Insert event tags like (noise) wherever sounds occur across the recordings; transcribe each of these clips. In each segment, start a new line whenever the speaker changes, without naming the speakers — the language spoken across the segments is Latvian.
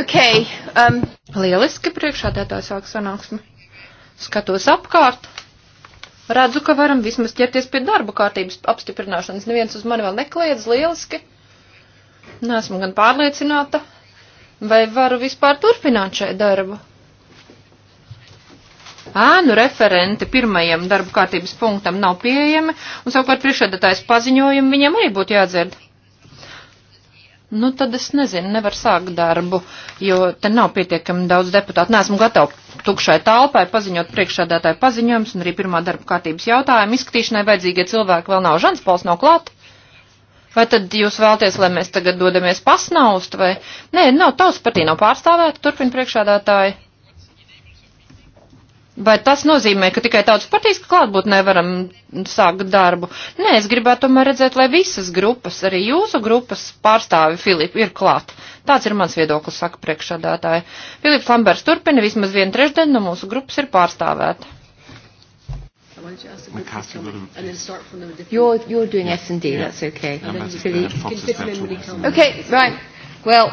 Okay, um... Lieliski priekšā tā tā sāk sanāksme. Skatos apkārt. Redzu, ka varam vismaz ķerties pie darba kārtības apstiprināšanas. Neviens uz mani vēl nekliedz lieliski. Nesmu gan pārliecināta, vai varu vispār turpināt šai darbu. Ēnu referenti pirmajam darba kārtības punktam nav pieejami, un savukārt priekšēdatājs paziņojumi viņam arī būtu jādzird nu tad es nezinu, nevar sākt darbu, jo te nav pietiekami daudz deputātu. Nesmu gatava tukšai talpai paziņot priekšādātāju paziņojums un arī pirmā darba kārtības jautājumu izskatīšanai vajadzīgie cilvēki vēl nav. Žans Pols nav klāt. Vai tad jūs vēlties, lai mēs tagad dodamies pasnaust vai? Nē, nav tavs partija nav pārstāvēta, turpina priekšādātāji. Vai tas nozīmē, ka tikai tautas partijas klātbūtnē varam sākt darbu? Nē, es gribētu tomēr redzēt, lai visas grupas, arī jūsu grupas pārstāvi, Filip, ir klāt. Tāds ir mans viedoklis, saka priekšādātāja. Filips Lambers turpina, vismaz viena trešdaļa no mūsu grupas ir pārstāvēta.
You're, you're doing yeah. S&D, yeah. that's okay. Yeah, that's, Philippe. Okay, right.
Well,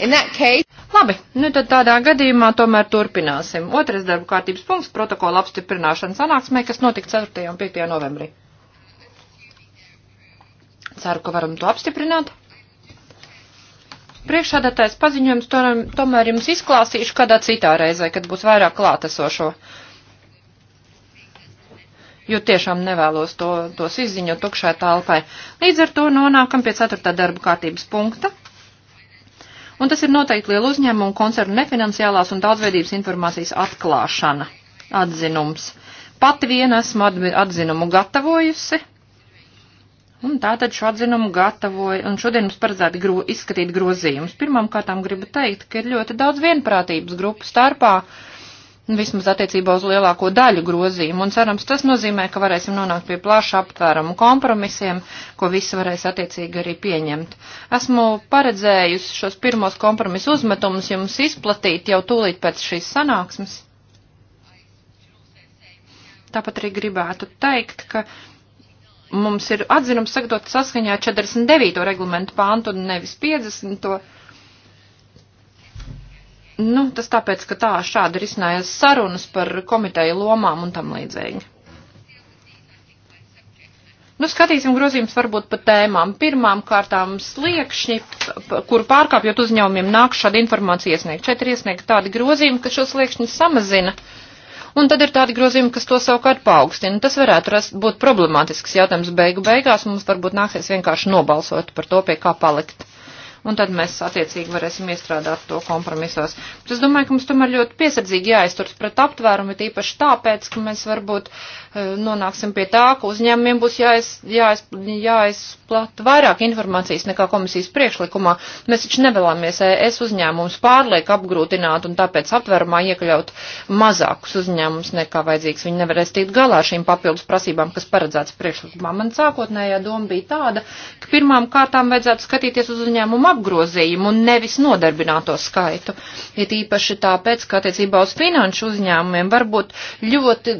in that case... Labi, nu tad tādā gadījumā tomēr turpināsim. Otrais darba kārtības punkts - protokola apstiprināšana sanāksmē, kas notika 4. un 5. novembrī. Ceru, ka varam to apstiprināt. Priekšādātais paziņojums to, tomēr jums izklāstīšu kādā citā reizē, kad būs vairāk klātesošo. Jo tiešām nevēlos to, tos izziņot tukšai tālpai. Līdz ar to nonākam pie 4. darba kārtības punkta un tas ir noteikti lielu uzņēmumu koncernu nefinanciālās un daudzveidības informācijas atklāšana, atzinums. Pati viena esmu atzinumu gatavojusi, Un tātad šo atzinumu gatavoju, un šodien mums paredzēti gro, izskatīt grozījumus. Pirmām kārtām gribu teikt, ka ir ļoti daudz vienprātības grupu starpā Nu, vismaz attiecībā uz lielāko daļu grozījumu, un cerams, tas nozīmē, ka varēsim nonākt pie plaša aptvērumu kompromisiem, ko visi varēs attiecīgi arī pieņemt. Esmu paredzējusi šos pirmos kompromisu uzmetumus jums izplatīt jau tūlīt pēc šīs sanāksmes. Tāpat arī gribētu teikt, ka mums ir atzinums sagatavot saskaņā 49. reglamentu pāntu un nevis 50. Nu, tas tāpēc, ka tā šādi ir iznājas sarunas par komiteju lomām un tam līdzīgi. Nu, skatīsim grozījums varbūt pa tēmām. Pirmām kārtām sliekšņi, kuru pārkāpjot uzņēmumiem nāk šāda informācija iesniegt. Šeit ir iesniegt tādi grozījumi, ka šo sliekšņi samazina. Un tad ir tādi grozījumi, kas to savukārt paaugstina. Tas varētu rast, būt problemātisks jautājums beigu beigās. Mums varbūt nāksies vienkārši nobalsot par to, pie kā palikt un tad mēs attiecīgi varēsim iestrādāt to kompromisos. Bet es domāju, ka mums tomēr ļoti piesardzīgi jāizturas pret aptvērumu, tīpaši tāpēc, ka mēs varbūt uh, Eh, nonāksim pie tā, ka uzņēmumiem būs jāiz, jāiz, jāizplat vairāk informācijas nekā komisijas priekšlikumā. Mēs taču nevēlamies ES uzņēmumus pārliek apgrūtināt un tāpēc aptvērumā iekļaut mazākus uzņēmumus nekā vajadzīgs. Viņi nevarēs tikt galā ar šīm papildus prasībām, kas paredzētas priekšlikumā. Man sākotnējā doma bija tāda, ka pirmām kārtām vajadzētu skatīties uz uzņēmumu apgrozījumu un nevis nodarbināto skaitu. Ir īpaši tāpēc, ka attiecībā uz finanšu uzņēmumiem varbūt ļoti,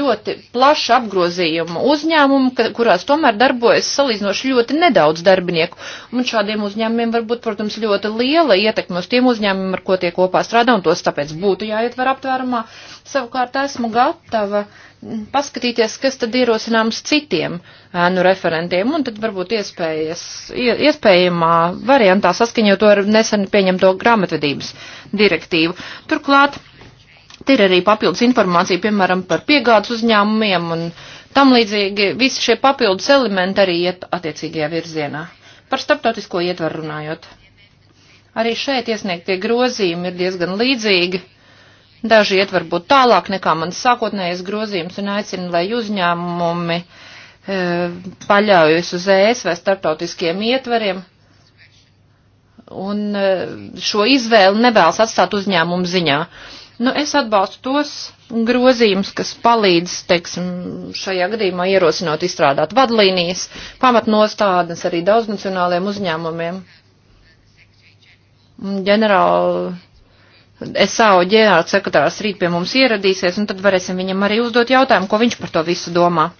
ļoti plaša apgrozījuma uzņēmumu, ka, kurās tomēr darbojas salīdzinoši ļoti nedaudz darbinieku. Un šādiem uzņēmumiem var būt, protams, ļoti liela ietekme uz tiem uzņēmumiem, ar ko tie kopā strādā, un tos tāpēc būtu jāietver aptvērumā. Savukārt esmu gatava paskatīties, kas tad ierosināms citiem ēnu referentiem, un tad varbūt iespējas, iespējamā variantā saskaņot to ar nesen pieņemto grāmatvedības direktīvu. Turklāt, Te ir arī papildus informācija, piemēram, par piegādes uzņēmumiem un tam līdzīgi. Visi šie papildus elementi arī iet attiecīgajā virzienā. Par starptautisko ietvaru runājot. Arī šeit iesniegtie grozījumi ir diezgan līdzīgi. Daži iet varbūt tālāk nekā mans sākotnējais grozījums un aicina, lai uzņēmumi e, paļaujas uz ES vai starptautiskiem ietvariem un e, šo izvēli nevēlas atstāt uzņēmumu ziņā. Nu, es atbalstu tos grozījums, kas palīdz, teiksim, šajā gadījumā ierosinot izstrādāt vadlīnijas, pamatnostādnes arī daudznacionāliem uzņēmumiem. Ģenerāli, es savu ģenerālu sekretārs rīt pie mums ieradīsies, un tad varēsim viņam arī uzdot jautājumu, ko viņš par to visu domā.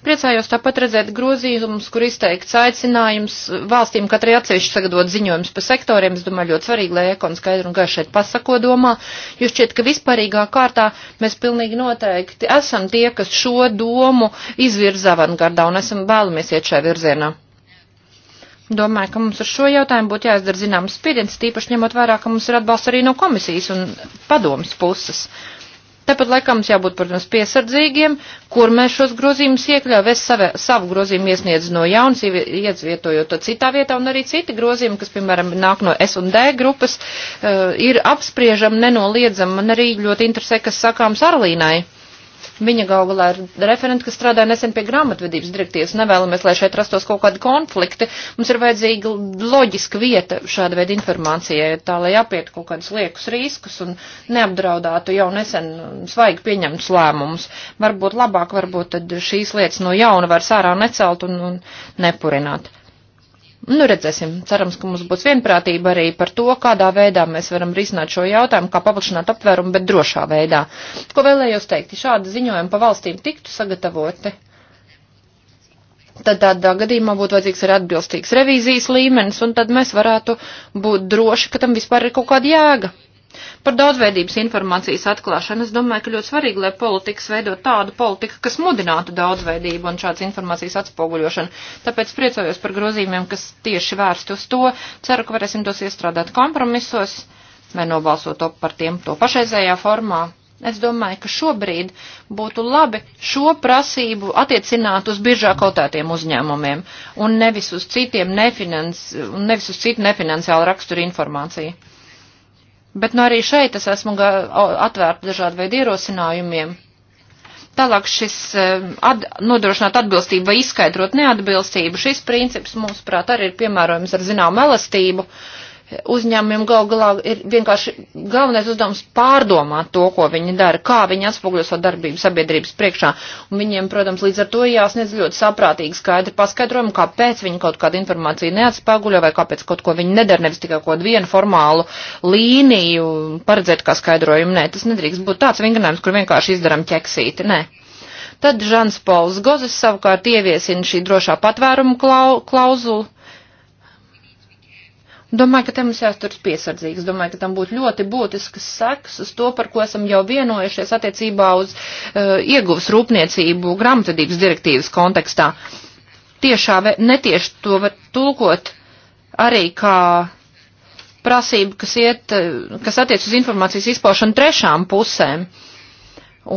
Priecājos tāpat redzēt grozījumus, kur izteikts aicinājums valstīm katrai atsevišķi sagatavot ziņojumus pa sektoriem. Es domāju, ļoti svarīgi, lai ekon skaidri un gaiši šeit pasako domā, jo šķiet, ka vispārīgā kārtā mēs pilnīgi noteikti esam tie, kas šo domu izvirza avangardā un esam vēlamies iet šajā virzienā. Domāju, ka mums ar šo jautājumu būtu jāizdara zināms spiediens, tīpaši ņemot vērā, ka mums ir atbalsts arī no komisijas un padomas puses. Tāpat laikam mums jābūt, protams, piesardzīgiem, kur mēs šos grozījumus iekļāvām. Es savē, savu grozījumu iesniedzu no jaunas, iedzvietojot to citā vietā, un arī citi grozījumi, kas, piemēram, nāk no S un D grupas, eh, ir apspriežami, nenoliedzami. Man arī ļoti interesē, kas sakāms Arlīnai Viņa galvā ir referenta, kas strādāja nesen pie grāmatvedības direktīvas. Nevēlamies, lai šeit rastos kaut kādi konflikti. Mums ir vajadzīga loģiska vieta šāda veida informācijai, tā lai apietu kaut kādus liekus riskus un neapdraudātu jau nesen svaigi pieņemtus lēmumus. Varbūt labāk, varbūt tad šīs lietas no jauna var sārā necelt un, un nepurināt. Nu, redzēsim. Cerams, ka mums būs vienprātība arī par to, kādā veidā mēs varam risināt šo jautājumu, kā paplašināt aptvērumu, bet drošā veidā. Ko vēlējos teikt? Ja šādi ziņojumi pa valstīm tiktu sagatavoti, tad tādā gadījumā būtu vajadzīgs arī atbilstīgs revīzijas līmenis, un tad mēs varētu būt droši, ka tam vispār ir kaut kāda jēga. Par daudzveidības informācijas atklāšanu es domāju, ka ļoti svarīgi, lai politikas veidot tādu politiku, kas mudinātu daudzveidību un šāds informācijas atspoguļošanu. Tāpēc priecājos par grozījumiem, kas tieši vērst uz to. Ceru, ka varēsim tos iestrādāt kompromisos vai nobalsot par tiem to pašreizējā formā. Es domāju, ka šobrīd būtu labi šo prasību attiecināt uz biržā kotētiem uzņēmumiem un nevis uz citiem nefinans, nevis uz citu nefinanciālu raksturu informāciju. Bet nu no arī šeit es esmu atvērta dažādu veidu ierosinājumiem. Tālāk šis eh, at, nodrošināt atbilstību vai izskaidrot neatbilstību, šis princips, mums prāt, arī ir piemērojams ar zināmu elastību. Uh, uzņēmumiem gal galā ir vienkārši galvenais uzdevums pārdomāt to, ko viņi dara, kā viņi atspoguļo savu darbību sabiedrības priekšā. Un viņiem, protams, līdz ar to jāsniedz ļoti saprātīgi skaidri paskaidrojumi, kāpēc viņi kaut kādu informāciju neatspoguļo vai kāpēc kaut ko viņi nedara, nevis tikai kaut vienu formālu līniju paredzēt kā skaidrojumu. Nē, tas nedrīkst būt tāds vingrinājums, kur vienkārši izdaram ķeksīti. Nē. Tad Žans Pauls Gozes savukārt ieviesina šī drošā patvērumu klauzulu Domāju, ka te mums jāsturas piesardzīgs. Domāju, ka tam būtu ļoti būtisks seks uz to, par ko esam jau vienojušies attiecībā uz uh, ieguvas rūpniecību grāmatvedības direktīvas kontekstā. Tiešā, netieši to var tulkot arī kā prasību, kas, iet, eh, kas attiec uz informācijas izpaušanu trešām pusēm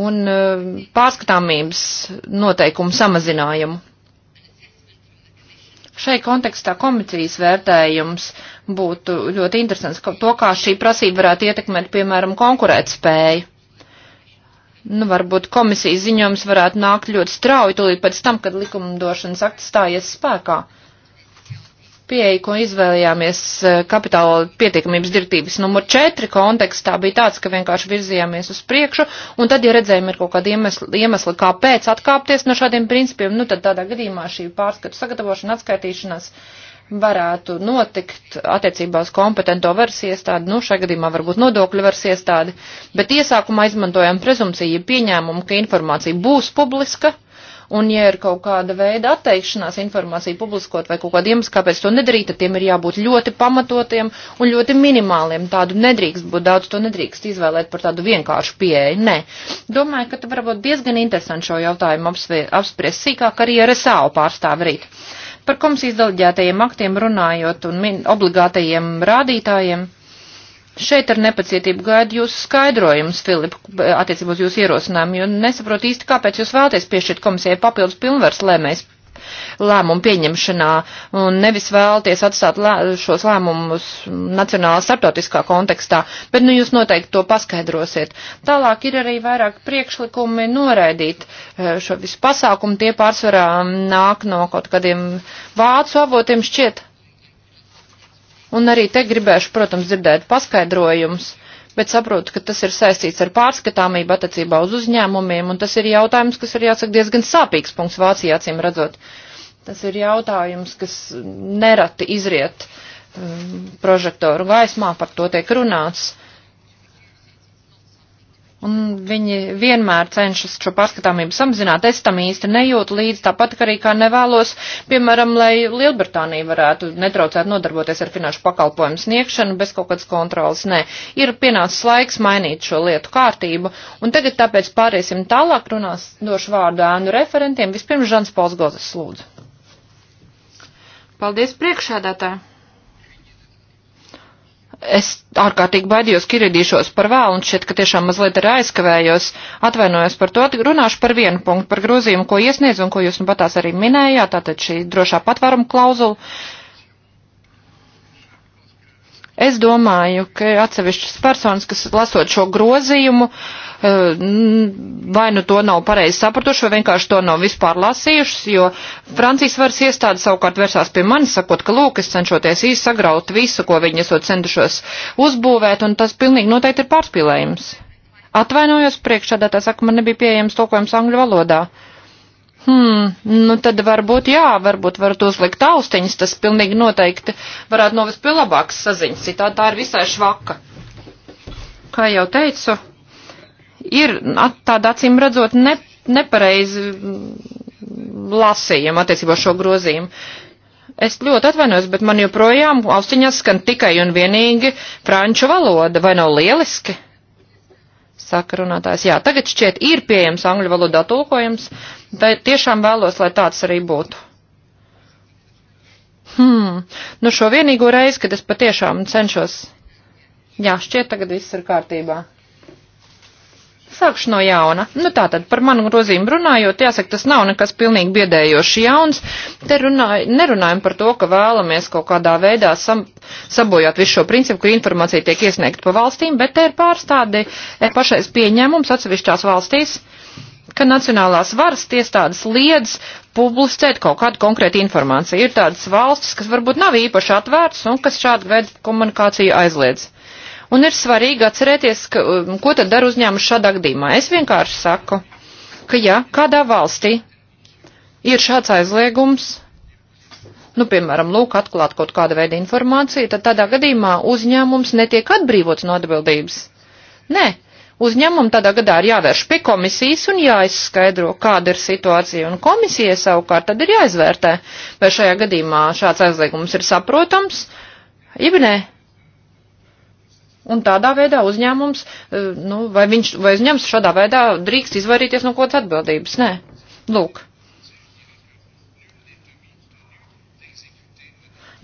un uh, pārskatāmības noteikumu samazinājumu. Šai kontekstā komisijas vērtējums būtu ļoti interesants, to, kā šī prasība varētu ietekmēt, piemēram, konkurētspēju. Nu, varbūt komisijas ziņojums varētu nākt ļoti strauji, tūlīt pēc tam, kad likumdošanas akts stājies spēkā. Uh, pieeja, ko izvēlējāmies e, kapitāla pietiekamības direktīvas numur 4 kontekstā, bija tāds, ka vienkārši virzījāmies uz priekšu, un tad, ja redzējām, ir kaut kādi iemesli, iemesli kāpēc atkāpties no šādiem principiem, nu tad tādā gadījumā šī pārskatu sagatavošana, atskaitīšanās varētu notikt attiecībā uz kompetento varas iestādi, nu šajā gadījumā varbūt nodokļu varas iestādi, bet iesākumā izmantojam prezumciju pieņēmumu, ka informācija būs publiska, Un, ja ir kaut kāda veida atteikšanās informāciju publiskot vai kaut kāda iemesla, kāpēc to nedarīt, tad tiem ir jābūt ļoti pamatotiem un ļoti minimāliem. Tādu nedrīkst būt daudz, to nedrīkst izvēlēt par tādu vienkāršu pieeju. Nē. Domāju, ka tu varbūt diezgan interesanti šo jautājumu apspriest sīkāk arī ar SAO pārstāvu rīt. Par komisijas deleģētajiem aktiem runājot un min, obligātajiem rādītājiem. Šeit ar nepacietību gaidu jūs skaidrojums, Filip, attiecībā uz jūsu ierosinājumu, jo nesaprotu īsti, kāpēc jūs vēlaties piešķirt komisijai papildus pilnvars lēmēs lēmumu pieņemšanā un nevis vēlties atstāt lē, šos lēmumus nacionālā starptautiskā kontekstā, bet nu jūs noteikti to paskaidrosiet. Tālāk ir arī vairāk priekšlikumi noraidīt eh, šo visu pasākumu, tie pārsvarā nāk no kaut kādiem vācu avotiem šķiet Un arī te gribēšu, protams, dzirdēt paskaidrojumus, bet saprotu, ka tas ir saistīts ar pārskatāmību attiecībā uz uzņēmumiem, un tas ir jautājums, kas ir jāsaka diezgan sāpīgs punkts Vācijā, acīm redzot. Tas ir jautājums, kas nerati izriet um, prožektoru gaismā, par to tiek runāts. Un viņi vienmēr cenšas šo pārskatāmību samazināt. Es tam īsti nejūtu līdz, tāpat arī kā nevēlos, piemēram, lai Lielbritānija varētu netraucēt nodarboties ar finanšu pakalpojumu sniegšanu bez kaut kādas kontrolas. Nē, ir pienācis laiks mainīt šo lietu kārtību. Un tagad tāpēc pāriesim tālāk, runās došu vārdu ēnu referentiem. Vispirms Žans Pols Gozes lūdzu. Paldies priekšādātāji! es ārkārtīgi baidījos, ka ieradīšos par vēlu un šķiet, ka tiešām mazliet arī aizkavējos. Atvainojos par to, runāšu par vienu punktu, par grozījumu, ko iesniedz un ko jūs nu patās arī minējāt, tātad šī drošā patvēruma klauzula. Es domāju, ka atsevišķas personas, kas lasot šo grozījumu, uh, Eh, vai nu to nav pareizi sapratuši, vai vienkārši to nav vispār lasījušas, jo Francijas varas iestāde savukārt versās pie manis, sakot, ka lūk, es cenšoties īsti sagraut visu, ko viņi esot centušos uzbūvēt, un tas pilnīgi noteikti ir pārspīlējums. Atvainojos priekšādā, tā saka, man nebija pieejams tulkojums angļu valodā. Hmm, nu tad varbūt jā, varbūt varat uzlikt austiņas, tas pilnīgi noteikti varētu novest pie labākas saziņas, citādi tā ir visai švaka. Kā jau teicu, ir tāda acīm redzot ne, nepareizi lasījuma attiecībā šo grozījumu. Es ļoti atvainojos, bet man joprojām austiņās skan tikai un vienīgi franču valoda. Vai nav lieliski? Saka runātājs. Jā, tagad šķiet ir pieejams angļu valodā tulkojums. Tā tiešām vēlos, lai tāds arī būtu. Hmm, nu šo vienīgo reizi, kad es patiešām cenšos. Jā, šķiet tagad viss ir kārtībā. Sākšu no jauna. Nu tā tad par manu grozījumu runājot, jāsaka, tas nav nekas pilnīgi biedējoši jauns. Te runāj, nerunājam par to, ka vēlamies kaut kādā veidā sam, sabojāt visu šo principu, ka informācija tiek iesniegta pa valstīm, bet te ir pārstādi e, pašais pieņēmums atsevišķās valstīs ka nacionālās varas tiestādes liedz publicēt kaut kādu konkrētu informāciju. Ir tādas valstis, kas varbūt nav īpaši atvērtas un kas šādu veidu komunikāciju aizliedz. Un ir svarīgi atcerēties, ka, um, ko tad dara uzņēmums šādā gadījumā. Es vienkārši saku, ka ja kādā valstī ir šāds aizliegums, nu, piemēram, lūk, atklāt kaut kāda veida informāciju, tad tādā gadījumā uzņēmums netiek atbrīvots no atbildības. Nē, uzņēmumu tādā gadā ir jāvērš pie komisijas un jāizskaidro, kāda ir situācija, un komisija savukārt tad ir jāizvērtē, vai šajā gadījumā šāds aizliegums ir saprotams, jeb nē. Un tādā veidā uzņēmums, eh, nu, vai, viņš, vai uzņēmums šādā veidā drīkst izvairīties no kaut kādas atbildības? Nē. Lūk.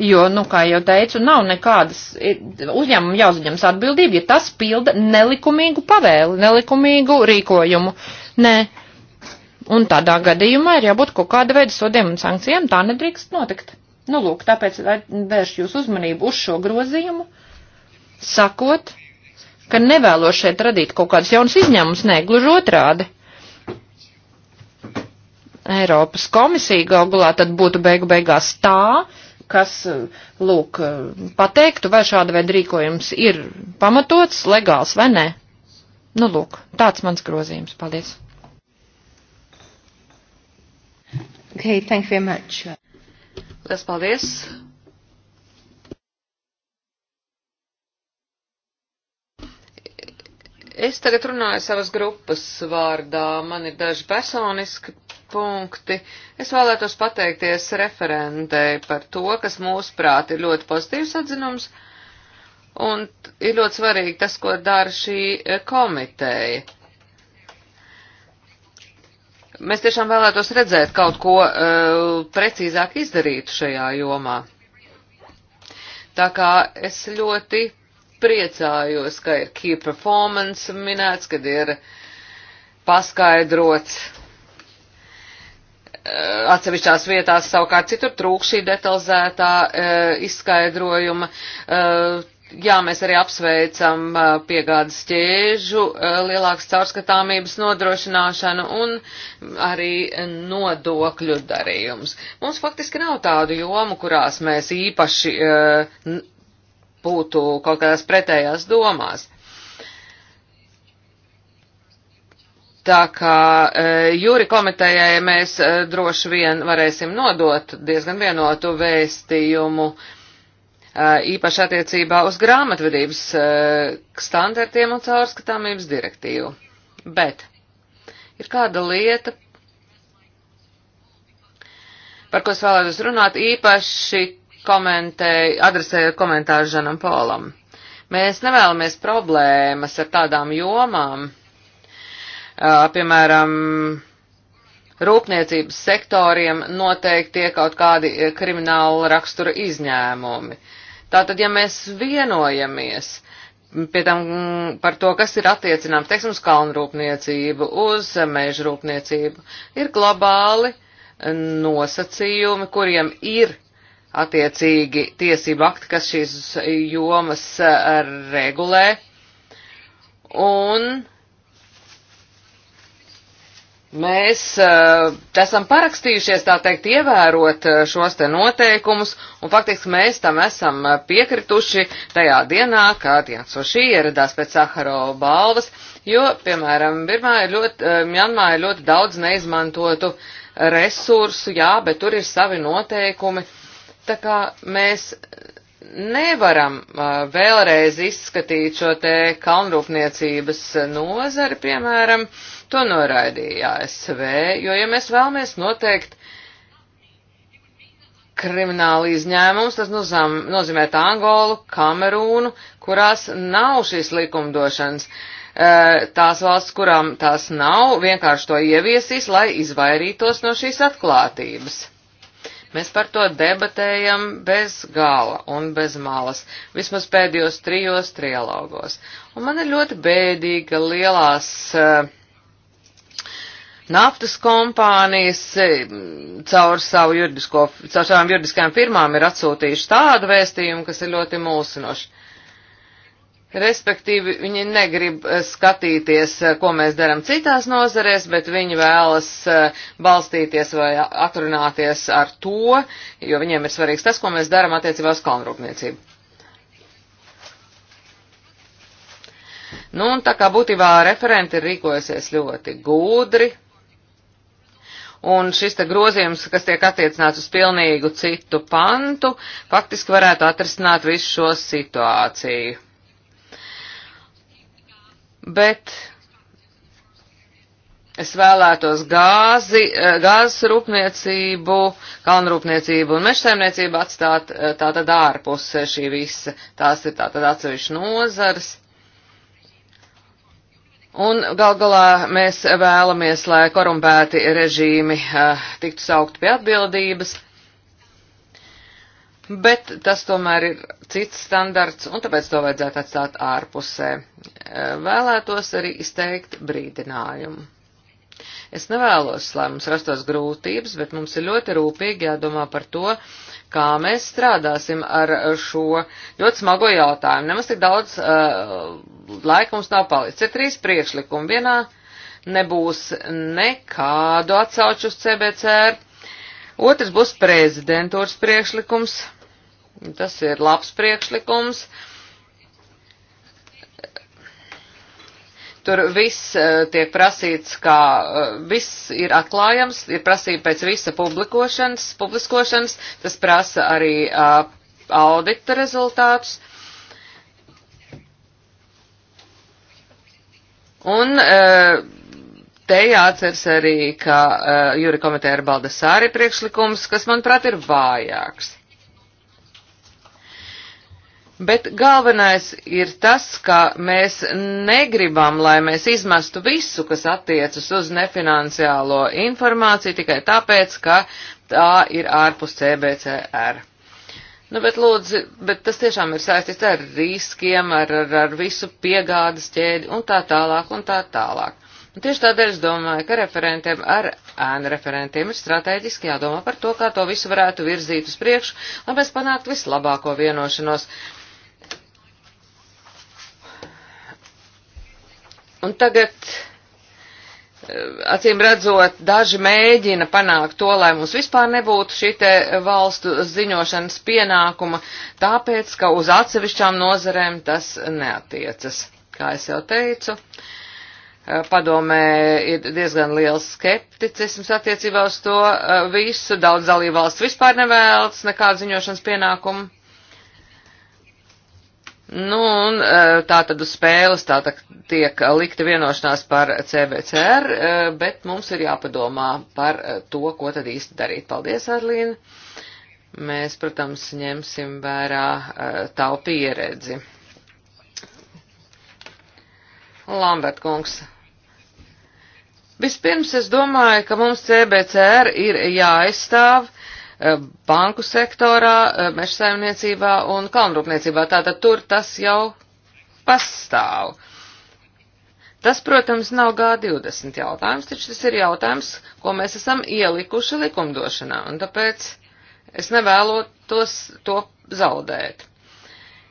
Jo, nu, kā jau teicu, nav nekādas uzņēmuma jāuzņems atbildība, ja tas pilda nelikumīgu pavēli, nelikumīgu rīkojumu. Nē. Un tādā gadījumā ir jābūt kaut kāda veida sodiem un sankcijām, tā nedrīkst notikt. Nu, lūk, tāpēc vērš jūs uzmanību uz šo grozījumu. Uh, sakot, ka nevēlos šeit radīt kaut kādus jaunus izņēmumus, nē, gluži otrādi. Eiropas komisija galgulā tad būtu beigu beigās tā, kas, lūk, pateiktu, vai šāda veida rīkojums ir pamatots, legāls vai nē. Nu, lūk, tāds mans grozījums. Paldies. Okay, thank you very much.
Liels paldies. Es tagad runāju savas grupas vārdā, man ir daži personiski punkti. Es vēlētos pateikties referentei par to, kas mūsuprāt ir ļoti pozitīvs atzinums, un ir ļoti svarīgi tas, ko dara šī komiteja. Mēs tiešām vēlētos redzēt kaut ko uh, precīzāk izdarītu šajā jomā. Tā kā es ļoti priecājos, ka ir key performance minēts, kad ir paskaidrots eh, atsevišķās vietās, savukārt citur trūk šī detalizētā eh, izskaidrojuma. Eh, jā, mēs arī apsveicam piegādes ķēžu, lielākas caurskatāmības nodrošināšanu un arī nodokļu darījums. Mums faktiski nav tādu jomu, kurās mēs īpaši būtu kaut kādās pretējās domās. Tā kā e, jūri komitejai mēs e, droši vien varēsim nodot diezgan vienotu vēstījumu e, īpaši attiecībā uz grāmatvedības standartiem un caurskatāmības direktīvu. Bet ir kāda lieta, par ko es vēlētos runāt, īpaši komentēju, adresēju komentāru Žanam Polam. Mēs nevēlamies problēmas ar tādām jomām, piemēram, rūpniecības sektoriem noteikti tie kaut kādi krimināla rakstura izņēmumi. Tātad, ja mēs vienojamies pie tam par to, kas ir attiecināms, teiksim, uz kalnrūpniecību, uz mežrūpniecību, ir globāli nosacījumi, kuriem ir attiecīgi tiesību akti, kas šīs jomas eh, regulē. Un mēs uh, esam parakstījušies, tā teikt, ievērot eh, šos te noteikumus, un faktiski mēs tam esam piekrituši tajā dienā, kad Jānsoši ieradās pēc Saharo balvas, jo, piemēram, Birmā ir ļoti, Mjanmā ir ļoti daudz neizmantotu resursu, jā, bet tur ir savi noteikumi. Uh, Tā kā mēs nevaram vēlreiz izskatīt šo te kalnrūpniecības nozari, piemēram, to noraidīja ASV, jo ja mēs vēlamies noteikt krimināli izņēmums, tas nozam, nozīmē Angolu, Kamerūnu, kurās nav šīs likumdošanas. Tās valsts, kurām tās nav, vienkārši to ieviesīs, lai izvairītos no šīs atklātības. Mēs par to debatējam bez gala un bez malas, vismaz pēdējos trijos trialogos. Un man ir ļoti bēdīgi, ka lielās uh, naftas kompānijas eh, caur, savu juridisko, caur savām juridiskajām firmām ir atsūtījuši tādu vēstījumu, kas ir ļoti mūsinoši. Respektīvi, viņi negrib eh, skatīties, eh, ko mēs darām citās nozarēs, bet viņi vēlas eh, balstīties vai atrunāties ar to, jo viņiem ir svarīgs tas, ko mēs darām attiecībā uz kalnrūpniecību. Nu, un tā kā būtībā referenti ir rīkojusies ļoti gudri, un šis te grozījums, kas tiek attiecināts uz pilnīgu citu pantu, faktiski varētu atrisināt visu šo situāciju bet es vēlētos gāzi, eh, gāzes rūpniecību, kalnrūpniecību un mežsaimniecību atstāt eh, tātad ārpus šī visa. Tās ir tātad atsevišķi nozars. Un gal galā mēs vēlamies, lai korumpēti režīmi uh, tiktu saukt pie atbildības bet tas tomēr ir cits standarts, un tāpēc to vajadzētu atstāt ārpusē. E, vēlētos arī izteikt brīdinājumu. Es nevēlos, lai mums rastos grūtības, bet mums ir ļoti rūpīgi jādomā par to, kā mēs strādāsim ar šo ļoti smago jautājumu. Nemaz tik daudz uh, laika mums nav palicis. Ir trīs priekšlikumi. Vienā nebūs nekādu atsauču uz CBCR, otrs būs prezidentūras priekšlikums Tas ir labs priekšlikums. Tur viss eh, tiek prasīts, kā eh, viss ir atklājams, ir prasība pēc visa publikošanas, publiskošanas, tas prasa arī uh, audita rezultātus. Un uh, Te jāatceras arī, ka uh, Jūri komiteja ir Baldasāri priekšlikums, kas, manuprāt, ir vājāks. Bet galvenais ir tas, ka mēs negribam, lai mēs izmestu visu, kas attiecas uz nefinanciālo informāciju tikai tāpēc, ka tā ir ārpus CBCR. Nu, bet lūdzu, bet tas tiešām ir saistīts ar riskiem, ar, ar, ar visu piegādes ķēdi un tā tālāk un tā tālāk. Un tieši tādēļ es domāju, ka referentiem ar ēnu referentiem ir strateģiski jādomā par to, kā to visu varētu virzīt uz priekšu, lai mēs panāktu vislabāko vienošanos. Uh, Un tagad, acīm redzot, daži mēģina panākt to, lai mums vispār nebūtu šī valstu ziņošanas pienākuma, tāpēc, ka uz atsevišķām nozarēm tas neatiecas. Kā es jau teicu, padomē ir diezgan liels skepticisms attiecībā uz to visu. Daudz dalībvalsts vispār nevēlas nekādu ziņošanas pienākumu. Nu, un e, tā tad uz spēles tā tad tiek likta vienošanās par CBCR, e, bet mums ir jāpadomā par e, to, ko tad īsti darīt. Paldies, Arlīna! Mēs, protams, ņemsim vērā tavu pieredzi. Lambert kungs. Vispirms es domāju, ka mums CBCR ir jāaizstāv Eh, banku sektorā, eh, mežsaimniecībā un kalnrūpniecībā. Tātad tur tas jau pastāv. Tas, protams, nav G20 jautājums, taču tas ir jautājums, ko mēs esam ielikuši likumdošanā, un tāpēc es nevēlotos to zaudēt.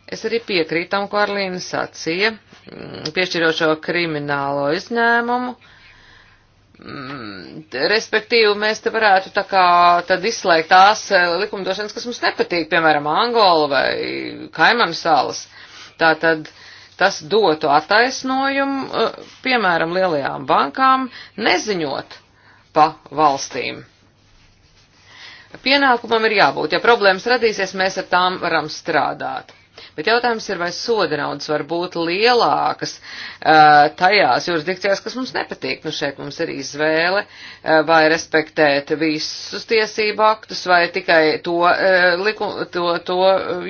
Es arī piekrītu tam, ko Arlīna sacīja, mm, piešķirošo kriminālo izņēmumu. Uh, Mm, respektīvi mēs te varētu tā kā tad izslēgt tās eh, likumdošanas, kas mums nepatīk, piemēram, Angola vai Kaimanu salas. Tā tad tas dotu attaisnojumu, eh, piemēram, lielajām bankām neziņot pa valstīm. Pienākumam ir jābūt, ja problēmas radīsies, mēs ar tām varam strādāt. Bet jautājums ir, vai soda naudas var būt lielākas uh, tajās jurisdikcijās, kas mums nepatīk. Nu, šeit mums ir izvēle, uh, vai respektēt visus tiesību aktus, vai tikai to, uh, liku, to, to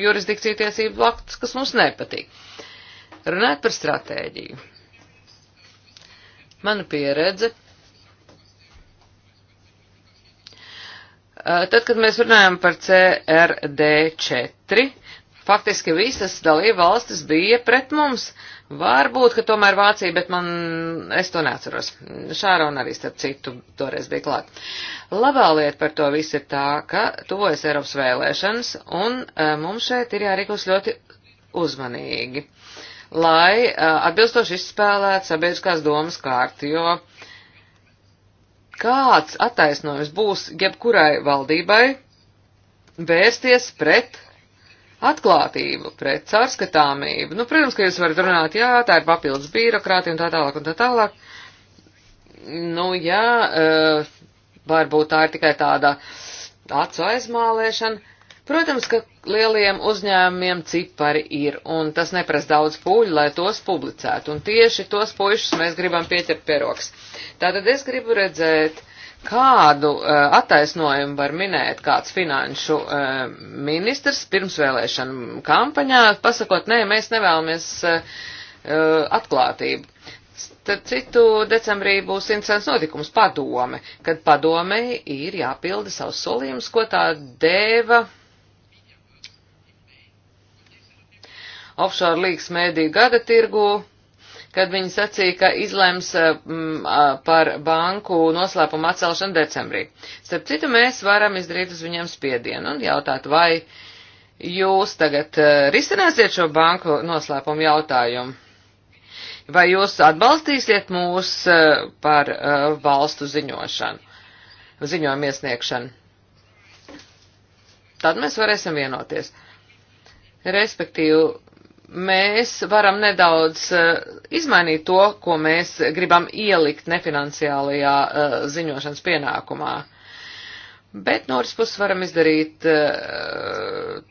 jurisdikciju tiesību aktus, kas mums nepatīk. Runāt par stratēģiju. Mana pieredze Tad, kad mēs runājam par CRD4, faktiski visas dalība valstis bija pret mums. Varbūt, ka tomēr Vācija, bet man, es to neatceros. Šārona arī starp citu toreiz bija klāt. Labā lieta par to visu ir tā, ka tuvojas Eiropas vēlēšanas un e, mums šeit ir jārīkos ļoti uzmanīgi, lai e, atbilstoši izspēlētu sabiedriskās domas kārti, jo kāds attaisnojums būs jebkurai valdībai vērsties pret Atklātība pret cārskatāmību. Nu, protams, ka jūs varat runāt, jā, tā ir papildus birokrātija un tā tālāk un tā tālāk. Nu, jā, eh, varbūt tā ir tikai tāda acu aizmālēšana. Protams, ka lieliem uzņēmumiem cipari ir, un tas neprasa daudz pūļu, lai tos publicētu, un tieši tos puišus mēs gribam pieķert pie rokas. Tātad es gribu redzēt Kādu uh, attaisnojumu var minēt kāds finanšu uh, ministrs pirmsvēlēšana kampaņā, pasakot, nē, mēs nevēlamies uh, atklātību? Tad citu decembrī būs interesants notikums padome, kad padome ir jāpilda savus solījumus, ko tā dēva offshore līgas mēdī gada tirgu kad viņi sacīja, ka izlems eh, m, par banku noslēpumu atcelšanu decembrī. Starp citu, mēs varam izdarīt uz viņiem spiedienu un jautāt, vai jūs tagad eh, risināsiet šo banku noslēpumu jautājumu. Vai jūs atbalstīsiet mūs eh, par valstu ziņošanu, ziņojumu iesniegšanu? Tad mēs varēsim vienoties. Respektīvi, mēs varam nedaudz eh, izmainīt to, ko mēs gribam ielikt nefinanciālajā eh, ziņošanas pienākumā. Bet no otras puses varam izdarīt eh,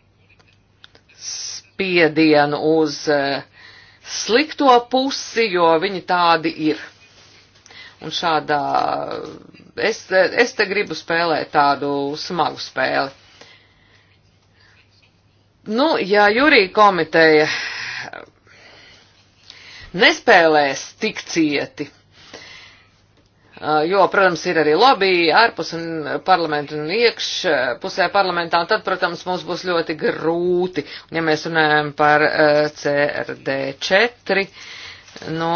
spiedienu uz slikto pusi, jo viņi tādi ir. Un šādā, es, es te gribu spēlēt tādu smagu spēli. Nu, ja jūrija komiteja nespēlēs tik cieti, jo, protams, ir arī lobby ārpus un parlamentu un iekšpusē parlamentā, un tad, protams, mums būs ļoti grūti, un, ja mēs runājam par CRD4, nu,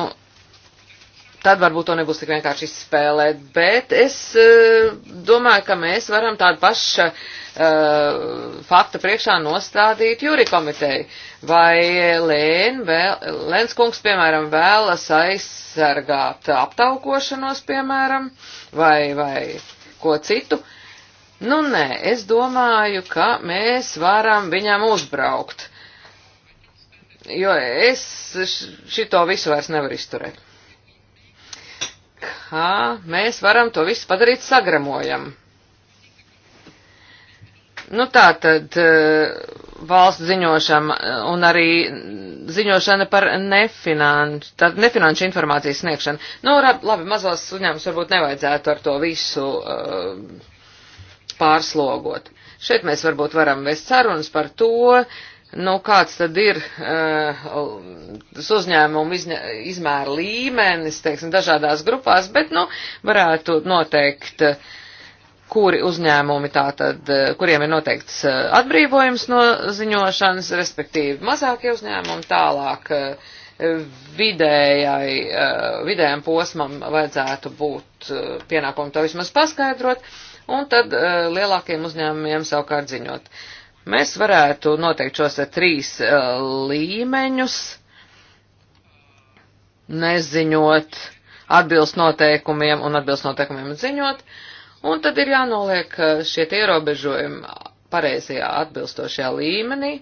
tad varbūt to nebūs tik vienkārši izspēlēt, bet es uh, domāju, ka mēs varam tādu pašu uh, eh, faktu priekšā nostādīt jūri komiteju. Vai Lēn, vēl, Lēns kungs, piemēram, vēlas aizsargāt aptaukošanos, piemēram, vai, vai ko citu? Nu, nē, es domāju, ka mēs varam viņam uzbraukt. Jo es šito visu vairs nevaru izturēt kā mēs varam to visu padarīt sagramojam. Nu tā tad eh, valsts ziņošana eh, un arī ziņošana par nefinanšu, tad nefinanšu informācijas sniegšanu. Nu, labi, mazos uzņēmums varbūt nevajadzētu ar to visu uh, pārslogot. Šeit mēs varbūt varam vest sarunas par to, uh, Nu, kāds tad ir uh, eh, uzņēmumu izņa, izmēra līmenis, teiksim, dažādās grupās, bet, nu, varētu noteikt, kuri uzņēmumi tātad, kuriem ir noteikts eh, atbrīvojums no ziņošanas, respektīvi mazākie uzņēmumi, tālāk eh, vidējai, vidējam posmam vajadzētu būt pienākumu to vismaz paskaidrot, un tad lielākiem uzņēmumiem savukārt ziņot. Uh, Mēs varētu noteikt šos trīs e, līmeņus, neziņot, atbilst noteikumiem un atbilst noteikumiem ziņot, un tad ir jānoliek e, šie ierobežojumi pareizajā atbilstošajā līmenī,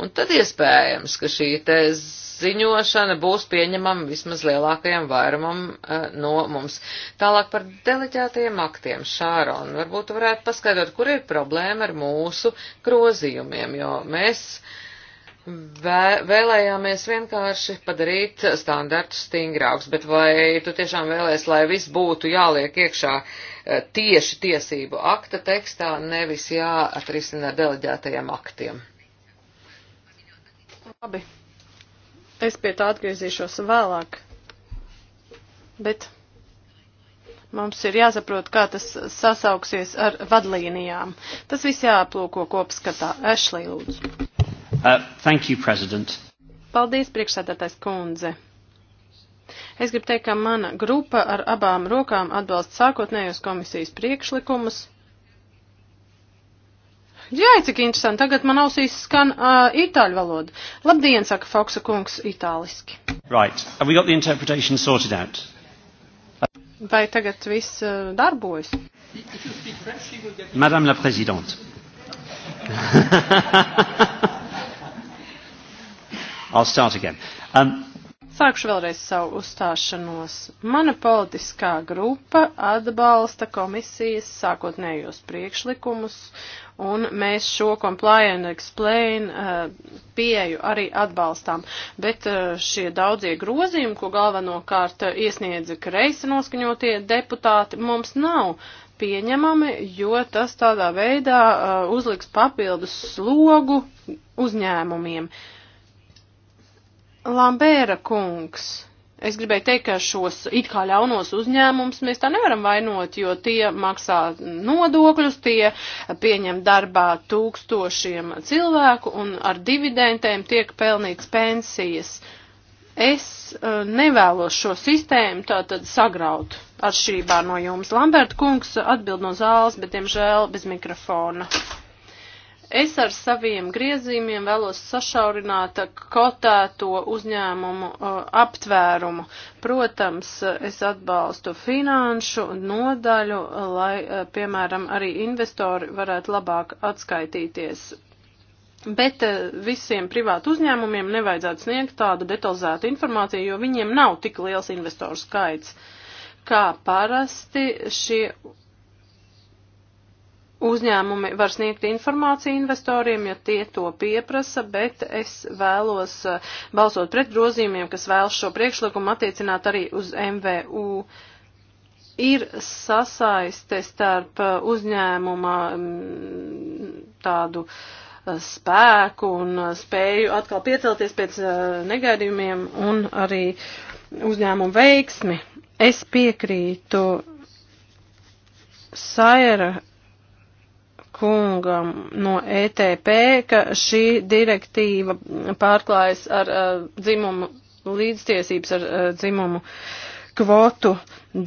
Un tad iespējams, ka šī te ziņošana būs pieņemama vismaz lielākajam vairumam uh, no mums. Tālāk par deleģētajiem aktiem, Šāron, varbūt varētu paskaidrot, kur ir problēma ar mūsu grozījumiem, jo mēs vē, vēlējāmies vienkārši padarīt standartus stingrāks, bet vai tu tiešām vēlēs, lai viss būtu jāliek iekšā e, tieši tiesību akta tekstā, nevis jāatrisina deleģētajiem aktiem?
Labi, es pie tā atgriezīšos vēlāk, bet mums ir jāsaprot, kā tas sasauksies ar vadlīnijām. Tas viss jāaplūko kopskatā. Ešlī, lūdzu.
Uh, thank you, President.
Paldies, priekšsēdētājs kundze. Es gribu teikt, ka mana grupa ar abām rokām atbalsta sākotnējos komisijas priekšlikumus. Jā, cik interesanti. Tagad man ausīs skan uh, itāļu valoda. Labdien, saka Foksa kungs itāliski.
Right. Have we got the interpretation sorted out?
Vai tagad viss uh, darbojas? French, Madame
la Présidente. (laughs) I'll start again. Um,
Sākšu vēlreiz savu uzstāšanos. Mana politiskā grupa atbalsta komisijas sākotnējos priekšlikumus, un mēs šo comply and explain eh, pieju arī atbalstām. Bet eh, šie daudzie grozījumi, ko galvenokārt eh, iesniedza kreisi noskaņotie deputāti, mums nav pieņemami, jo tas tādā veidā uzliks papildus slogu uzņēmumiem. Uh, Lambēra kungs. Es gribēju teikt, ka šos it kā ļaunos uzņēmumus mēs tā nevaram vainot, jo tie maksā nodokļus, tie pieņem darbā tūkstošiem cilvēku un ar dividendēm tiek pelnīts pensijas. Es uh, nevēlos šo sistēmu tātad sagraut atšķirībā no jums. Lamberta kungs atbild no zāles, bet diemžēl bez mikrofona. Es ar saviem griezīmiem vēlos sašaurināt kotēto uzņēmumu uh, aptvērumu. Protams, es atbalstu finanšu nodaļu, lai, uh, piemēram, arī investori varētu labāk atskaitīties. Bet uh, visiem privātu uzņēmumiem nevajadzētu sniegt tādu detalizētu informāciju, jo viņiem nav tik liels investoru skaits. Kā parasti šie uzņēmumi var sniegt informāciju investoriem, ja tie to pieprasa, bet es vēlos eh, balsot pret grozījumiem, kas vēlas šo priekšlikumu attiecināt arī uz MVU. Ir sasaiste starp eh, uzņēmuma mm, tādu eh, spēku un spēju atkal piecelties pēc negaidījumiem un arī uzņēmumu veiksmi. Es piekrītu Saira kungam no ETP, ka šī direktīva pārklājas ar uh, dzimumu līdztiesības, ar uh, dzimumu kvotu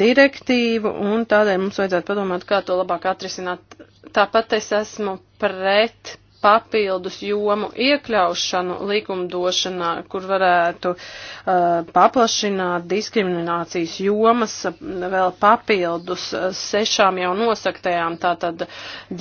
direktīvu, un tādēļ mums vajadzētu padomāt, kā to labāk atrisināt. Tāpat es esmu pret papildus jomu iekļaušanu likumdošanā, kur varētu uh, paplašināt diskriminācijas jomas uh, vēl papildus uh, sešām jau nosaktajām, tātad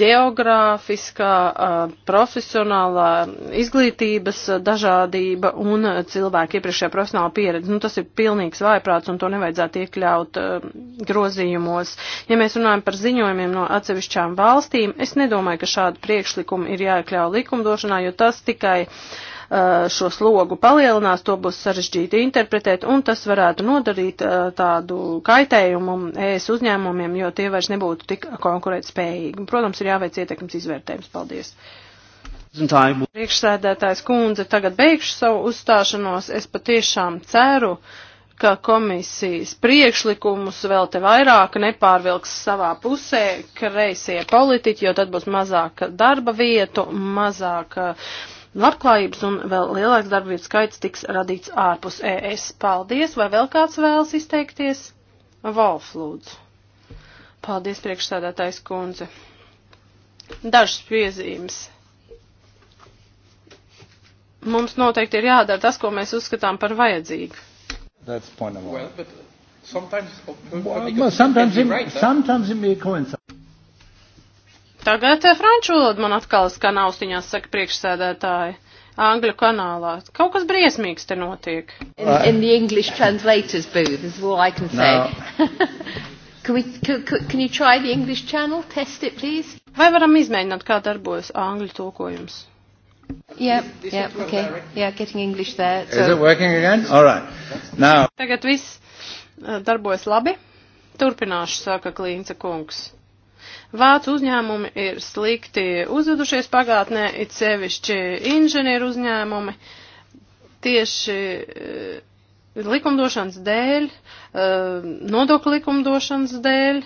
geogrāfiskā, uh, profesionālā izglītības uh, dažādība un cilvēku iepriekšējā profesionāla pieredze. Nu, tas ir pilnīgs vaiprāts un to nevajadzētu iekļaut uh, grozījumos. Ja mēs runājam par ziņojumiem no atsevišķām valstīm, es nedomāju, ka šādu priekšlikumu ir jāiekļaut jāiekļauj likumdošanā, jo tas tikai uh, šo slogu palielinās, to būs sarežģīti interpretēt, un tas varētu nodarīt uh, tādu kaitējumu ES uzņēmumiem, jo tie vairs nebūtu tik konkurētspējīgi. Protams, ir jāveic ietekmes izvērtējums. Paldies! Priekšsēdētājs kundze, tagad beigšu savu uzstāšanos. Es patiešām ceru, uh, ka komisijas priekšlikumus vēl te vairāk nepārvilks savā pusē kreisie politiķi, jo tad būs mazāk darba vietu, mazāk labklājības un vēl lielāks darba vietu skaits tiks radīts ārpus ES. Paldies, vai vēl kāds vēlas izteikties? Volf, lūdzu. Paldies, priekšsādātājs kundze. Dažas piezīmes mums noteikti ir jādara tas, ko mēs uzskatām par vajadzīgu.
That's point number one. Well, but sometimes, well, sometimes, it, right, sometimes it may coincide.
Tagad franču valoda man atkal skan austiņās, saka priekšsēdētāji. Angļu kanālā. Kaut kas briesmīgs te notiek. In, in the English translators booth is all I can say. No. (laughs) can, we, can, can you try the English channel? Test it, please. Vai varam izmēģināt, kā darbojas angļu tulkojums? Yeah, yeah, okay. yeah, getting English there. So. Is it working again? All right. Now. Tagad viss uh, darbojas labi. Turpināšu, saka Klīnca kungs. Vācu uzņēmumi ir slikti uzvedušies pagātnē, it sevišķi inženieru uzņēmumi. Tieši uh, likumdošanas dēļ, uh, nodokļu likumdošanas dēļ,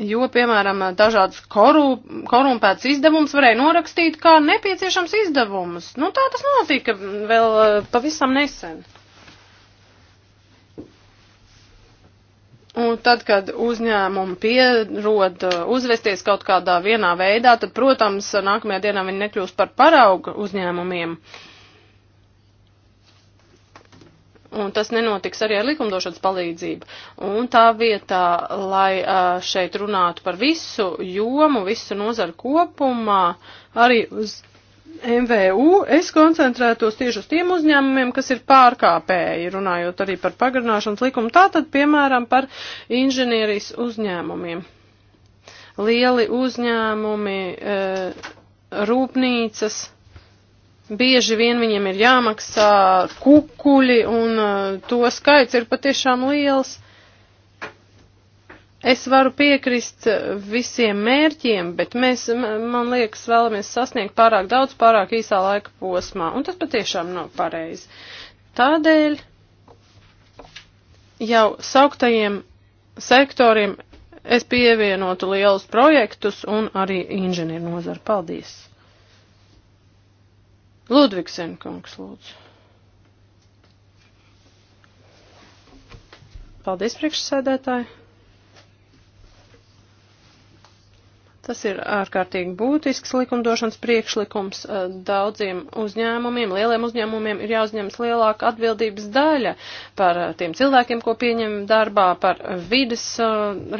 jo, piemēram, dažādas korup korumpētas izdevumus varēja norakstīt kā nepieciešams izdevumus. Nu, tā tas notika vēl eh, pavisam nesen. Un tad, kad uzņēmumi pierod eh, uzvesties kaut kādā vienā veidā, tad, protams, nākamajā dienā viņi nekļūst par parauga uzņēmumiem. Uh, un tas nenotiks arī ar likumdošanas palīdzību. Un tā vietā, lai šeit runātu par visu jomu, visu nozaru kopumā, arī uz MVU, es koncentrētos tieši uz tiem uzņēmumiem, kas ir pārkāpēji, runājot arī par pagarināšanas likumu, tātad, piemēram, par inženierijas uzņēmumiem. Lieli uzņēmumi, rūpnīcas, Bieži vien viņiem ir jāmaksā kukuļi, un uh, to skaits ir patiešām liels. Es varu piekrist uh, visiem mērķiem, bet mēs, man liekas, vēlamies sasniegt pārāk daudz, pārāk īsā laika posmā, un tas patiešām nav pareizi. Tādēļ jau sauktajiem sektoriem es pievienotu lielus projektus un arī inženieru nozaru. Paldies! Ludvigsen kungs, lūdzu. Paldies, priekšsēdētāji. Tas ir ārkārtīgi būtisks likumdošanas priekšlikums. Eh, daudziem uzņēmumiem, lieliem uzņēmumiem ir jāuzņemas lielāka atbildības daļa par eh, tiem cilvēkiem, ko pieņem darbā, par eh, vides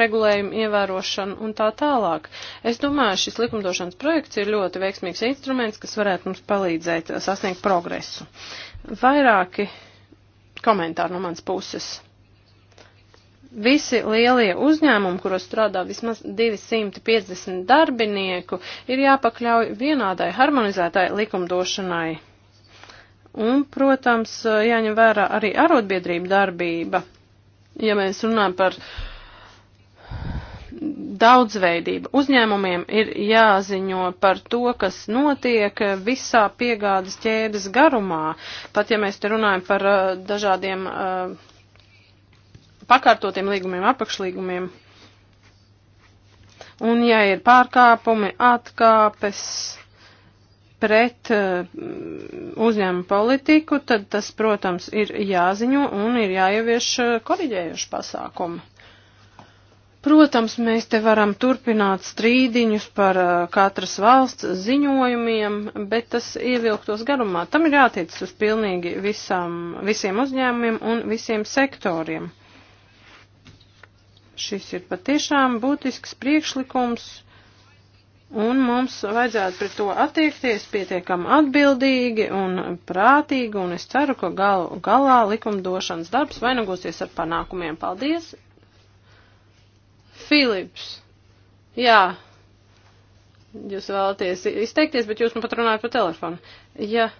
regulējumu ievērošanu un tā tālāk. Es domāju, šis likumdošanas projekts ir ļoti veiksmīgs instruments, kas varētu mums palīdzēt sasniegt progresu. Vairāki komentāri no manas puses visi lielie uzņēmumi, kuros strādā vismaz 250 darbinieku, ir jāpakļauj vienādai harmonizētai likumdošanai. Un, protams, jāņem vērā arī arotbiedrība darbība, ja mēs runājam par daudzveidību. Uzņēmumiem ir jāziņo par to, kas notiek visā piegādes ķēdes garumā, pat ja mēs te runājam par uh, dažādiem uh, pakārtotiem līgumiem, apakšlīgumiem. Un ja ir pārkāpumi, atkāpes pret uh, uzņēmumu politiku, tad tas, protams, ir jāziņo un ir jāievieš uh, eh, koriģējuši pasākumi. Protams, mēs te varam turpināt strīdiņus par uh, katras valsts ziņojumiem, bet tas ievilktos garumā. Tam ir jātiec uz pilnīgi visam, visiem uzņēmumiem un visiem sektoriem. Šis ir patiešām būtisks priekšlikums, un mums vajadzētu pret to attiekties pietiekam atbildīgi un prātīgi, un es ceru, ka gal, galā likumdošanas darbs vainagosies ar panākumiem. Paldies! Filips! Jā! Jūs vēlaties izteikties, bet jūs nu pat runājat pa telefonu. Ja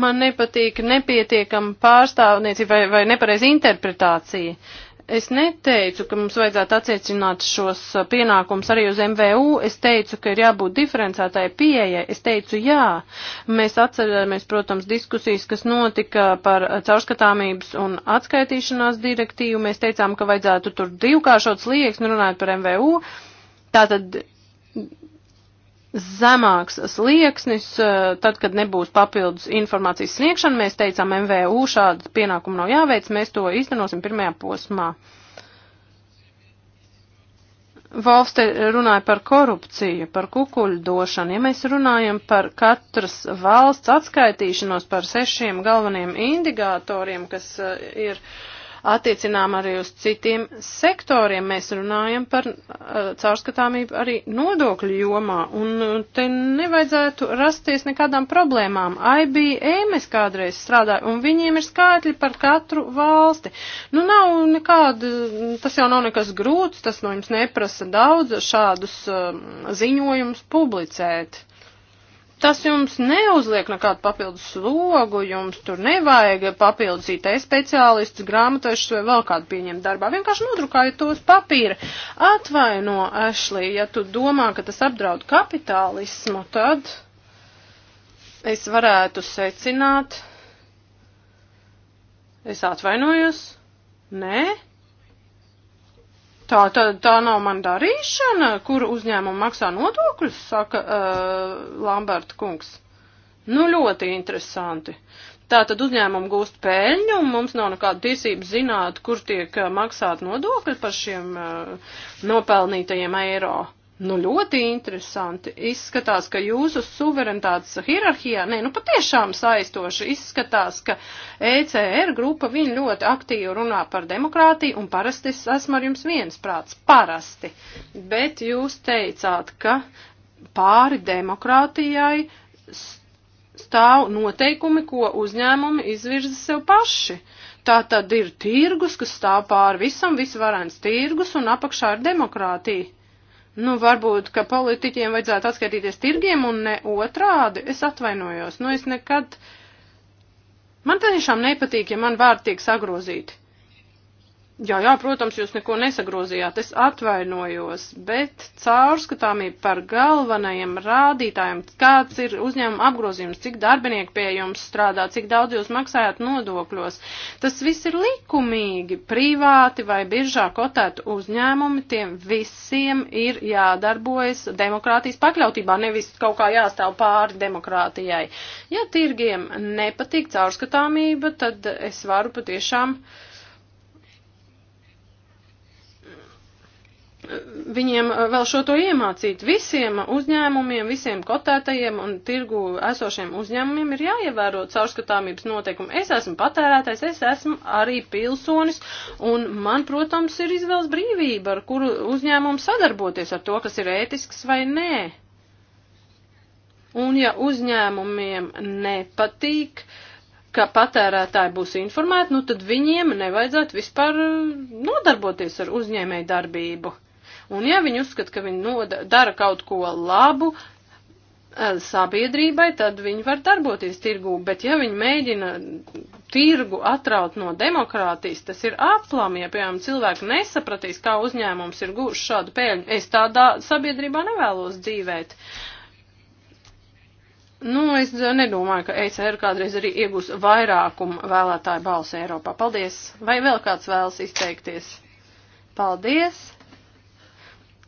Man nepatīk nepietiekama pārstāvniecība vai, vai nepareiz interpretācija. Es neteicu, ka mums vajadzētu attiecināt šos pienākumus arī uz MVU. Es teicu, ka ir jābūt diferencētai pieejai. Es teicu, jā. Mēs atceramies, protams, diskusijas, kas notika par caurskatāmības un atskaitīšanās direktīvu. Mēs teicām, ka vajadzētu tur divkāršot slieksni runājot par MVU. Tātad zemāks slieksnis, eh, tad, kad nebūs papildus informācijas sniegšana, mēs teicām MVU šādu pienākumu nav jāveic, mēs to īstenosim pirmajā posmā. Valsts runāja par korupciju, par kukuļu došanu. Ja mēs runājam par katras valsts atskaitīšanos par sešiem galveniem indikatoriem, kas eh, ir uh, attiecinām arī uz citiem sektoriem. Mēs runājam par uh, caurskatāmību arī nodokļu jomā, un eh, te nevajadzētu rasties nekādām problēmām. IBM es kādreiz strādāju, un viņiem ir skaitļi par katru valsti. Nu, nav nekāda, tas jau nav nekas grūts, tas no jums neprasa daudz šādus uh, ziņojumus publicēt. Tas jums neuzliek nekādu papildus slogu, jums tur nevajag papildus IT speciālistus, grāmatvežus vai vēl kādu pieņemt darbā. Vienkārši nodrukājiet tos papīra. Atvaino, Ešlī, ja tu domā, ka tas apdraud kapitālismu, tad es varētu secināt. Es atvainojos? Nē? Tā, tā, tā nav man darīšana, kur uzņēmuma maksā nodokļus, saka uh, Lamberta kungs. Nu, ļoti interesanti. Tātad uzņēmumu gūst peļņu, un mums nav nekāda tiesība zināt, kur tiek uh, maksāt nodokļi par šiem uh, nopelnītajiem eiro. Nu, ļoti interesanti. Izskatās, ka jūsu suverenitātes hierarhijā, nē, nu patiešām saistoši izskatās, ka ECR grupa viņa ļoti aktīvi runā par demokrātiju, un parasti es esmu ar jums viens prāts. Parasti. Bet jūs teicāt, ka pāri demokrātijai stāv noteikumi, ko uzņēmumi izvirza sev paši. Tā tad ir tirgus, kas stāv pāri visam, visvarens tirgus, un apakšā ir demokrātija. Nu, varbūt, ka politiķiem vajadzētu atskaitīties tirgiem un ne otrādi. Es atvainojos. Nu, es nekad. Man tiešām nepatīk, ja man vārdi tiek sagrozīti. Jā, jā, protams, jūs neko nesagrozījāt, es atvainojos, bet caurskatāmība par galvenajiem rādītājiem, kāds ir uzņēmuma apgrozījums, cik darbinieki pie jums strādā, cik daudz jūs maksājat nodokļos, tas viss ir likumīgi, privāti vai biržā kotēti uzņēmumi, tiem visiem ir jādarbojas demokrātijas pakļautībā, nevis kaut kā jāstāv pāri demokrātijai. Ja tirgiem nepatīk caurskatāmība, tad es varu patiešām. Uh, viņiem eh, vēl šo to iemācīt. Visiem uzņēmumiem, visiem kotētajiem un tirgu esošiem uzņēmumiem ir jāievēro caurskatāmības noteikumi. Es esmu patērētājs, es esmu arī pilsonis, un man, protams, ir izvēles brīvība, ar kuru uzņēmumu sadarboties ar to, kas ir ētisks vai nē. Un ja uzņēmumiem nepatīk, ka patērētāji būs informēti, nu tad viņiem nevajadzētu vispār eh, nodarboties ar uzņēmēju darbību. Un ja viņi uzskata, ka viņi noda, dara kaut ko labu, e, sabiedrībai, tad viņi var darboties tirgū, bet ja viņi mēģina tirgu atraut no demokrātijas, tas ir aplami, ja, piemēram, cilvēki nesapratīs, kā uzņēmums ir gūši šādu pēļņu. Es tādā sabiedrībā nevēlos dzīvēt. Nu, es nedomāju, ka ECR kādreiz arī iegūs vairākumu vēlētāju balsu Eiropā. Paldies! Vai vēl kāds vēlas izteikties? Paldies!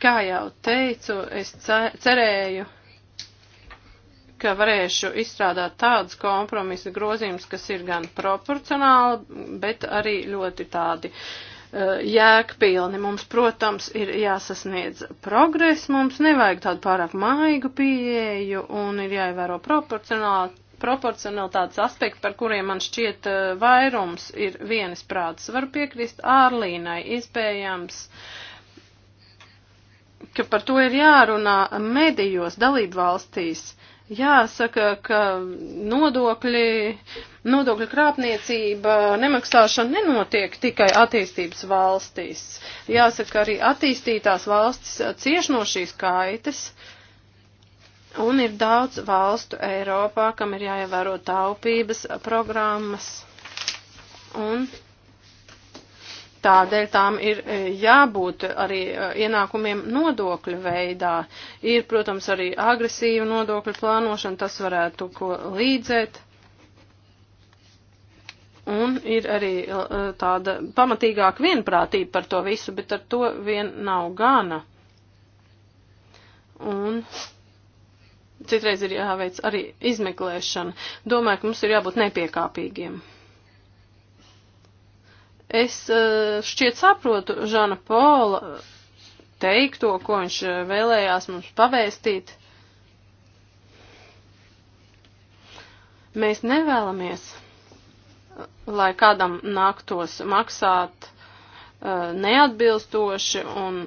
Kā jau teicu, es cerēju, ka varēšu izstrādāt tādus kompromisa grozījumus, kas ir gan proporcionāli, bet arī ļoti tādi uh, jēgpilni. Mums, protams, ir jāsasniedz progress, mums nevajag tādu pārāk maigu pieeju un ir jāievēro proporcionāli proporcionalitātes aspekti, par kuriem man šķiet eh, vairums ir vienas prātas. Varu piekrist Ārlīnai, iespējams, uh, ka par to ir jārunā medijos dalību valstīs. Jāsaka, ka nodokļi, nodokļu krāpniecība, nemaksāšana nenotiek tikai attīstības valstīs. Jāsaka, arī attīstītās valstis cieš no šīs kaitas. Un ir daudz valstu Eiropā, kam ir jāievēro taupības programmas. Un Tādēļ tām ir e, jābūt arī e, ienākumiem nodokļu veidā. Ir, protams, arī agresīva nodokļu plānošana, tas varētu ko līdzēt. Un ir arī e, tāda pamatīgāka vienprātība par to visu, bet ar to vien nav gana. Un citreiz ir jāveic arī izmeklēšana. Domāju, ka mums ir jābūt nepiekāpīgiem. Es eh, šķiet saprotu Žana Pola eh, teikto, ko viņš eh, vēlējās mums pavēstīt. Mēs nevēlamies, lai kādam nāktos maksāt neatbilstoši un,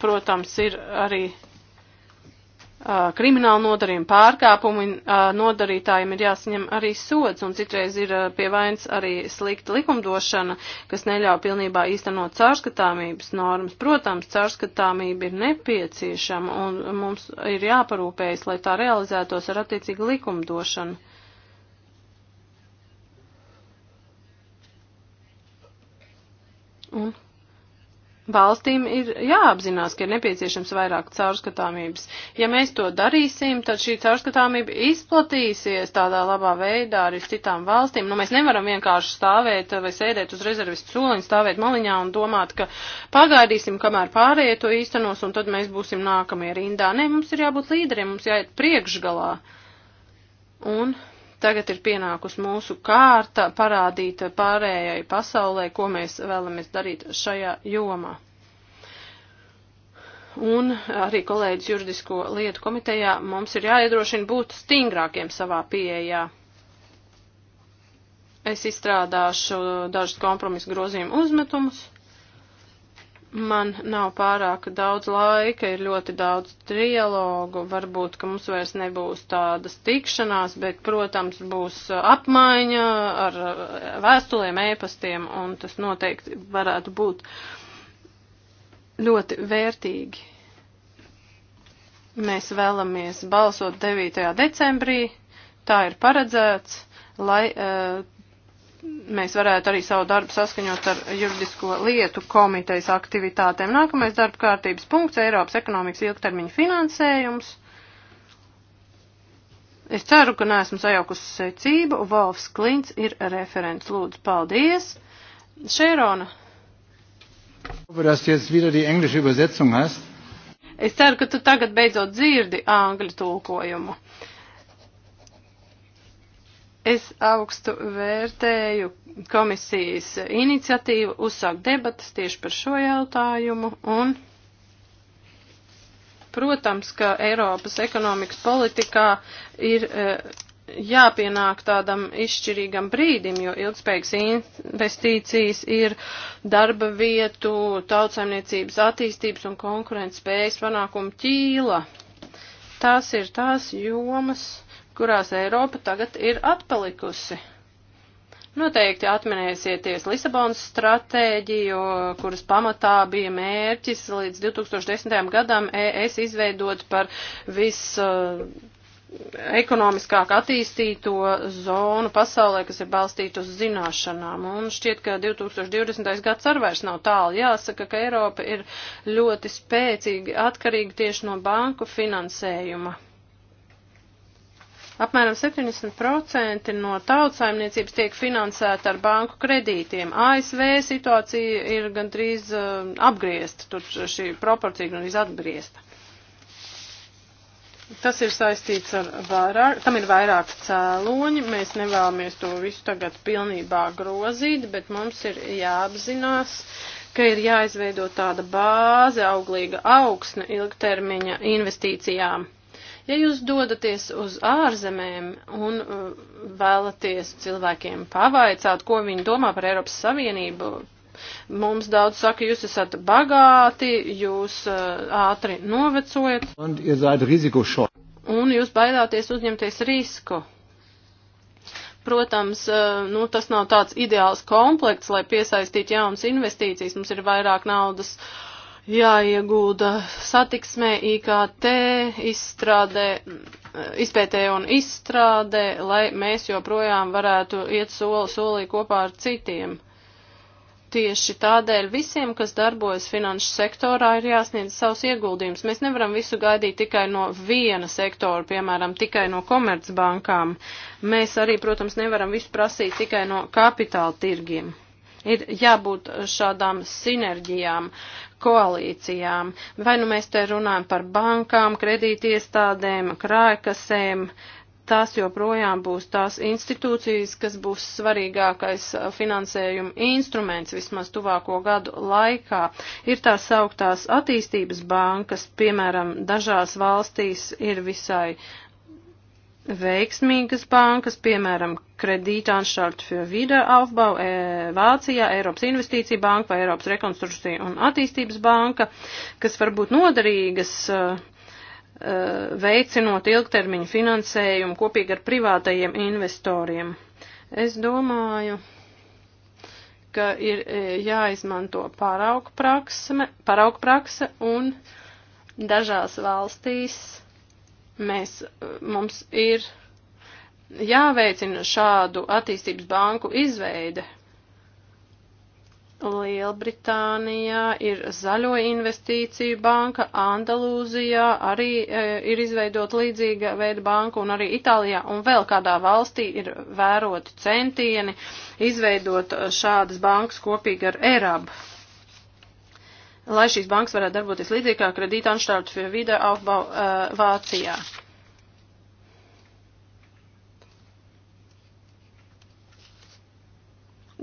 protams, ir arī kriminālu nodarījumu pārkāpumu nodarītājiem ir jāsaņem arī sods, un citreiz ir pie vainas arī slikta likumdošana, kas neļauj pilnībā īstenot cārskatāmības normas. Protams, cārskatāmība ir nepieciešama, un mums ir jāparūpējas, lai tā realizētos ar attiecīgu likumdošanu. Un Valstīm ir jāapzinās, ka ir nepieciešams vairāk caurskatāmības. Ja mēs to darīsim, tad šī caurskatāmība izplatīsies tādā labā veidā arī uz citām valstīm. Nu, mēs nevaram vienkārši stāvēt vai sēdēt uz rezervistu soliņa, stāvēt maliņā un domāt, ka pagaidīsim, kamēr pārējie to īstenos, un tad mēs būsim nākamie rindā. Nē, mums ir jābūt līderiem, mums jāiet priekšgalā. Un Tagad ir pienākus mūsu kārta parādīt pārējai pasaulē, ko mēs vēlamies darīt šajā jomā un arī kolēģis juridisko lietu komitejā mums ir jāiedrošina būt stingrākiem savā pieejā. Es izstrādāšu dažus kompromisu grozījumu uzmetumus. Man nav pārāk daudz laika, ir ļoti daudz trialogu, varbūt, ka mums vairs nebūs tādas tikšanās, bet, protams, būs apmaiņa ar vēstuliem, ēpastiem, un tas noteikti varētu būt ļoti vērtīgi. Mēs vēlamies balsot 9. decembrī, tā ir paredzēts, lai. Uh, mēs varētu arī savu darbu saskaņot ar juridisko lietu komitejas aktivitātēm. Nākamais darba kārtības punkts - Eiropas ekonomikas ilgtermiņa finansējums. Es ceru, ka neesmu sajaukusi secību. Volfs Klints ir referents. Lūdzu, paldies. Šērona. Es ceru, ka tu tagad beidzot dzirdi angļu tulkojumu. Uh, Es augstu vērtēju komisijas iniciatīvu uzsākt debatas tieši par šo jautājumu un, protams, ka Eiropas ekonomikas politikā ir eh, jāpienāk tādam izšķirīgam brīdim, jo ilgspējīgas investīcijas ir darba vietu, tautsaimniecības attīstības un konkurences spējas panākumu ķīla. Tās ir tās jomas kurās Eiropa tagad ir atpalikusi. Noteikti atminēsieties Lisabonas stratēģiju, kuras pamatā bija mērķis līdz 2010. gadam ES izveidot par vis uh, ekonomiskāk attīstīto zonu pasaulē, kas ir balstīta uz zināšanām. Un šķiet, ka 2020. gads ar vairs nav tālu. Jāsaka, ka Eiropa ir ļoti spēcīgi atkarīga tieši no banku finansējuma. Apmēram 70% no tautsaimniecības tiek finansēta ar banku kredītiem. ASV situācija ir gandrīz uh, apgriezta, tur šī proporcija gandrīz atgriezta. Tas ir saistīts ar vairāk, tam ir vairāk cēloņi, mēs nevēlamies to visu tagad pilnībā grozīt, bet mums ir jāapzinās, ka ir jāizveido tāda bāze, auglīga augsne ilgtermiņa investīcijām. Ja jūs dodaties uz ārzemēm un uh, vēlaties cilvēkiem pavaicāt, ko viņi domā par Eiropas Savienību, mums daudz saka, jūs esat bagāti, jūs uh, ātri novecojat. Un jūs baidāties uzņemties risku protams, uh, nu, tas nav tāds ideāls komplekts, lai piesaistītu jaunas investīcijas. Mums ir vairāk naudas uh, jāiegūda satiksmē, IKT, izstrādē, izpētē un izstrādē, lai mēs joprojām varētu iet soli solī kopā ar citiem. Tieši tādēļ visiem, kas darbojas finanšu sektorā, ir jāsniedz savus ieguldījumus. Mēs nevaram visu gaidīt tikai no viena sektora, piemēram, tikai no komercbankām. Mēs arī, protams, nevaram visu prasīt tikai no kapitāla tirgiem. Ir jābūt šādām sinerģijām koalīcijām. Vai nu mēs te runājam par bankām, kredītiestādēm, krājkasēm, tās joprojām būs tās institūcijas, kas būs svarīgākais uh, finansējuma instruments vismaz tuvāko gadu laikā. Ir tās sauktās attīstības bankas, piemēram, dažās valstīs ir visai veiksmīgas bankas, piemēram, Kreditānšalt für Wiederaufbau e, Vācijā, Eiropas Investīcija banka vai Eiropas Rekonstrukcija un attīstības banka, kas var būt noderīgas e, e, veicinot ilgtermiņu finansējumu kopīgi ar privātajiem investoriem. Es domāju, ka ir e, jāizmanto paraugu prakse, paraugu prakse un dažās valstīs Mēs, mums ir jāveicina šādu attīstības banku izveide. Lielbritānijā ir zaļo investīciju banka, Andalūzijā arī e, ir izveidot līdzīga veida banku un arī Itālijā un vēl kādā valstī ir vēroti centieni izveidot šādas bankas kopīgi ar ERAB lai šīs bankas varētu darboties līdzīgi kā kredītanstārts für Wiederaufbau uh, eh, Vācijā.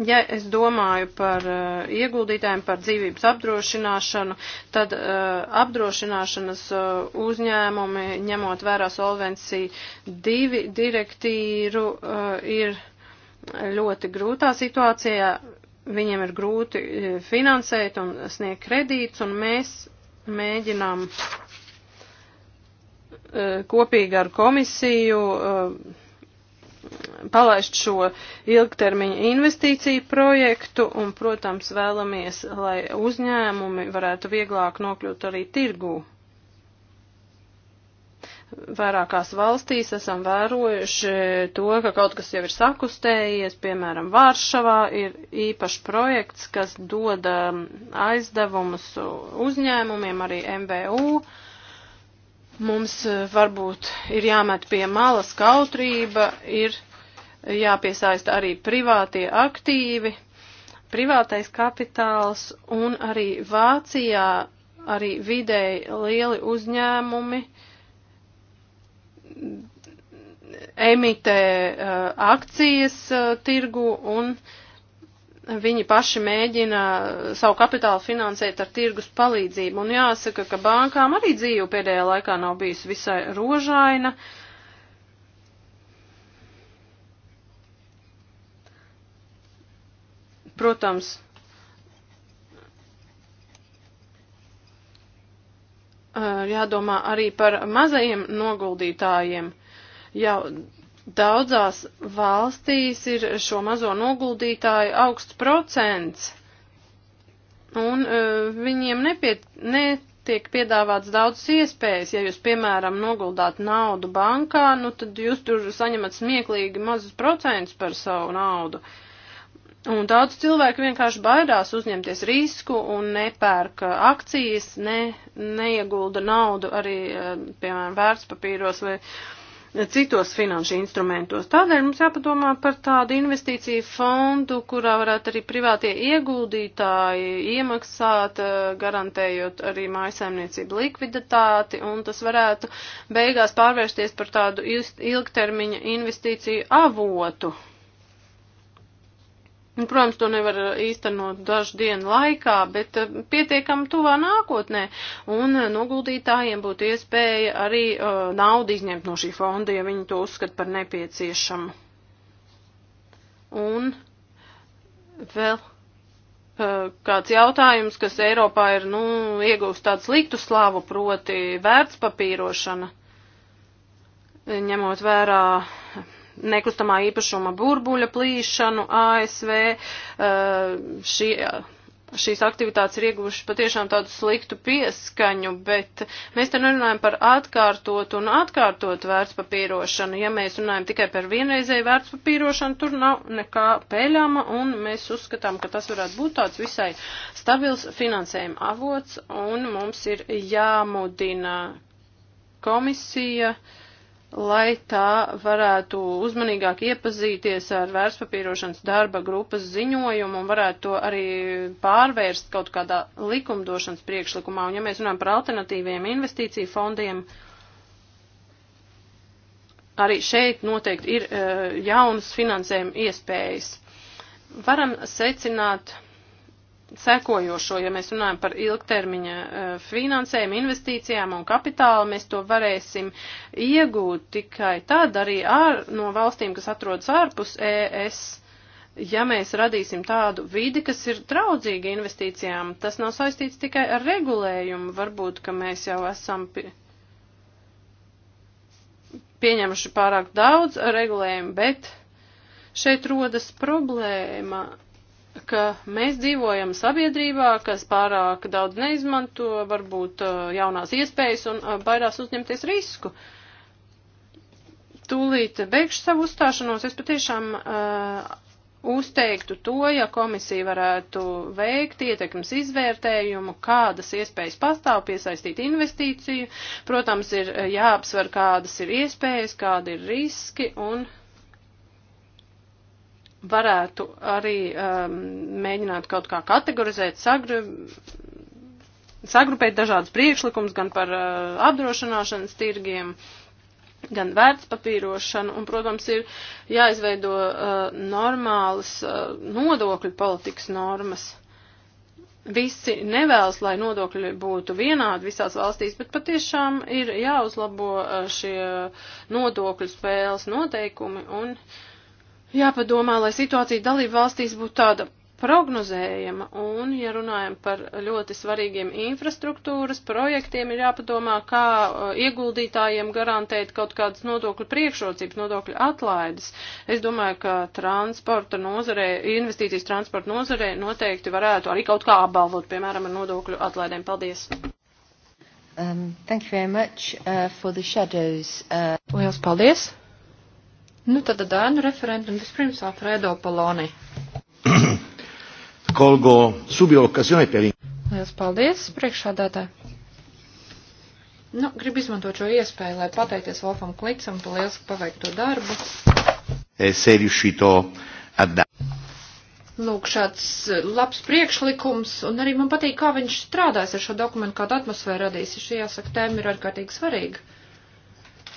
Ja es domāju par uh, ieguldītājiem, par dzīvības apdrošināšanu, tad uh, apdrošināšanas uh, uzņēmumi, ņemot vērā solvenciju divi direktīru, uh, ir ļoti grūtā situācijā, viņiem ir grūti e, finansēt un sniegt kredītus, un mēs mēģinām e, kopīgi ar komisiju e, palaist šo ilgtermiņa investīciju projektu un, protams, vēlamies, lai uzņēmumi varētu vieglāk nokļūt arī tirgū. Vairākās valstīs esam vērojuši to, ka kaut kas jau ir sakustējies, piemēram, Vāršavā ir īpašs projekts, kas dod aizdevumus uzņēmumiem, arī MVU. Mums eh, varbūt ir jāmet pie malas kautrība, ir jāpiesaista arī privātie aktīvi, privātais kapitāls un arī Vācijā arī vidēji lieli uzņēmumi emitē uh, akcijas uh, tirgu un viņi paši mēģina savu kapitālu finansēt ar tirgus palīdzību. Un jāsaka, ka bankām arī dzīve pēdējā laikā nav bijusi visai rožaina. Protams, uh, jādomā arī par mazajiem noguldītājiem. Jau daudzās valstīs ir šo mazo noguldītāju augsts procents, un uh, viņiem nepie, netiek piedāvāts daudzas iespējas. Ja jūs, piemēram, noguldāt naudu bankā, nu tad jūs tur saņemat smieklīgi mazus procentus par savu naudu. Un daudz cilvēku vienkārši baidās uzņemties risku un nepērka e, akcijas, ne, neiegulda naudu arī, e, piemēram, vērtspapīros vai uh, citos finanšu instrumentos. Tādēļ mums jāpadomā par tādu investīciju fondu, kurā varētu arī privātie ieguldītāji iemaksāt, eh, garantējot arī mājasaimniecību likviditāti, un tas varētu beigās pārvērsties par tādu ilgtermiņa investīciju avotu. Un, nu, protams, to nevar īstenot dažu dienu laikā, bet eh, pietiekam tuvā nākotnē. Un eh, noguldītājiem būtu iespēja arī uh, naudu izņemt no šī fonda, ja viņi to uzskata par nepieciešamu. Un vēl kāds jautājums, kas Eiropā ir, nu, iegūst tādu sliktu slāvu, proti vērtspapīrošana, ņemot vērā nekustamā īpašuma burbuļa plīšanu ASV. Eh, šī, šīs aktivitātes ir ieguvušas patiešām tādu sliktu pieskaņu, bet mēs te nerunājam par atkārtotu un atkārtotu vērtspapīrošanu. Ja mēs runājam tikai par vienreizēju vērtspapīrošanu, tur nav nekā pēļama, un mēs uzskatām, ka tas varētu būt tāds visai stabils finansējuma avots, un mums ir jāmudina komisija. Uh, lai tā varētu uzmanīgāk iepazīties ar vērtspapīrošanas darba grupas ziņojumu un varētu to arī pārvērst kaut kādā likumdošanas priekšlikumā. Un ja mēs runājam par alternatīviem investīciju fondiem, arī šeit noteikti ir uh, jaunas finansējuma iespējas. Varam secināt, sekojošo, ja mēs runājam par ilgtermiņa e, finansējumu, investīcijām un kapitālu, mēs to varēsim iegūt tikai tad arī ar, no valstīm, kas atrodas ārpus ES. Ja mēs radīsim tādu vidi, kas ir draudzīga investīcijām, tas nav saistīts tikai ar regulējumu. Varbūt, ka mēs jau esam pie, pieņemši pārāk daudz regulējumu, bet šeit rodas problēma ka mēs dzīvojam sabiedrībā, kas pārāk daudz neizmanto, varbūt uh, jaunās iespējas un uh, baidās uzņemties risku. Tūlīt beigšu savu uzstāšanos. Es patiešām uh, uzteiktu to, ja komisija varētu veikt ietekmes izvērtējumu, kādas iespējas pastāv piesaistīt investīciju. Protams, ir uh, jāapsver, kādas ir iespējas, kādi ir riski un. Uh, varētu arī um, mēģināt kaut kā kategorizēt, sagru, sagrupēt dažādus priekšlikumus gan par uh, apdrošināšanas tirgiem, gan vērtspapīrošanu, un, protams, ir jāizveido uh, normālas uh, nodokļu politikas normas. Visi nevēlas, lai nodokļi būtu vienādi visās valstīs, bet patiešām ir jāuzlabo uh, šie nodokļu spēles noteikumi un uh, jāpadomā, lai situācija dalību valstīs būtu tāda prognozējama, un, ja runājam par ļoti svarīgiem infrastruktūras projektiem, ir jāpadomā, kā uh, ieguldītājiem garantēt kaut kādas nodokļu priekšrocības, nodokļu atlaides. Es domāju, ka transporta nozarē, investīcijas transporta nozarē noteikti varētu arī kaut kā apbalvot, piemēram, ar nodokļu atlaidēm. Paldies!
Um,
thank you very much uh, for the shadows. Uh... Lielas paldies! Nu, tad ēnu referentam vispirms Alfredo Paloni.
Kolgo (coughs) subjokazionē pie viņa.
Lielas paldies, priekšādātāji. Nu, gribu izmantot šo iespēju, lai pateikties Wolfam Klicam par lielisku paveikto darbu.
Es arī šito atdāju.
Lūk, šāds e, labs priekšlikums, un arī man patīk, kā viņš strādājas ar šo dokumentu, kāda atmosfēra radīs. Šī, jāsaka, tēma ir ārkārtīgi svarīga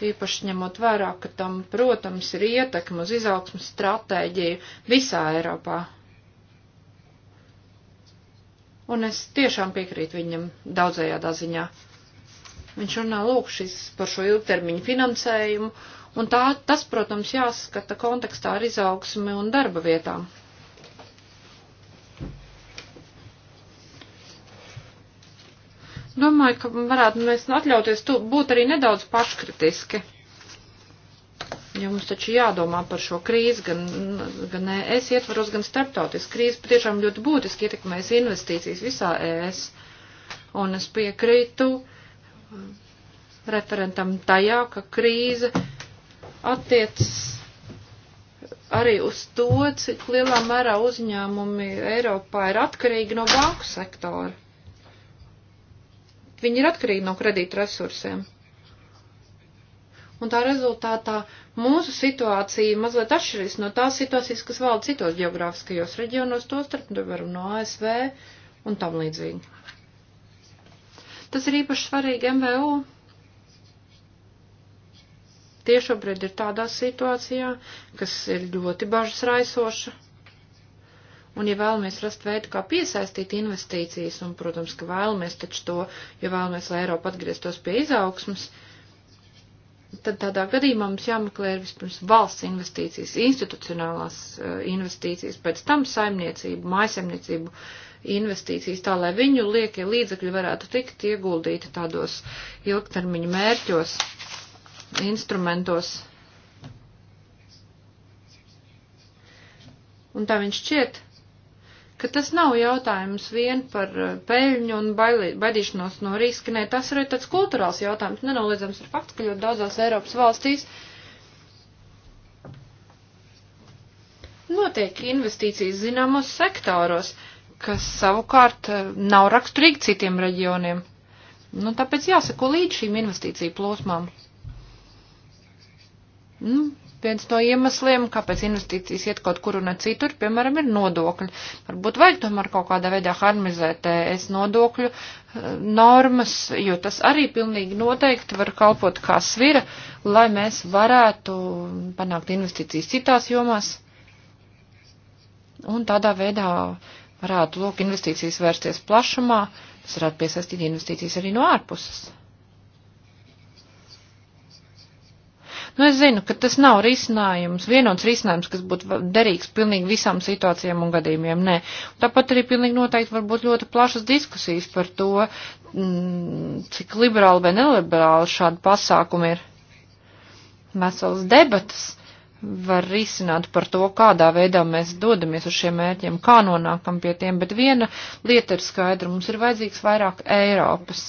īpaši ņemot vērā, ka tam, protams, ir ietekme uz izaugsmas stratēģiju visā Eiropā. Un es tiešām piekrītu viņam daudzajādā ziņā. Viņš runā lūk šis par šo ilgtermiņu finansējumu, un tā, tas, protams, jāskata kontekstā ar izaugsmi un darba vietām. Domāju, ka varētu mēs atļauties tu, būt arī nedaudz paškritiski. Jo mums taču jādomā par šo krīzi, gan, gan ES ietvaros, gan starptautiski. Krīze patiešām ļoti būtiski ietekmēs investīcijas visā ES. Un es piekrītu referentam tajā, ka krīze attiecas arī uz to, cik lielā mērā uzņēmumi Eiropā ir atkarīgi no banku sektora. Viņi ir atkarīgi no kredīta resursiem. Un tā rezultātā mūsu situācija mazliet atšķirīs no tās situācijas, kas valda citos geogrāfiskajos reģionos, to starp, piemēram, no ASV un tam līdzīgi. Tas ir īpaši svarīgi MVU. Tie šobrīd ir tādā situācijā, kas ir ļoti bažas raisoša. Un, ja vēlamies rast veidu, kā piesaistīt investīcijas, un, protams, ka vēlamies taču to, ja vēlamies, lai Eiropa atgrieztos pie izaugsmas, tad tādā gadījumā mums jāmeklē ir vispirms valsts investīcijas, institucionālās eh, investīcijas, pēc tam saimniecību, mājasemniecību investīcijas, tā lai viņu liekie līdzekļi varētu tikt ieguldīti tādos ilgtermiņu mērķos, instrumentos. Un tā viņš šķiet, ka tas nav jautājums vien par eh, peļņu un baili, baidīšanos no riska, nē, tas ir tāds kulturāls jautājums, nenoliedzams ir fakts, ka ļoti daudzās Eiropas valstīs notiek investīcijas zināmos sektoros, kas savukārt eh, nav raksturīgi citiem reģioniem. Nu, tāpēc jāsako līdz šīm investīciju plūsmām. Nu, viens no iemesliem, kāpēc investīcijas iet kaut kur un citur, piemēram, ir nodokļi. Varbūt vajag tomēr kaut kādā veidā harmonizēt es nodokļu eh, normas, jo tas arī pilnīgi noteikti var kalpot kā svira, lai mēs varētu panākt investīcijas citās jomās. Un tādā veidā varētu, lūk, investīcijas vērsties plašumā, tas varētu piesaistīt investīcijas arī no ārpuses. Nu, es zinu, ka tas nav risinājums, vienots risinājums, kas būtu derīgs pilnīgi visām situācijām un gadījumiem, nē. Tāpat arī pilnīgi noteikti var būt ļoti plašas diskusijas par to, mm, cik liberāli vai neliberāli šādi pasākumi ir. Vesels debatas var risināt par to, kādā veidā mēs dodamies uz šiem mērķiem, kā nonākam pie tiem, bet viena lieta ir skaidra, mums ir vajadzīgs vairāk Eiropas.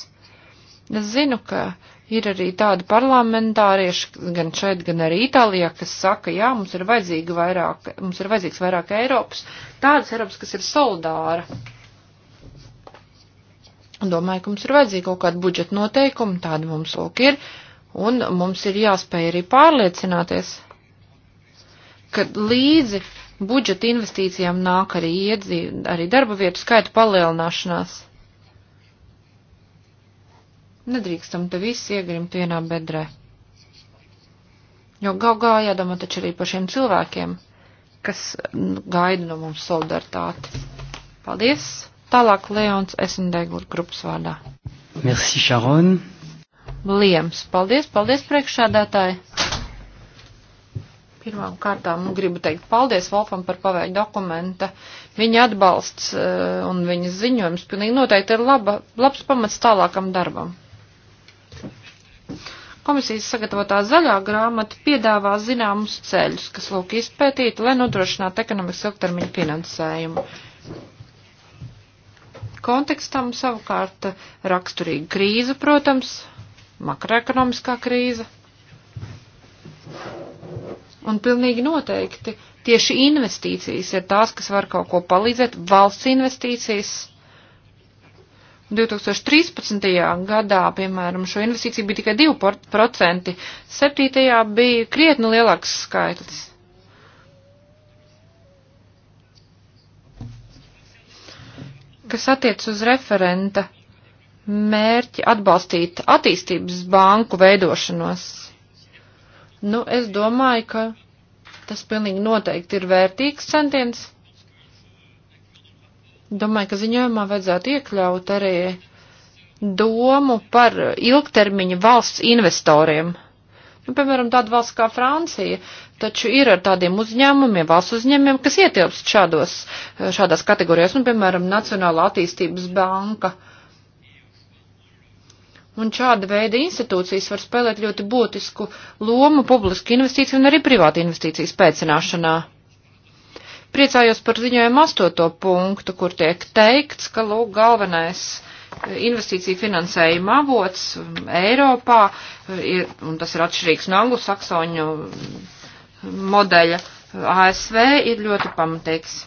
Es zinu, ka Ir arī tādi parlamentārieši gan šeit, gan arī Itālijā, kas saka, jā, mums ir, vairāk, mums ir vajadzīgs vairāk Eiropas, tādas Eiropas, kas ir solidāra. Domāju, ka mums ir vajadzīgi kaut kādi budžeta noteikumi, tādi mums lūk ir, un mums ir jāspēj arī pārliecināties, ka līdzi budžeta investīcijām nāk arī, iedzī, arī darba vietu skaita palielināšanās. Nedrīkstam te visi iegrimt vienā bedrē. Jo gaugā jādomā taču arī par šiem cilvēkiem, kas gaida no mums solidaritāti. Paldies! Tālāk Leons SND grupas vārdā.
Merci, Sharon.
Liems, paldies, paldies priekšādātāji. Pirmām kārtām nu, gribu teikt paldies Volfam par pavēļu dokumenta. Viņa atbalsts eh, un viņas ziņojums pilnīgi noteikti ir laba, labs pamats tālākam darbam. Komisijas sagatavotā zaļā grāmata piedāvā zināmus ceļus, kas lūk izpētīt, lai nodrošinātu ekonomikas ilgtermiņu finansējumu. Kontekstam savukārt raksturīga krīze, protams, makroekonomiskā krīze. Un pilnīgi noteikti tieši investīcijas ir tās, kas var kaut ko palīdzēt, valsts investīcijas 2013. gadā, piemēram, šo investīciju bija tikai 2%, 7. bija krietni lielāks skaitlis. Kas attiec uz referenta mērķi atbalstīt attīstības banku veidošanos? Nu, es domāju, ka tas pilnīgi noteikti ir vērtīgs centiens. Domāju, ka ziņojumā vajadzētu iekļaut arī domu par ilgtermiņa valsts investoriem. Nu, piemēram, tāda valsts kā Francija, taču ir ar tādiem uzņēmumiem, valsts uzņēmumiem, kas ietilpst šādos, šādās kategorijās, nu, piemēram, Nacionāla attīstības banka. Un šāda veida institūcijas var spēlēt ļoti būtisku lomu publisku investīciju un arī privātu investīciju spēcināšanā. Priecājos par ziņojumu astoto punktu, kur tiek teikts, ka lūk galvenais investīcija finansējuma avots Eiropā, ir, un tas ir atšķirīgs no anglu saksoņu modeļa ASV, ir ļoti pamatīgs.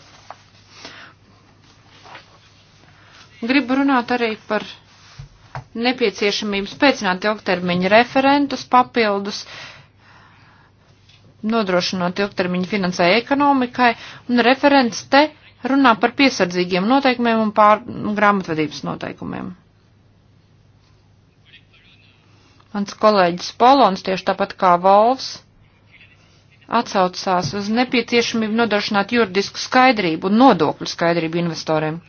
Gribu runāt arī par nepieciešamību spēcināt ilgtermiņa referentus papildus uh, nodrošinot ilgtermiņu finansēju ekonomikai, un referents te runā par piesardzīgiem noteikumiem un pār grāmatvedības noteikumiem. Mans kolēģis Polons, tieši tāpat kā Volvs, atsaucās uz nepieciešamību nodrošināt juridisku skaidrību un nodokļu skaidrību investoriem.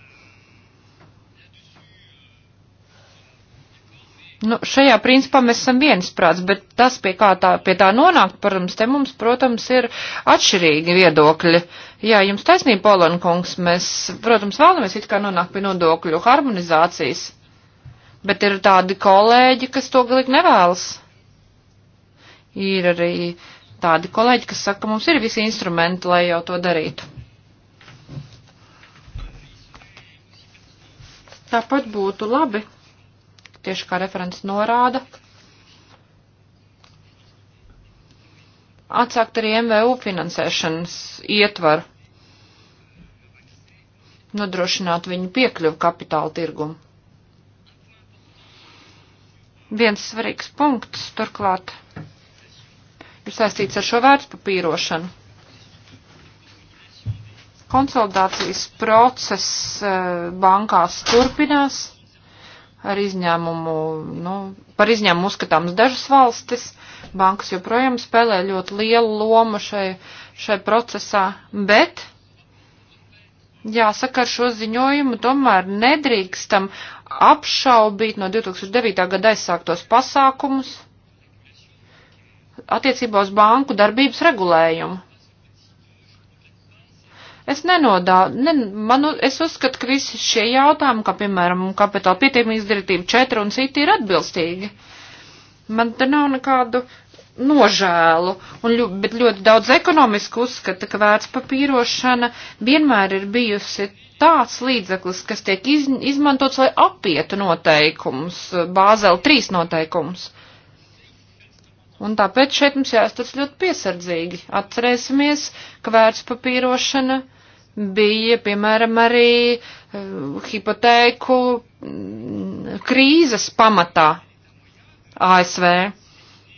Nu, šajā principā mēs esam viensprāts, bet tas, pie kā tā, pie tā nonākt, protams, te mums, protams, ir atšķirīgi viedokļi. Jā, jums taisnība, Polon kungs, mēs, protams, vēlamies it kā nonākt pie nodokļu harmonizācijas, bet ir tādi kolēģi, kas to galīgi nevēlas. Ir arī tādi kolēģi, kas saka, ka mums ir visi instrumenti, lai jau to darītu. Tāpat būtu labi tieši kā referents norāda. Atsākt arī MVU finansēšanas ietvaru, nodrošināt viņu piekļuvu kapitāla tirgumu. Viens svarīgs punkts turklāt ir saistīts ar šo vērtspapīrošanu. Konsolidācijas process eh, bankās turpinās ar izņēmumu, nu, par izņēmumu uzskatāms dažas valstis. Bankas joprojām spēlē ļoti lielu lomu šai, šai procesā, bet, jāsaka, ar šo ziņojumu tomēr nedrīkstam apšaubīt no 2009. gada aizsāktos pasākumus attiecībā uz banku darbības regulējumu. Es nenodā, ne, manu, es uzskatu, ka visi šie jautājumi, kā piemēram kapitāla pietiekamības direktīva 4 un citi ir atbilstīgi. Man te nav nekādu nožēlu, un, ļu, bet ļoti daudz ekonomiski uzskata, ka vērts papīrošana vienmēr ir bijusi tāds līdzeklis, kas tiek iz, izmantots, lai apietu noteikumus, bāzeli 3 noteikumus. Un tāpēc šeit mums jāstāsta ļoti piesardzīgi. Atcerēsimies, ka vērtspapīrošana bija, piemēram, arī uh, hipotēku uh, krīzes pamatā ASV.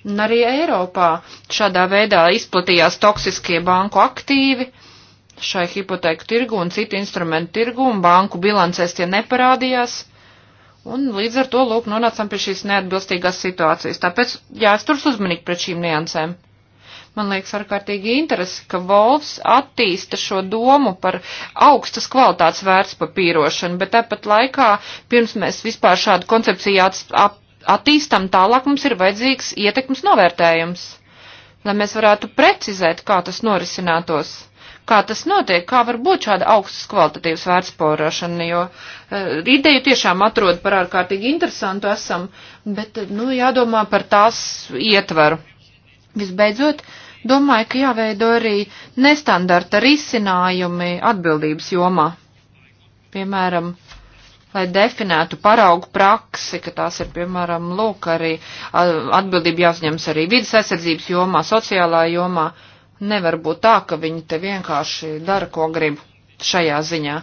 Un arī Eiropā šādā veidā izplatījās toksiskie banku aktīvi šai hipotēku tirgu un citu instrumentu tirgu, un banku bilancēs tie neparādījās. Un līdz ar to, lūk, nonācam pie šīs neatbilstīgās situācijas. Tāpēc jāsturs uzmanīgi pret šīm niansēm. Man liekas ārkārtīgi interesi, ka Volfs attīsta šo domu par augstas kvalitātes vērtspapīrošanu, bet tāpat laikā, pirms mēs vispār šādu koncepciju attīstam, tālāk mums ir vajadzīgs ietekmes novērtējums, lai mēs varētu precizēt, kā tas norisinātos kā tas notiek, kā var būt šāda augstas kvalitātīvas vērtsporošana, jo uh, ideju tiešām atrod par ārkārtīgi interesantu esam, bet, eh, nu, jādomā par tās ietvaru. Visbeidzot, domāju, ka jāveido arī nestandarta risinājumi atbildības jomā. Piemēram, lai definētu paraugu praksi, ka tās ir, piemēram, lūk, arī atbildība jāuzņems arī vidas aizsardzības jomā, sociālā jomā. Uh, Nevar būt tā, ka viņi te vienkārši dara, ko grib šajā ziņā.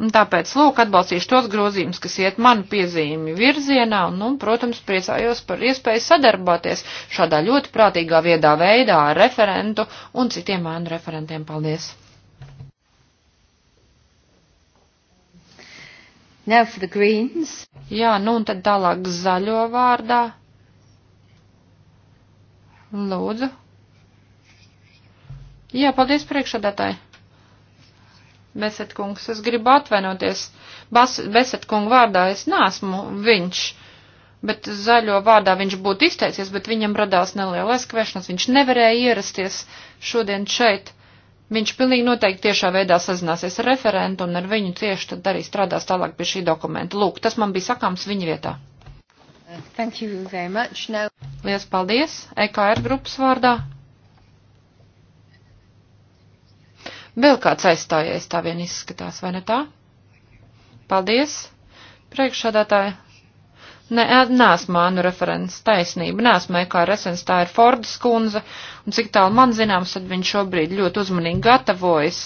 Un tāpēc, lūk, atbalstīšu tos grozījumus, kas iet manu piezīmi virzienā, un, nu, protams, priecājos par iespēju sadarboties šādā ļoti prātīgā viedā veidā ar referentu un citiem mēnu referentiem. Paldies! Now for the Greens. Jā, nu un tad tālāk zaļo vārdā. Lūdzu. Jā, paldies priekšādātāji. Beset kungs, es gribu atvainoties. Bas, Beset kungu vārdā es nesmu viņš bet zaļo vārdā viņš būtu izteicies, bet viņam radās nelielais kvēšanas. Viņš nevarēja ierasties šodien šeit. Viņš pilnīgi noteikti tiešā veidā sazināsies ar referentu un ar viņu tieši tad arī strādās tālāk pie šī dokumenta. Lūk, tas man bija sakāms viņa vietā. Thank you very much. Now... Lies paldies. EKR grupas vārdā Vēl kāds aizstājies, tā vien izskatās, vai ne tā? Paldies, priekšādātāji. Nē, ne, nesmu Anu referents taisnība, nesmu e kā resens, tā ir Fordas kundze, un cik tālu man zināms, tad viņš šobrīd ļoti uzmanīgi gatavojas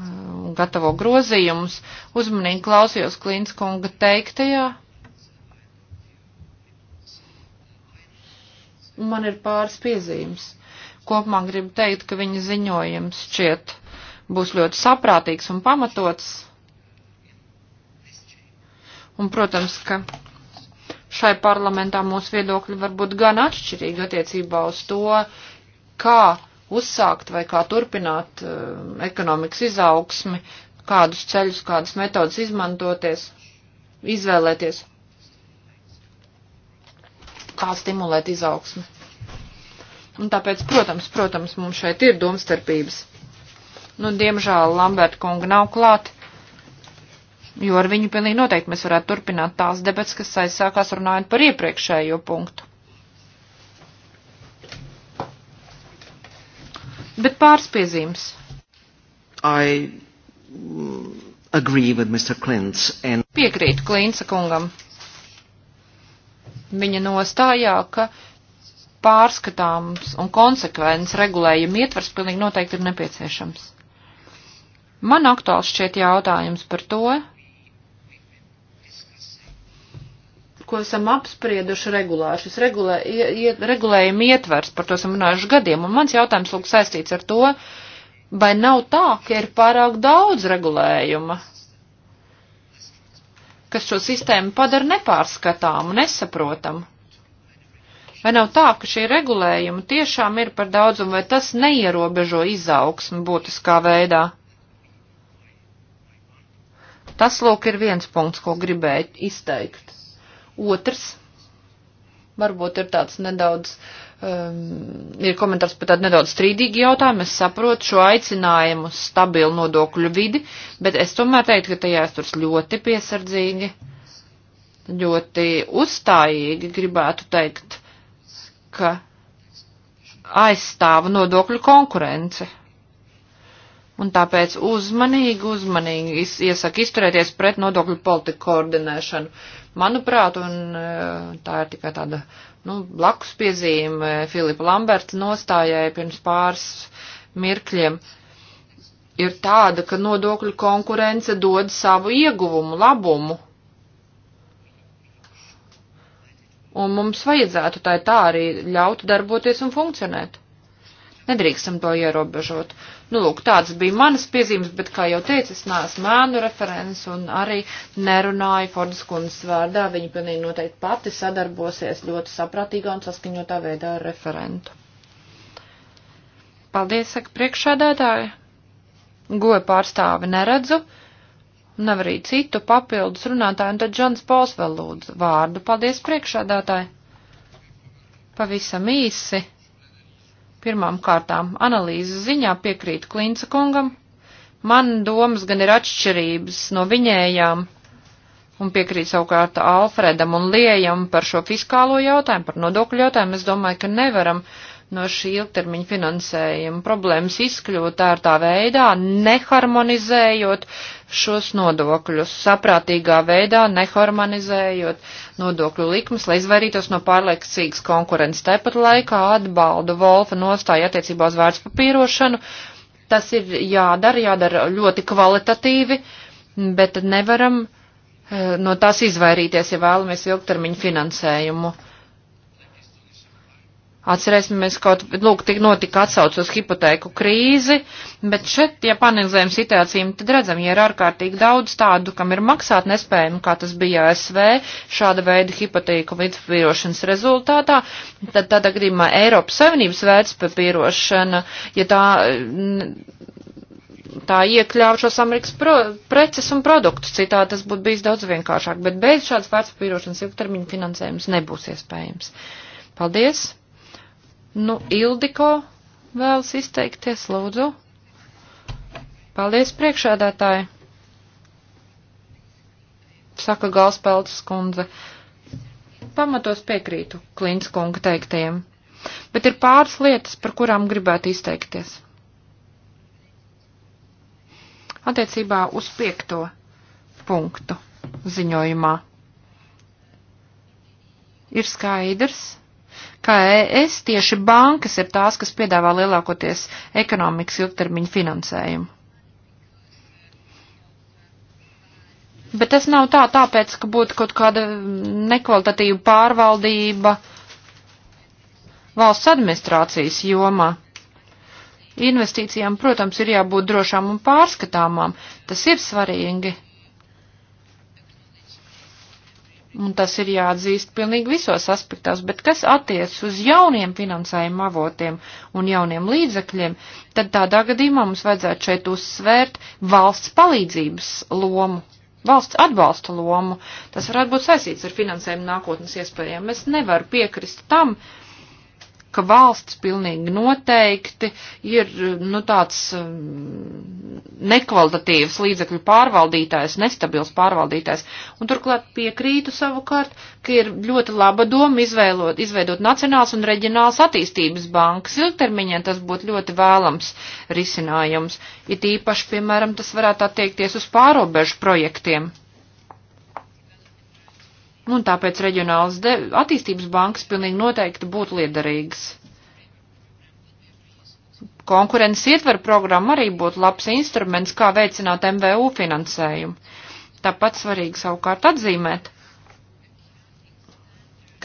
un gatavo grozījumus, uzmanīgi klausījos Klīnskunga teiktajā. Man ir pāris piezīmes kopumā gribu teikt, ka viņa ziņojums šķiet būs ļoti saprātīgs un pamatots. Un, protams, ka šai parlamentā mūsu viedokļi var būt gan atšķirīgi attiecībā uz to, kā uzsākt vai kā turpināt uh, ekonomikas izaugsmi, kādus ceļus, kādas metodas izmantoties, izvēlēties, kā stimulēt izaugsmi. Un tāpēc, protams, protams, mums šeit ir domstarpības. Nu, diemžēl Lamberta kunga nav klāt, jo ar viņu pilnīgi noteikti mēs varētu turpināt tās debats, kas aizsākās runājot par iepriekšējo punktu. Bet pāris piezīmes.
I agree with Mr. Klints and...
Piekrītu Klinsa kungam. Viņa nostājā, ka pārskatāms un konsekvents regulējuma ietvars pilnīgi noteikti ir nepieciešams. Man aktuāls šķiet jautājums par to, ko esam apsprieduši regulāri. Šis regulē, iet, regulējuma ietvers, par to esam runājuši gadiem, un mans jautājums lūk saistīts ar to, vai nav tā, ka ir pārāk daudz regulējuma, kas šo sistēmu padara nepārskatāmu, nesaprotamu. Vai nav tā, ka šie regulējumi tiešām ir par daudz un vai tas neierobežo izaugsmu būtiskā veidā? Tas, lūk, ir viens punkts, ko gribēju izteikt. Otrs, varbūt ir tāds nedaudz, um, ir komentārs par tādu nedaudz strīdīgu jautājumu. Es saprotu šo aicinājumu uz stabilu nodokļu vidi, bet es tomēr teiktu, ka tajā es turs ļoti piesardzīgi, ļoti uzstājīgi gribētu teikt ka aizstāva nodokļu konkurence. Un tāpēc uzmanīgi, uzmanīgi iesaka izturēties pret nodokļu politiku koordinēšanu. Manuprāt, un eh, tā ir tikai tāda nu, blakus piezīme Filipa Lamberta nostājai pirms pāris mirkļiem, ir tāda, ka nodokļu konkurence dod savu ieguvumu, labumu un mums vajadzētu tā, tā arī ļaut darboties un funkcionēt. Nedrīkstam to ierobežot. Nu, lūk, tāds bija manas piezīmes, bet, kā jau teicu, es neesmu mēnu referents un arī nerunāju Fordas kundas vārdā. Viņa pilnīgi noteikti pati sadarbosies ļoti saprātīgā un saskaņotā veidā ar referentu. Paldies, saka priekšādētāji. Goja pārstāvi neredzu. Nav arī citu papildus runātāju, un tad Džons Pols vēl lūdzu vārdu. Paldies priekšādātāji! Pavisam īsi. Pirmām kārtām analīzes ziņā piekrītu Klinca kungam. Man domas gan ir atšķirības no viņējām, un piekrīt savukārt Alfredam un Liejam par šo fiskālo jautājumu, par nodokļu jautājumu. Es domāju, ka nevaram uh, no šī ilgtermiņa finansējuma problēmas izkļūt ērtā veidā, neharmonizējot šos nodokļus, saprātīgā veidā neharmonizējot nodokļu likmes, lai izvairītos no pārliecīgas konkurences. Tāpat laikā atbaldu Volfa nostāja attiecībā uz vērtspapīrošanu. Tas ir jādara, jādara ļoti kvalitatīvi, bet nevaram eh, no tās izvairīties, ja vēlamies ilgtermiņu finansējumu Atcerēsimies, kaut, lūk, tik notika atsauc uz hipotēku krīzi, bet šeit, ja panelizējam situācijām, tad redzam, ja ir ārkārtīgi daudz tādu, kam ir maksāt nespējami, kā tas bija ASV, šāda veida hipotēku vidusvīrošanas rezultātā, tad tādā gadījumā Eiropas Savienības vērtspapīrošana, ja tā, tā iekļāva šos Amerikas pro, preces un produktus, citā tas būtu bijis daudz vienkāršāk, bet bez šādas vērtspapīrošanas ilgtermiņa finansējums nebūs iespējams. Paldies! Nu, Ildiko vēlas izteikties, lūdzu. Paldies priekšādātāji. Saka Galspeltas kundze. Pamatos piekrītu Klīns kunga teiktajiem, bet ir pāris lietas, par kurām gribētu izteikties. Attiecībā uz piekto punktu ziņojumā ir skaidrs, Kā es, tieši bankas ir tās, kas piedāvā lielākoties ekonomikas ilgtermiņu finansējumu. Bet tas nav tā, tāpēc, ka būtu kaut kāda nekvalitatīva pārvaldība valsts administrācijas jomā. Investīcijām, protams, ir jābūt drošām un pārskatāmām. Tas ir svarīgi. Un tas ir jāatzīst pilnīgi visos aspektos, bet kas attiecas uz jauniem finansējuma avotiem un jauniem līdzekļiem, tad tādā gadījumā mums vajadzētu šeit uzsvērt valsts palīdzības lomu, valsts atbalsta lomu. Tas varētu būt saistīts ar finansējumu nākotnes iespējām. Es nevaru piekrist tam, uh, ka valsts pilnīgi noteikti ir, nu, tāds um, nekvalitatīvs līdzekļu pārvaldītājs, nestabils pārvaldītājs. Un turklāt piekrītu savukārt, ka ir ļoti laba doma izvēlot, izveidot Nacionāls un Reģionāls attīstības bankas. Ilgtermiņā tas būtu ļoti vēlams risinājums. It īpaši, piemēram, tas varētu attiekties uz pārobežu projektiem. Un tāpēc reģionālas attīstības bankas pilnīgi noteikti būtu liederīgas. Konkurences ietver programma arī būtu labs instruments, kā veicināt MVU finansējumu. Tāpat svarīgi savukārt atzīmēt,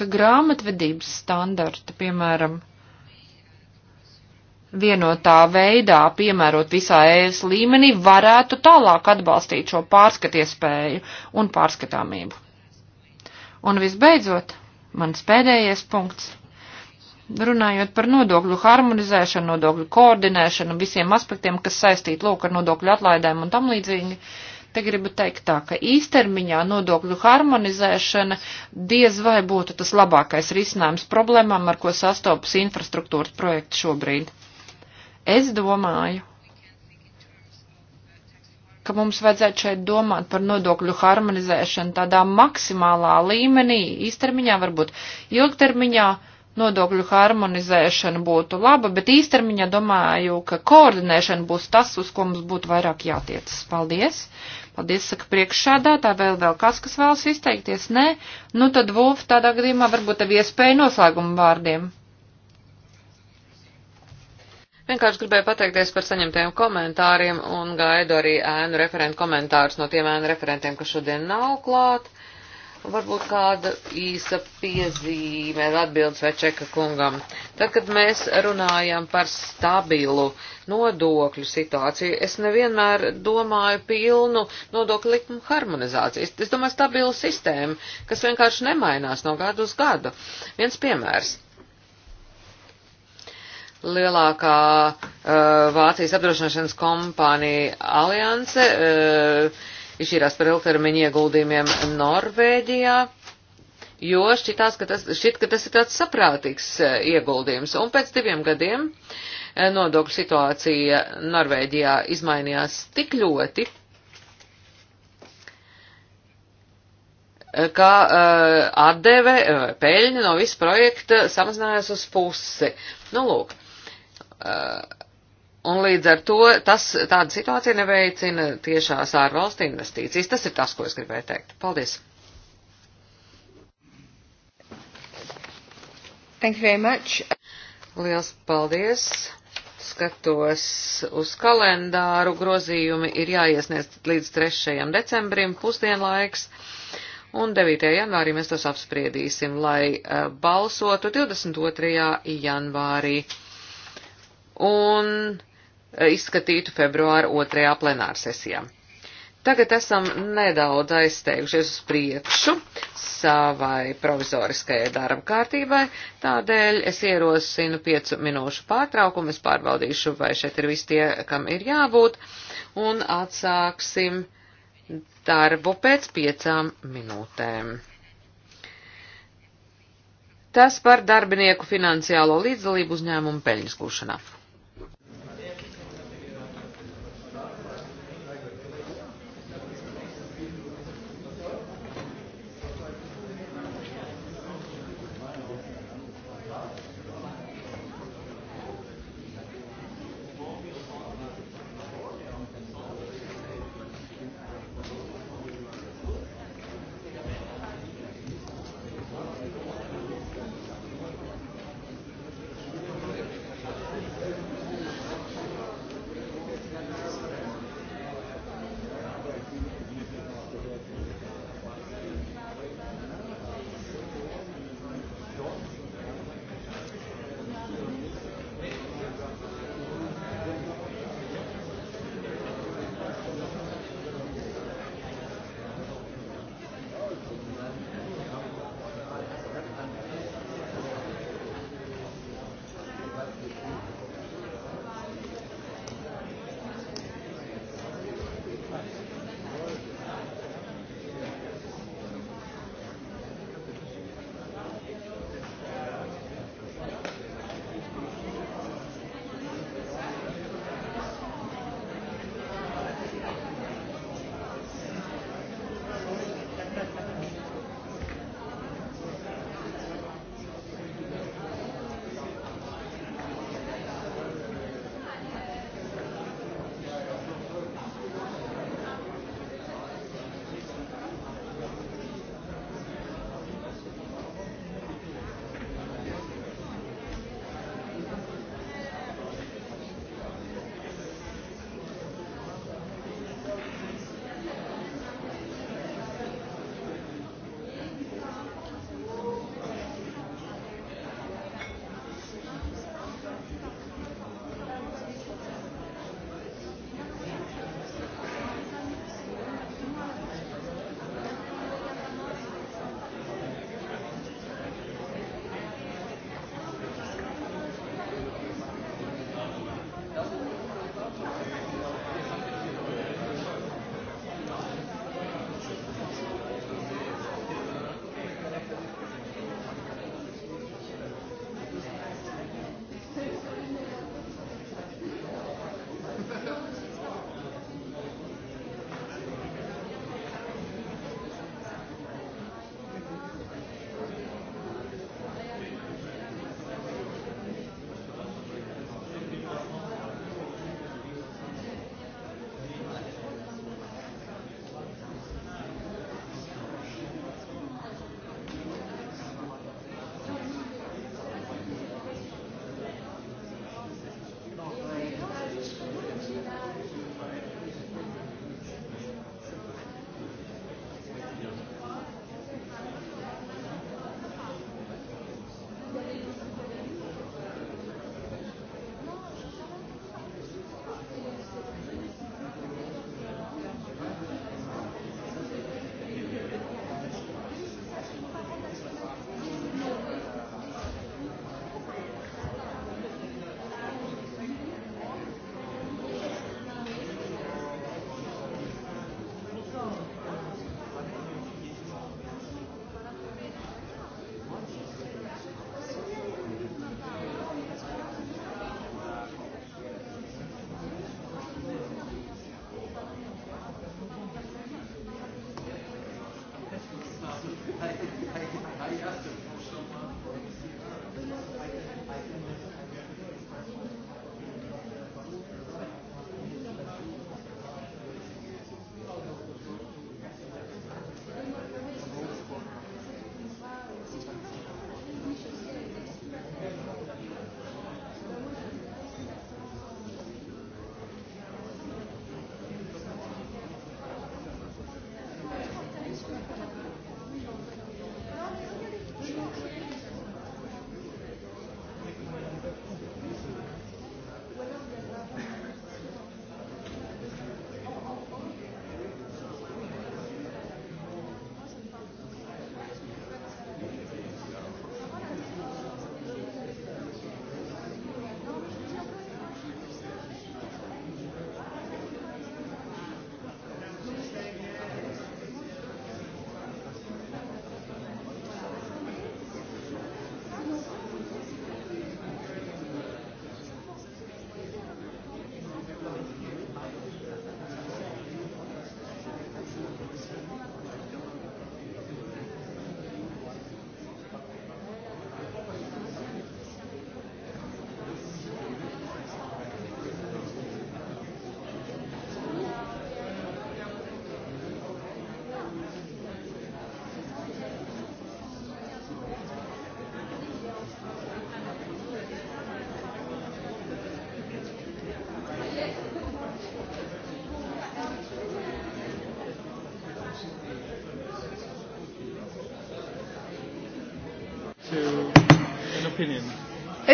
ka grāmatvedības standarti, piemēram, vienotā veidā piemērot visā ES līmenī, varētu tālāk atbalstīt šo pārskatiespēju un pārskatāmību. Un visbeidzot, mans pēdējais punkts. Runājot par nodokļu harmonizēšanu, nodokļu koordinēšanu, visiem aspektiem, kas saistīti lūk ar nodokļu atlaidēm un tam līdzīgi, te gribu teikt tā, ka īstermiņā nodokļu harmonizēšana diez vai būtu tas labākais risinājums problēmām, ar ko sastopas infrastruktūras projekti šobrīd. Es domāju, ka mums vajadzētu šeit domāt par nodokļu harmonizēšanu tādā maksimālā līmenī, īstermiņā varbūt ilgtermiņā nodokļu harmonizēšana būtu laba, bet īstermiņā domāju, ka koordinēšana būs tas, uz ko mums būtu vairāk jātiecas. Paldies! Paldies, saka priekšsādātā, vēl vēl kas, kas vēlas izteikties, nē? Nu tad, Vulf, tādā gadījumā varbūt tev iespēja noslēguma vārdiem.
Vienkārši gribēju pateikties par saņemtiem komentāriem un gaidu arī ēnu referentu komentārus no tiem ēnu referentiem, kas šodien nav klāt. Varbūt kāda īsa piezīme ir atbildes Večeka kungam. Tad, kad mēs runājam par stabilu nodokļu situāciju, es nevienmēr domāju pilnu nodokļu likumu harmonizāciju. Es domāju stabilu sistēmu, kas vienkārši nemainās no gada uz gadu. Viens piemērs lielākā uh, Vācijas apdrošināšanas kompānija Alianse uh, eh, izšķīrās par ilgtermiņa ieguldījumiem Norvēģijā, jo šķitās, ka tas, šķiet, ka tas ir tāds saprātīgs uh, ieguldījums. Un pēc diviem gadiem uh, nodokļu situācija Norvēģijā izmainījās tik ļoti, ka uh, atdeve, uh, peļņa no visa projekta samazinājās uz pusi. Nu, lūk, Uh, un līdz ar to tas, tāda situācija neveicina tiešās ārvalstu investīcijas. Tas ir tas, ko es gribēju teikt. Paldies!
Thank you very much.
Liels paldies! Skatos uz kalendāru. Grozījumi ir jāiesniedz līdz 3. decembrim pusdienlaiks. Un 9. janvārī mēs tos apspriedīsim, lai uh, balsotu 22. janvārī un izskatītu februāra otrajā plenārsesijā. Tagad esam nedaudz aizsteigušies uz priekšu savai provizoriskajai darba kārtībai, tādēļ es ierosinu piecu minūšu pārtraukumu, es pārbaudīšu, vai šeit ir visi tie, kam ir jābūt, un atsāksim darbu pēc piecām minūtēm. Tas par darbinieku finansiālo līdzdalību uzņēmumu peļņas gūšanā.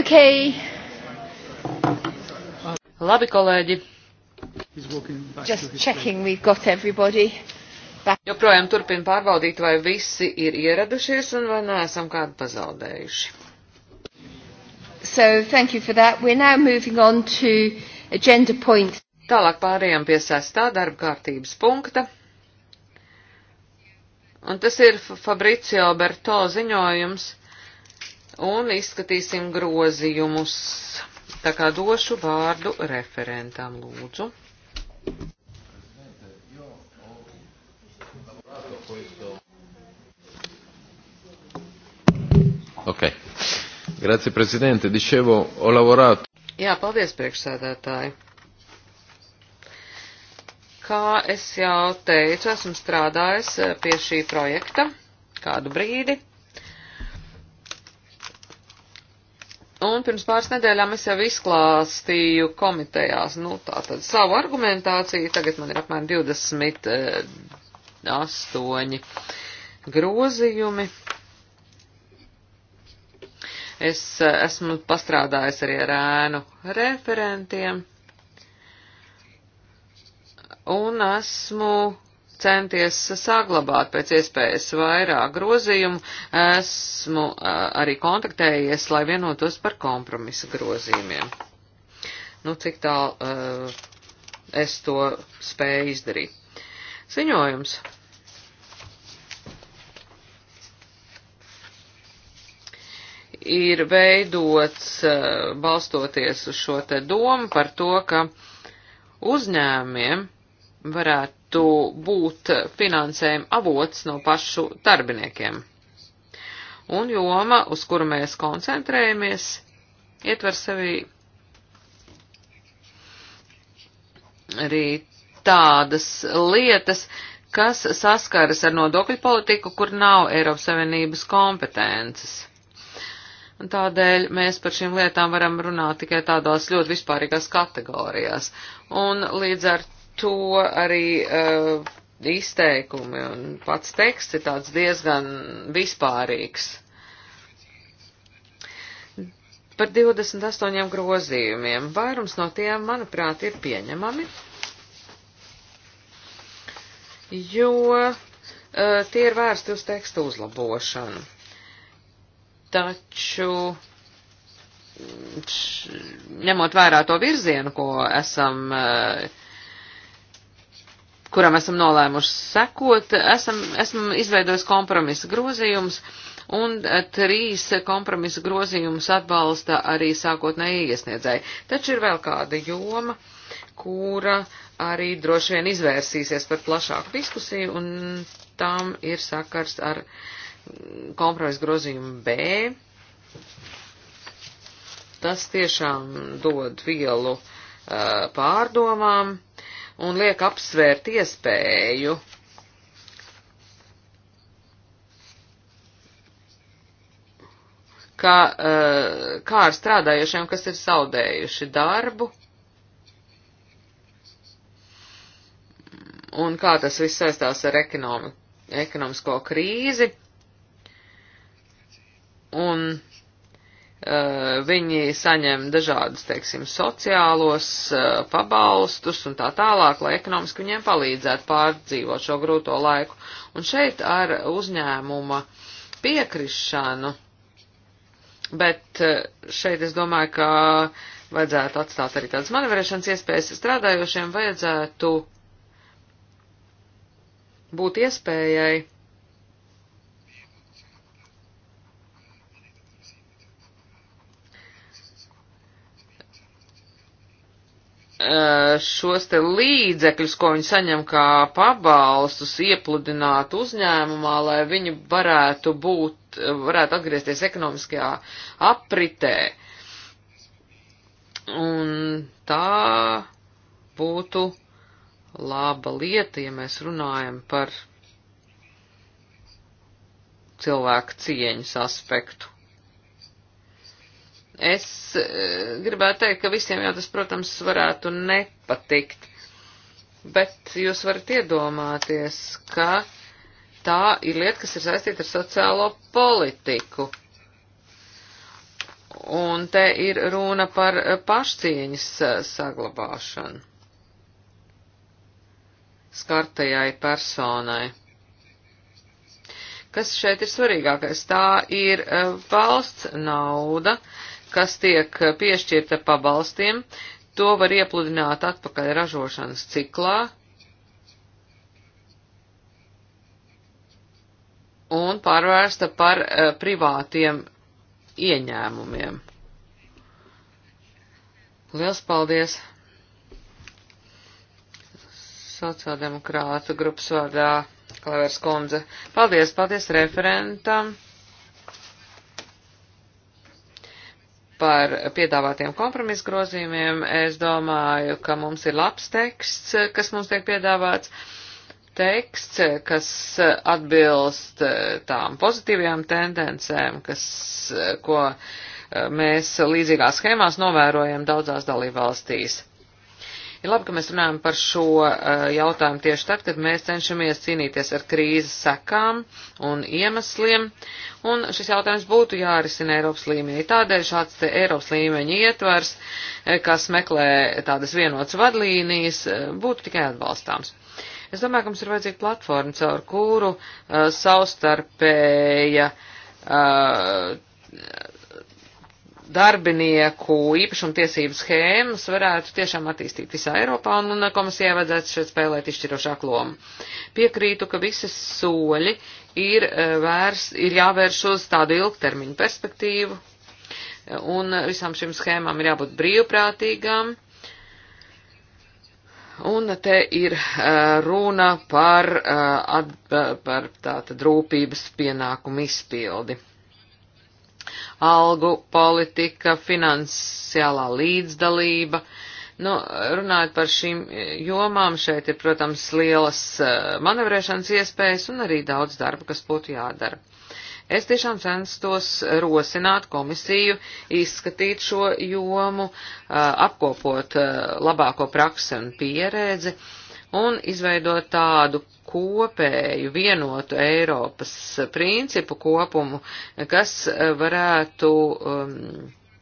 Okay. Labi,
kolēģi. Just checking we've got everybody. Back.
Joprojām turpin pārbaudīt, vai visi ir ieradušies un vai neesam kādu pazaudējuši.
So, thank you for that. We're now moving on to agenda point.
Tālāk pārējām pie sestā darba kārtības punkta. Un tas ir Fabricio Berto ziņojums un izskatīsim grozījumus. Tā kā došu vārdu referentam lūdzu.
Ok. Grazie Presidente, dicevo, ho lavorato.
Jā, paldies priekšsēdētāji. Kā es jau teicu, esmu strādājis eh, pie šī projekta kādu brīdi. Un pirms pāris nedēļām es jau izklāstīju komitejās, nu, tā tad savu argumentāciju, tagad man ir apmēram 28 eh, grozījumi. Es eh, esmu pastrādājis arī ar ēnu referentiem un esmu centies saglabāt pēc iespējas vairāk grozījumu. Esmu arī kontaktējies, lai vienotos par kompromisu grozījumiem. Nu, cik tālu uh, es to spēju izdarīt. Ziņojums. Ir veidots uh, balstoties uz šo te domu par to, ka uzņēmiem varētu varētu būt finansējuma avots no pašu darbiniekiem. Un joma, uz kuru mēs koncentrējamies, ietver sevi arī tādas lietas, kas saskaras ar nodokļu politiku, kur nav Eiropas Savienības kompetences. Un tādēļ mēs par šīm lietām varam runāt tikai tādās ļoti vispārīgās kategorijās. Un līdz ar to arī uh, izteikumi un pats teksts ir tāds diezgan vispārīgs. Par 28 grozījumiem. Vairums no tiem, manuprāt, ir pieņemami, jo uh, tie ir vērsti uz tekstu uzlabošanu. Taču mm, š, ņemot vērā to virzienu, ko esam uh, kuram esam nolēmuši sekot, esam, esam izveidojis kompromisa grozījumus, un eh, trīs kompromisa grozījumus atbalsta arī sākotnēji iesniedzēji. Taču ir vēl kāda joma, kura arī droši vien izvērsīsies par plašāku diskusiju, un tam ir sakars ar kompromisa grozījumu B. Tas tiešām dod vielu uh, pārdomām un liek apsvērt iespēju kā, eh, kā ar strādājušiem, kas ir zaudējuši darbu, un kā tas viss saistās ar ekonomi, ekonomisko krīzi, un Eh, viņi saņem dažādus, teiksim, sociālos eh, pabalstus un tā tālāk, lai ekonomiski viņiem palīdzētu pārdzīvot šo grūto laiku. Un šeit ar uzņēmuma piekrišanu, bet eh, šeit es domāju, ka vajadzētu atstāt arī tādas manevrēšanas iespējas strādājošiem, vajadzētu būt iespējai Eh, šos te līdzekļus, ko viņi saņem kā pabalstus, iepludināt uzņēmumā, lai viņi varētu būt, varētu atgriezties ekonomiskajā apritē. Un tā būtu laba lieta, ja mēs runājam par cilvēku cieņas aspektu. Es eh, gribētu teikt, ka visiem jau tas, protams, varētu nepatikt, bet jūs varat iedomāties, ka tā ir lieta, kas ir saistīta ar sociālo politiku. Un te ir runa par pašcieņas eh, saglabāšanu skartajai personai. Kas šeit ir svarīgākais? Tā ir eh, valsts nauda, uh, kas tiek eh, piešķirta pabalstiem, to var iepludināt atpakaļ ražošanas ciklā un pārvērsta par uh, privātiem ieņēmumiem. Liels paldies! Sociāldemokrātu grupas vārdā Klavers Kondze. Paldies, paldies referentam! par piedāvātiem kompromisu grozījumiem. Es domāju, ka mums ir labs teksts, kas mums tiek piedāvāts. Teksts, kas atbilst eh, tām pozitīvajām tendencēm, kas, eh, ko eh, mēs līdzīgās schēmās novērojam daudzās dalībvalstīs. Ir labi, ka mēs runājam par šo eh, jautājumu tieši tad, kad mēs cenšamies cīnīties ar krīzes sekām un iemesliem, un šis jautājums būtu jārisina Eiropas līmenī. Tādēļ šāds te Eiropas līmeņa ietvers, eh, kas meklē tādas vienotas vadlīnijas, eh, būtu tikai atbalstāms. Es domāju, ka mums ir vajadzīga platforma, caur kuru uh, savstarpēja uh, darbinieku īpašumtiesību schēmas varētu tiešām attīstīt visā Eiropā, un, un komisijai vajadzētu šeit spēlēt izšķirošāku lomu. Piekrītu, ka visas soļi ir, eh, vērs, ir jāvērš uz tādu ilgtermiņu perspektīvu, un visām šīm schēmām ir jābūt brīvprātīgām. Un te ir uh, runa par, uh, at, par tātad rūpības pienākumu izpildi. Uh, algu politika, finansiālā līdzdalība. Nu, runājot par šīm jomām, šeit ir, protams, lielas eh, manevrēšanas iespējas un arī daudz darba, kas būtu jādara. Es tiešām censtos rosināt komisiju, izskatīt šo jomu, eh, apkopot eh, labāko praksi un pieredzi un izveidot tādu kopēju vienotu Eiropas principu kopumu, kas eh, varētu um,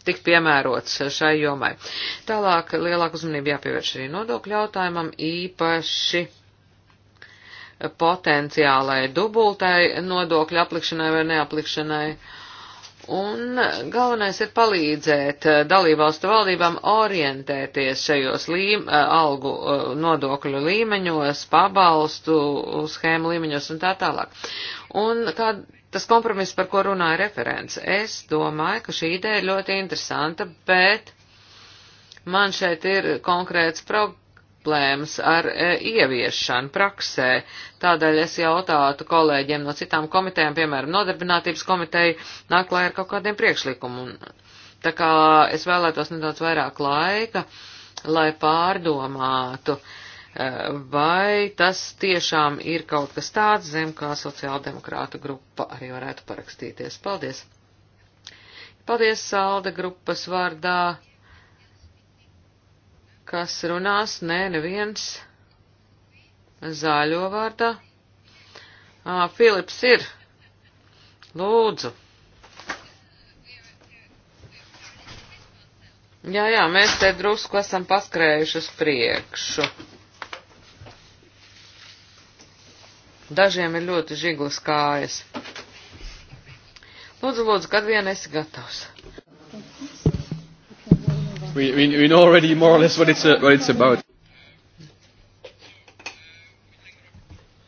tikt piemērots šai jomai. Tālāk lielāku uzmanību jāpievērš arī nodokļu jautājumam, īpaši potenciālai dubultai nodokļu aplikšanai vai neaplikšanai. Uh, Un galvenais ir palīdzēt eh, dalībvalstu valdībām orientēties šajos līm, eh, algu eh, nodokļu līmeņos, pabalstu schēmu līmeņos un tā tālāk. Un kā tas kompromiss, par ko runāja referents, es domāju, ka šī ideja ir ļoti interesanta, bet man šeit ir konkrēts problēma problēmas ar e, ieviešanu praksē. Tādēļ es jautātu kolēģiem no citām komitejām, piemēram, nodarbinātības komiteju, nāk klāj ar kaut kādiem priekšlikumiem. Tā kā es vēlētos nedaudz vairāk laika, lai pārdomātu, e, vai tas tiešām ir kaut kas tāds zem, kā sociāldemokrāta grupa arī varētu parakstīties. Paldies! Paldies, Salda grupas vārdā! Kas runās? Nē, neviens. Zāļo vārdā. Ā, Filips ir. Lūdzu. Jā, jā, mēs te drusku esam paskrējuši uz priekšu. Dažiem ir ļoti žiglas kājas. Lūdzu, lūdzu, kad vien esi gatavs.
We, we, we know already more or less what it's, uh, what it's about.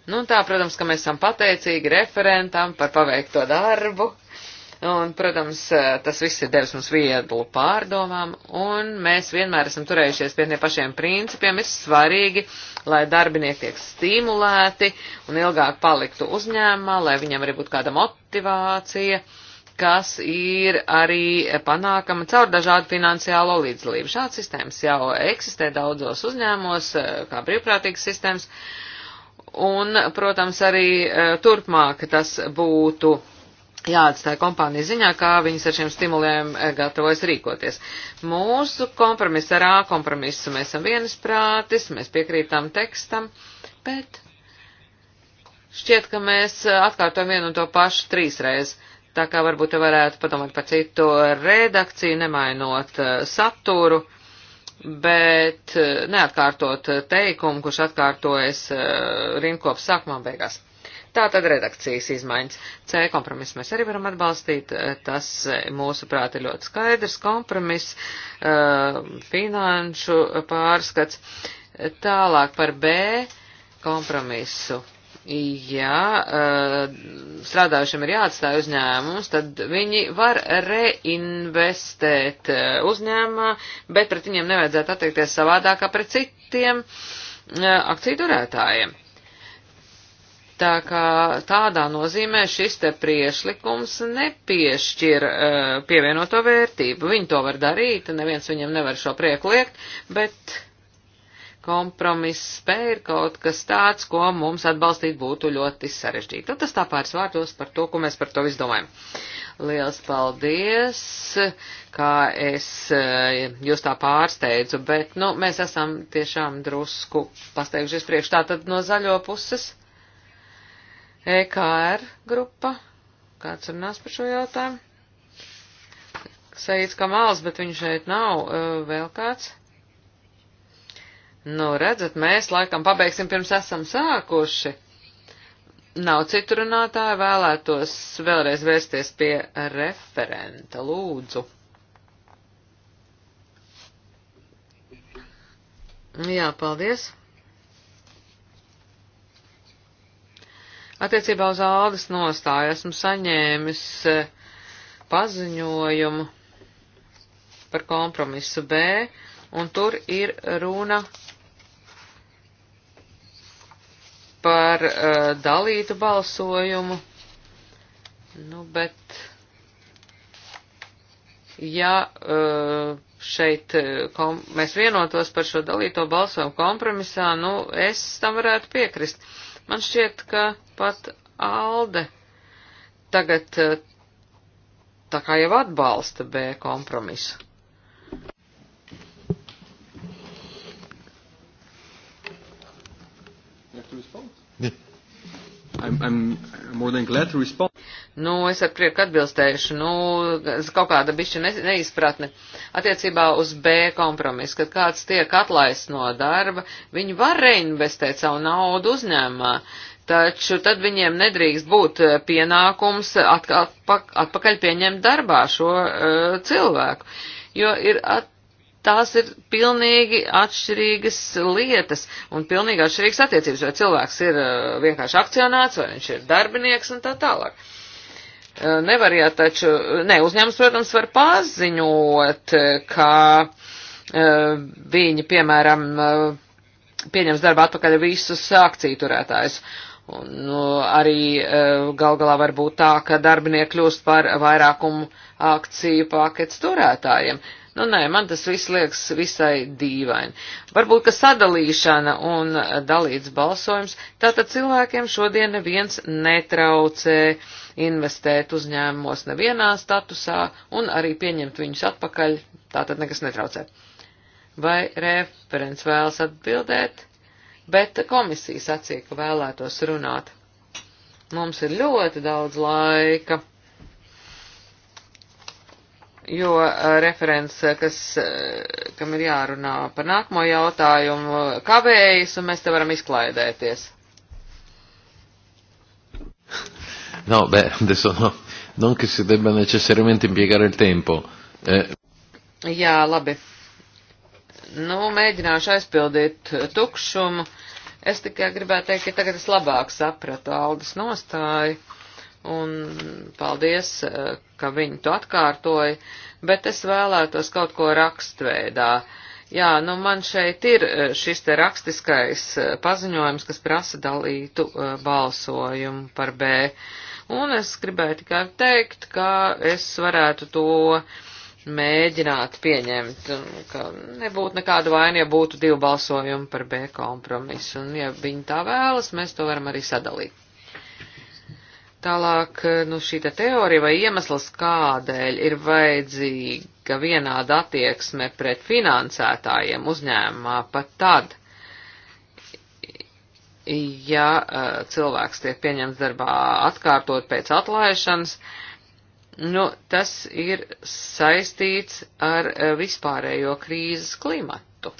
Nu, tā, protams, ka mēs esam pateicīgi referentam par paveikto darbu. Un, protams, uh, tas viss ir devis mums viedlu pārdomām, un mēs vienmēr esam turējušies pie tiem pašiem principiem. Ir svarīgi, lai darbinieki tiek stimulēti un ilgāk paliktu uzņēmumā, lai viņam arī būtu kāda motivācija. Uh, kas ir arī panākama caur dažādu finansiālo līdzdalību. Šāds sistēmas jau eksistē daudzos uzņēmos, eh, kā brīvprātīgas sistēmas, un, protams, arī eh, turpmāk tas būtu jāatstāja kompānija ziņā, kā viņas ar šiem stimuliem eh, gatavojas rīkoties. Mūsu kompromiss ar A kompromisu mēs esam vienisprātis, mēs piekrītām tekstam, bet šķiet, ka mēs atkārtojam vienu un to pašu trīs reizes. Tā kā varbūt te varētu padomāt par citu redakciju, nemainot eh, saturu, bet eh, neatkārtot teikumu, kurš atkārtojas eh, rinkops sākumā beigās. Tātad redakcijas izmaiņas. C kompromisu mēs arī varam atbalstīt. Tas, mūsuprāt, ir ļoti skaidrs kompromiss, finanšu pārskats. Tālāk par B kompromisu ja eh, strādājušiem ir jāatstāj uzņēmums, tad viņi var reinvestēt eh, uzņēmumā, bet pret viņiem nevajadzētu attiekties savādāk kā pret citiem eh, akciju turētājiem. Tā kā tādā nozīmē šis te priešlikums nepiešķir uh, pievienoto vērtību. Viņi to var darīt, neviens viņam nevar šo prieku liekt, bet kompromiss spēja ir kaut kas tāds, ko mums atbalstīt būtu ļoti sarežģīti. Un tas tā pāris vārdos par to, ko mēs par to visu domājam. Liels paldies, kā es eh, jūs tā pārsteidzu, bet, nu, mēs esam tiešām drusku pasteigušies priekš tā tad no zaļo puses. EKR grupa, kāds runās par šo jautājumu? Saids Kamals, bet viņš šeit nav, eh, vēl kāds? Nu, redzat, mēs laikam pabeigsim pirms esam sākuši. Nav citu runātāju, vēlētos vēlreiz vērsties pie referenta. Lūdzu. Jā, paldies. Attiecībā uz Aldas nostāju esmu saņēmis e, paziņojumu par kompromisu B, un tur ir runa par uh, dalītu balsojumu, nu, bet, ja uh, šeit eh, kom, mēs vienotos par šo dalīto balsojumu kompromisā, nu, es tam varētu piekrist. Man šķiet, ka pat Alde tagad uh, tā kā jau atbalsta B kompromisu.
I'm, I'm more than glad to respond.
Nu, es ar prieku atbilstēšu, nu, kaut kāda bišķi ne, neizpratne. Attiecībā uz B kompromisu, kad kāds tiek atlaists no darba, viņi var reinvestēt savu naudu uzņēmumā, taču tad viņiem nedrīkst būt pienākums atpakaļ pieņemt darbā šo uh, cilvēku, jo ir at, tās ir pilnīgi atšķirīgas lietas un pilnīgi atšķirīgas attiecības, vai cilvēks ir uh, vienkārši akcionāts, vai viņš ir darbinieks un tā tālāk. Uh, Nevar jā taču, uh, ne, uzņēmums, protams, var paziņot, ka viņi, piemēram, pieņems darba atpakaļ visus akciju turētājus. Un nu, arī gal galā var būt tā, ka darbinieki kļūst par vairākumu akciju paketes turētājiem. Uh, Nu, nē, man tas viss liekas visai dīvaini. Varbūt, ka sadalīšana un dalīts balsojums, tātad cilvēkiem šodien neviens netraucē investēt uzņēmumos nevienā statusā un arī pieņemt viņus atpakaļ, tātad nekas netraucē. Vai referents vēlas atbildēt? Bet komisija sacīja, ka vēlētos runāt. Mums ir ļoti daudz laika jo eh, referents, eh, kas, eh, kam ir jārunā par nākamo jautājumu, kavējas, un mēs te varam izklaidēties.
No, beh, adesso no, non che si debba necessariamente impiegare il tempo. Eh.
Jā, labi. Nu, mēģināšu aizpildīt tukšumu. Es tikai gribētu teikt, ka tagad es labāk sapratu Aldas nostāju un paldies, eh, ka viņi to atkārtoja, bet es vēlētos kaut ko rakstveidā. Jā, nu man šeit ir eh, šis te rakstiskais eh, paziņojums, kas prasa dalītu balsojumu par B. Un es gribēju tikai teikt, ka es varētu to mēģināt pieņemt, ka nebūtu nekāda vaina, ja būtu divi balsojumi par B kompromisu. Un ja viņi tā vēlas, mēs to varam arī sadalīt. Tālāk, eh, nu, šī te teorija vai iemesls, kādēļ ir vajadzīga vienāda attieksme pret finansētājiem uzņēmumā pat tad, ja uh, cilvēks tiek pieņemts darbā atkārtot pēc atlaišanas, nu, tas ir saistīts ar uh, vispārējo krīzes klimatu.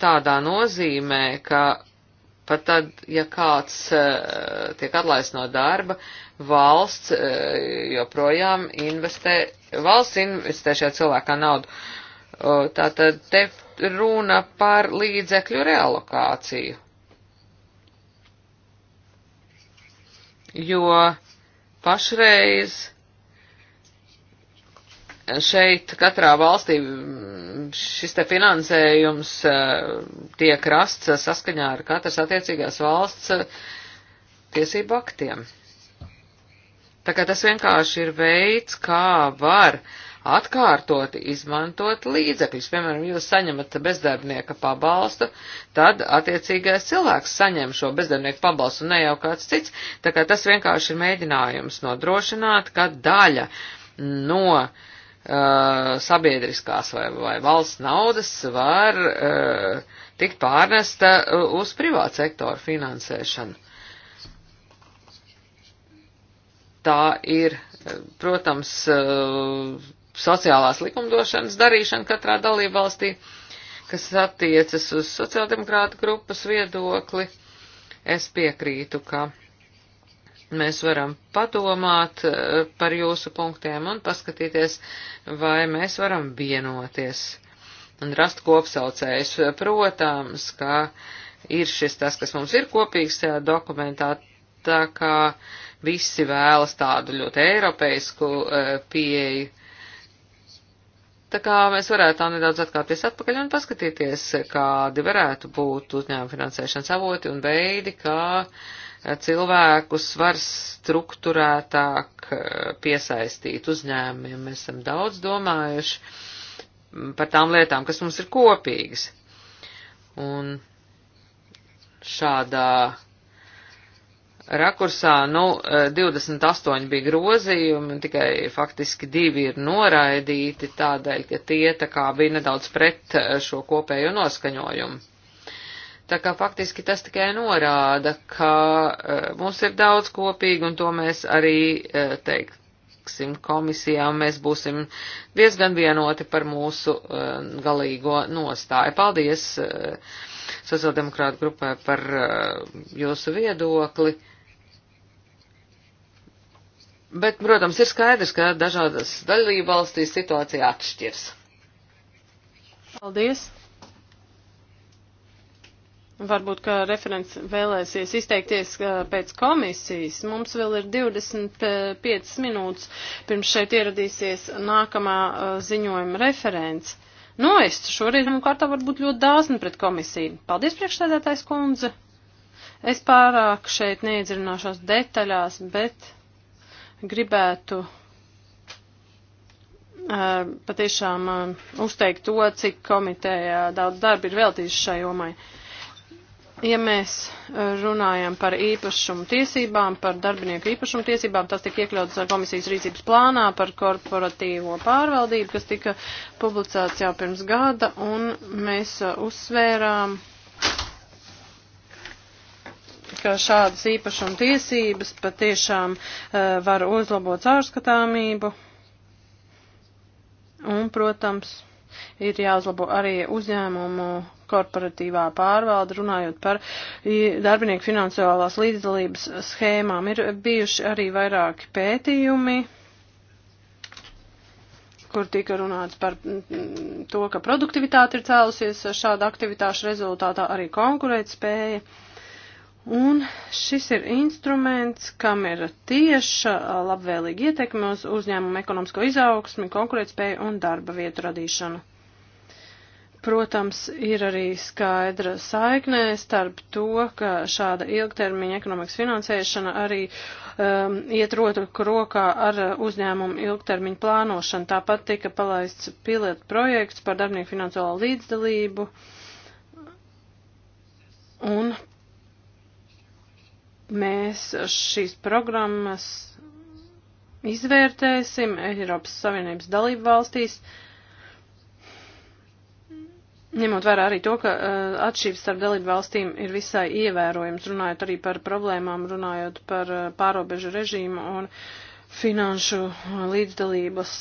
Tādā nozīmē, ka Pat tad, ja kāds eh, tiek atlaists no darba, valsts eh, joprojām investē, valsts investē šajā cilvēkā naudu. Tātad te runa par līdzekļu realokāciju. Jo pašreiz šeit katrā valstī mm, šis te finansējums eh, tiek rasts eh, saskaņā ar katras attiecīgās valsts eh, tiesību aktiem. Tā kā tas vienkārši ir veids, kā var atkārtot izmantot līdzekļus. Piemēram, jūs saņemat bezdarbnieka pabalstu, tad attiecīgais cilvēks saņem šo bezdarbnieku pabalstu, ne jau kāds cits. Tā kā tas vienkārši ir mēģinājums nodrošināt, ka daļa no uh, Uh, sabiedriskās vai, vai valsts naudas var uh, tikt pārnesta uh, uz privātu sektoru finansēšanu. Tā ir, uh, protams, uh, sociālās likumdošanas darīšana katrā dalībvalstī, kas attiecas uz sociāldemokrāta grupas viedokli. Es piekrītu, ka mēs varam padomāt eh, par jūsu punktiem un paskatīties, vai mēs varam vienoties un rast kopsaucējus. Protams, ka ir šis tas, kas mums ir kopīgs tajā dokumentā, tā kā visi vēlas tādu ļoti eiropeisku eh, pieeju. Tā kā mēs varētu tā nedaudz atkāpties atpakaļ un paskatīties, kādi varētu būt uzņēmuma finansēšanas avoti un veidi, kā uh, cilvēkus var struktūrētāk eh, piesaistīt uzņēmumiem. Mēs esam daudz domājuši mm, par tām lietām, kas mums ir kopīgas. Un šādā rakursā, nu, 28 eh, bija grozījumi, tikai faktiski divi ir noraidīti tādēļ, ka tie tā kā bija nedaudz pret eh, šo kopējo noskaņojumu. Tā kā faktiski tas tikai norāda, ka uh, mums ir daudz kopīgi un to mēs arī uh, teiksim komisijā un mēs būsim diezgan vienoti par mūsu uh, galīgo nostāju. Paldies uh, sociāldemokrāta grupai par uh, jūsu viedokli. Bet, protams, ir skaidrs, ka dažādas dalība valstīs situācija atšķirs.
Paldies! Varbūt, ka referents vēlēsies izteikties uh, pēc komisijas. Mums vēl ir 25 eh, minūtes, pirms šeit ieradīsies nākamā uh, ziņojuma referents. Nu, es šoreiz mums kārtā varbūt ļoti dāsni pret komisiju. Paldies, priekšsēdētājs kundze. Es pārāk šeit neiedzināšos detaļās, bet gribētu uh, patiešām uh, uzteikt to, cik komiteja daudz darba ir veltījusi šai jomai. Uh, Ja mēs e, runājam par īpašumu tiesībām, par darbinieku īpašumu tiesībām, tas tika iekļauts komisijas rīcības plānā par korporatīvo pārvaldību, kas tika publicēts jau pirms gada, un mēs e, uzsvērām, ka šādas īpašuma tiesības patiešām e, var uzlabot caurskatāmību, un, protams, ir jāuzlabo arī uzņēmumu korporatīvā pārvalda, runājot par darbinieku finansiālās līdzdalības schēmām. Ir bijuši arī vairāki pētījumi kur tika runāts par to, ka produktivitāte ir cēlusies šāda aktivitāšu rezultātā arī konkurētspēja. Un šis ir instruments, kam ir tieša labvēlīga ietekme uz uzņēmumu ekonomisko izaugsmi, konkurētspēju un darba vietu radīšanu. Protams, ir arī skaidra saiknē starp to, ka šāda ilgtermiņa ekonomikas finansēšana arī um, iet roku rokā ar uzņēmumu ilgtermiņu plānošanu. Tāpat tika palaists pilotu projekts par darbinieku finansiālo līdzdalību un mēs šīs programmas izvērtēsim Eiropas Savienības dalību valstīs. Uh, Ņemot vērā arī to, ka uh, atšķirības starp dalību valstīm ir visai ievērojams, runājot arī par problēmām, runājot par uh, pārobežu režīmu un finanšu eh, līdzdalības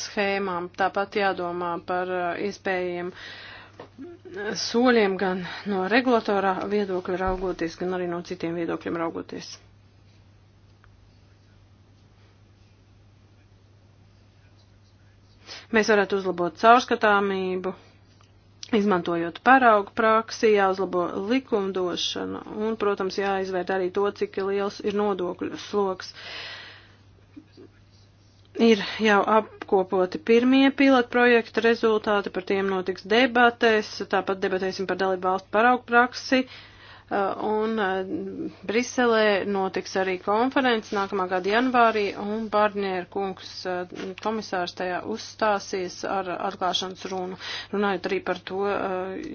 schēmām. Tāpat jādomā par uh, iespējiem soļiem gan no regulatorā viedokļa raugoties, gan arī no citiem viedokļiem raugoties. Mēs varētu uzlabot caurskatāmību izmantojot paraugu praksi, jāuzlabo likumdošana un, protams, jāizvērt arī to, cik liels ir nodokļu sloks. Ir jau apkopoti pirmie pilotprojekta rezultāti, par tiem notiks debatēs, tāpat debatēsim par dalību valstu paraugu praksi, uh, Uh, un uh, Briselē notiks arī konferences nākamā gada janvārī, un Barnieru kungs uh, komisārs tajā uzstāsies ar atklāšanas runu, runājot arī par to,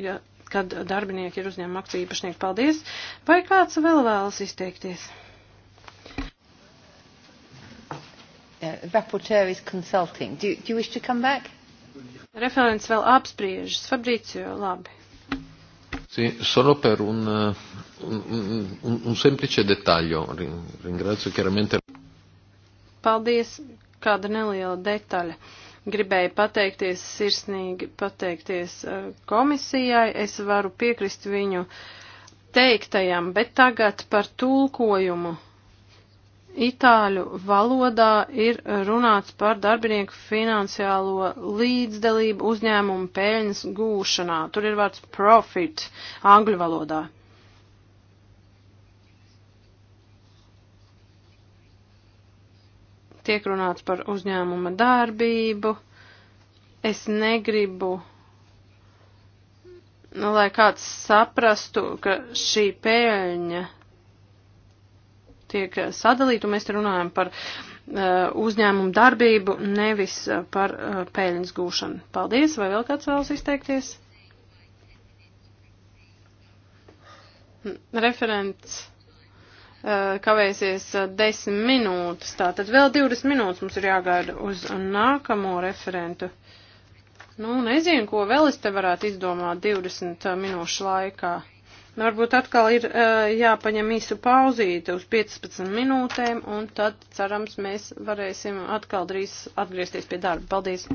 ja, kad darbinieki ir uzņēmuma akciju īpašnieki. Paldies! Vai kāds vēl vēlas izteikties? Rapporteur is consulting. Do, do you wish to come back? Referents vēl apspriežas. Fabricio, labi.
Sì, solo per un, un, un, un semplice dettaglio. Ringrazio chiaramente.
Paldies, kāda neliela detaļa. Gribēju pateikties sirsnīgi, pateikties eh, komisijai. Es varu piekrist viņu teiktajam, bet tagad par tulkojumu itāļu valodā ir runāts par darbinieku finansiālo līdzdalību uzņēmumu peļņas gūšanā. Tur ir vārds profit angļu valodā. Tiek runāts par uzņēmuma darbību. Es negribu nu, lai kāds saprastu, ka šī pēļņa tiek sadalīti, un mēs te runājam par uh, uzņēmumu darbību, nevis uh, par uh, pēļņas gūšanu. Paldies, vai vēl kāds vēlas izteikties? Referents uh, kavēsies 10 uh, minūtes, tātad vēl 20 minūtes mums ir jāgaida uz nākamo referentu. Nu, nezinu, ko vēl es te varētu izdomāt 20 uh, minūšu laikā. Varbūt atkal ir eh, jāpaņem īsu pauzīte uz 15 minūtēm, un tad, cerams, mēs varēsim atkal drīz atgriezties pie darba. Paldies!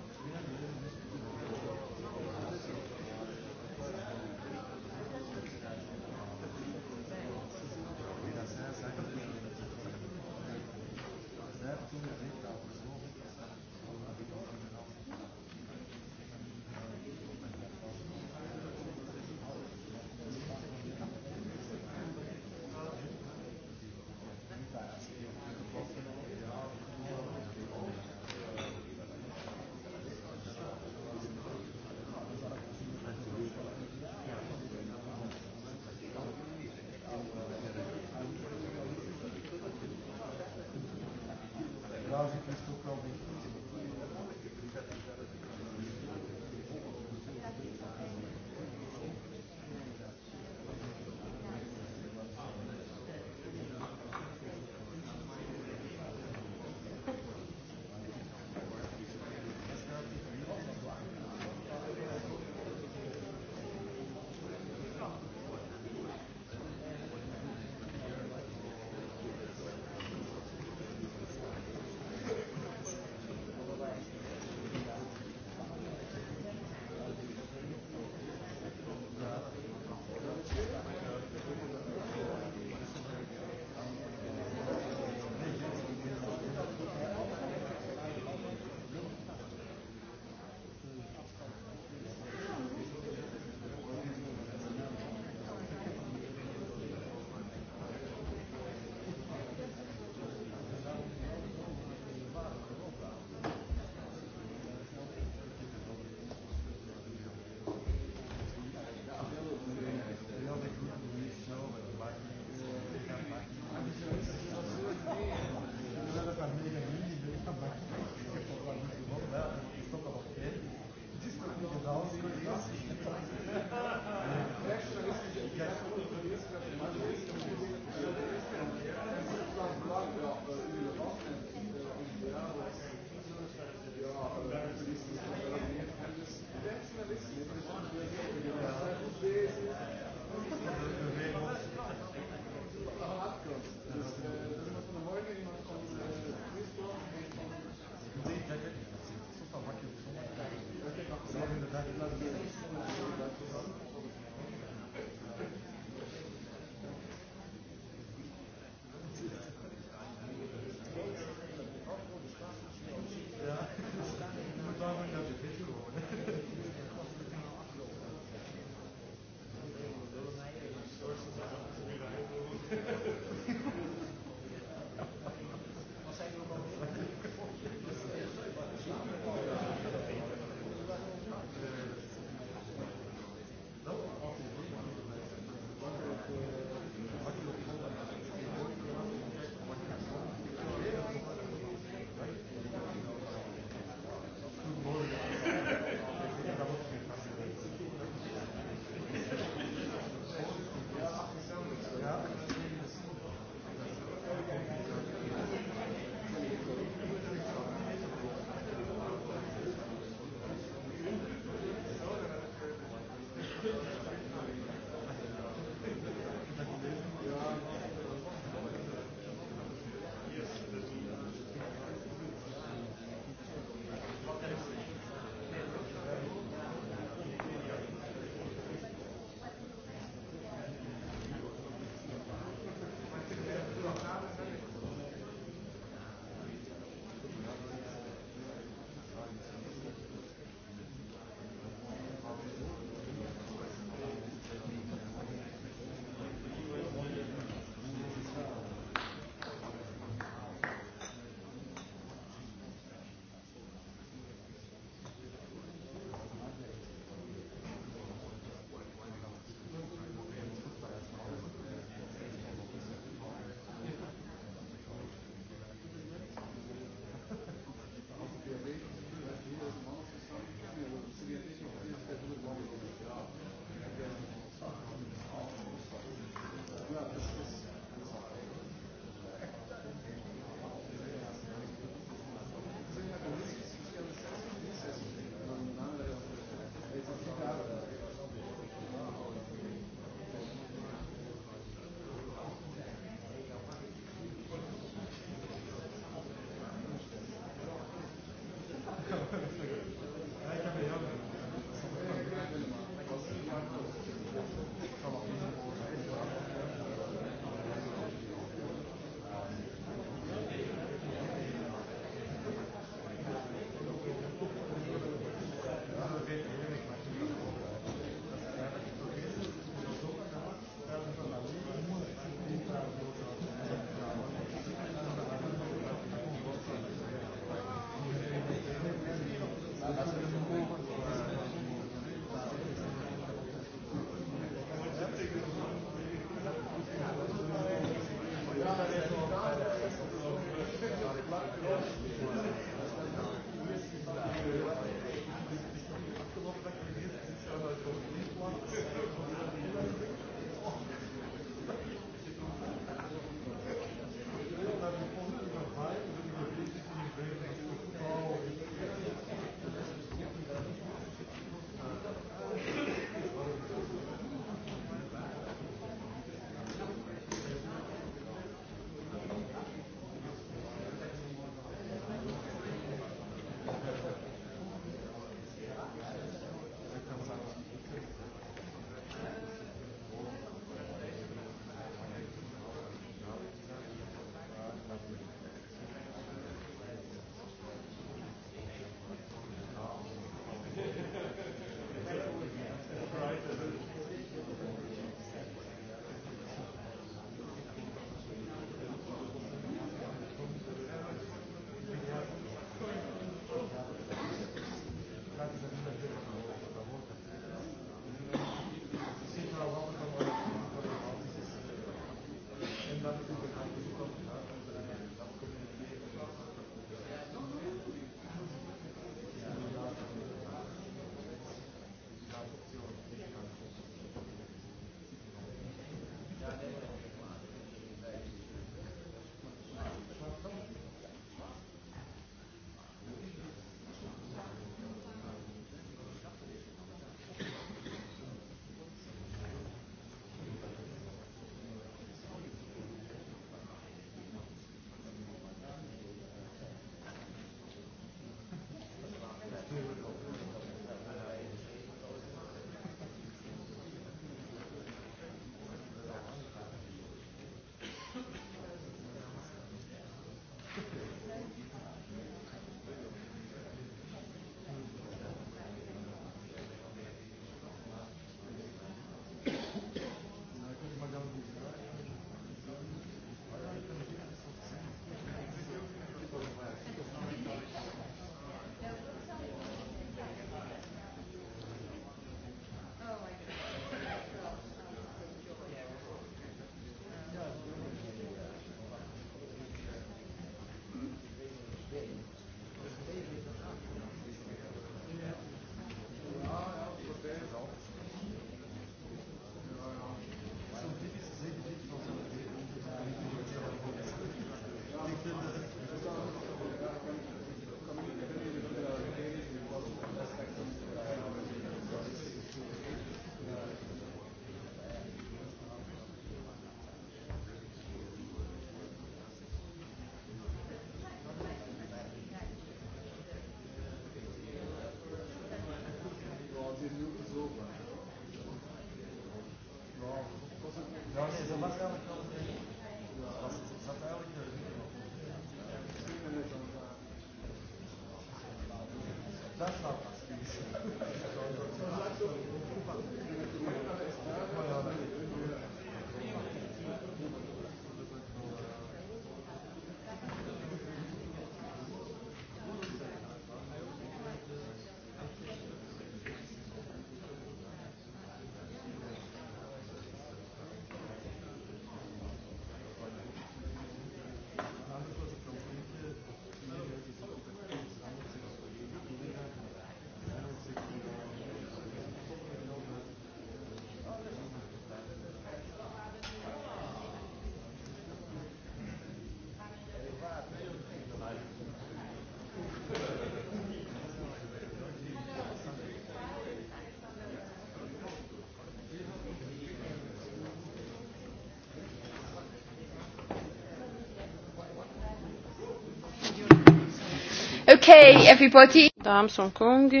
Okay, everybody. Dāmas un kungi,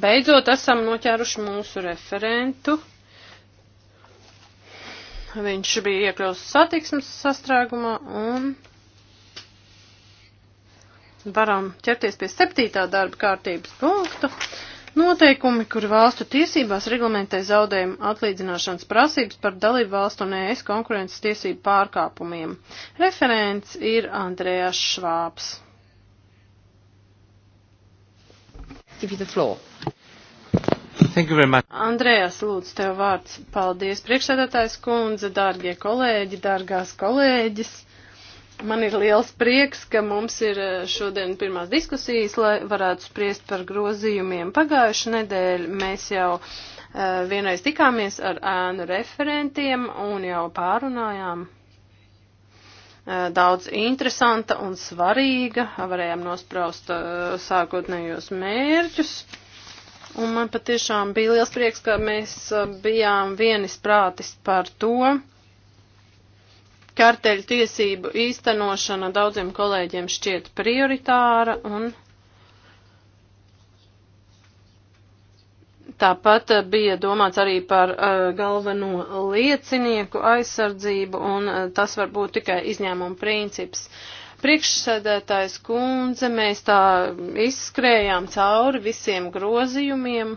beidzot esam noķēruši mūsu referentu. Viņš bija iekļauts satiksmes sastrēgumā un varam ķerties pie septītā darba kārtības punktu. Noteikumi, kur valstu tiesībās reglamentē zaudējumu atlīdzināšanas prasības par dalību valstu un ES konkurences tiesību pārkāpumiem. Referents ir Andrējas Švāps.
give you the floor.
Thank you very much.
Andrējas, lūdzu, tev vārds. Paldies, priekšsēdētājs kundze, dārgie kolēģi, dārgās kolēģis. Man ir liels prieks, ka mums ir eh, šodien pirmās diskusijas, lai varētu spriest par grozījumiem. Pagājušu nedēļu mēs jau uh, vienreiz tikāmies ar ēnu referentiem un jau pārunājām Eh, daudz interesanta un svarīga. Varējām nospraust eh, sākotnējos mērķus. Un man patiešām bija liels prieks, ka mēs eh, bijām vienisprātis par to. Karteļu tiesību īstenošana daudziem kolēģiem šķiet prioritāra un Tāpat eh, bija domāts arī par uh, galveno liecinieku aizsardzību, un uh, tas var būt tikai izņēmuma princips. Priekšsēdētājs kundze, mēs tā izskrējām cauri visiem grozījumiem,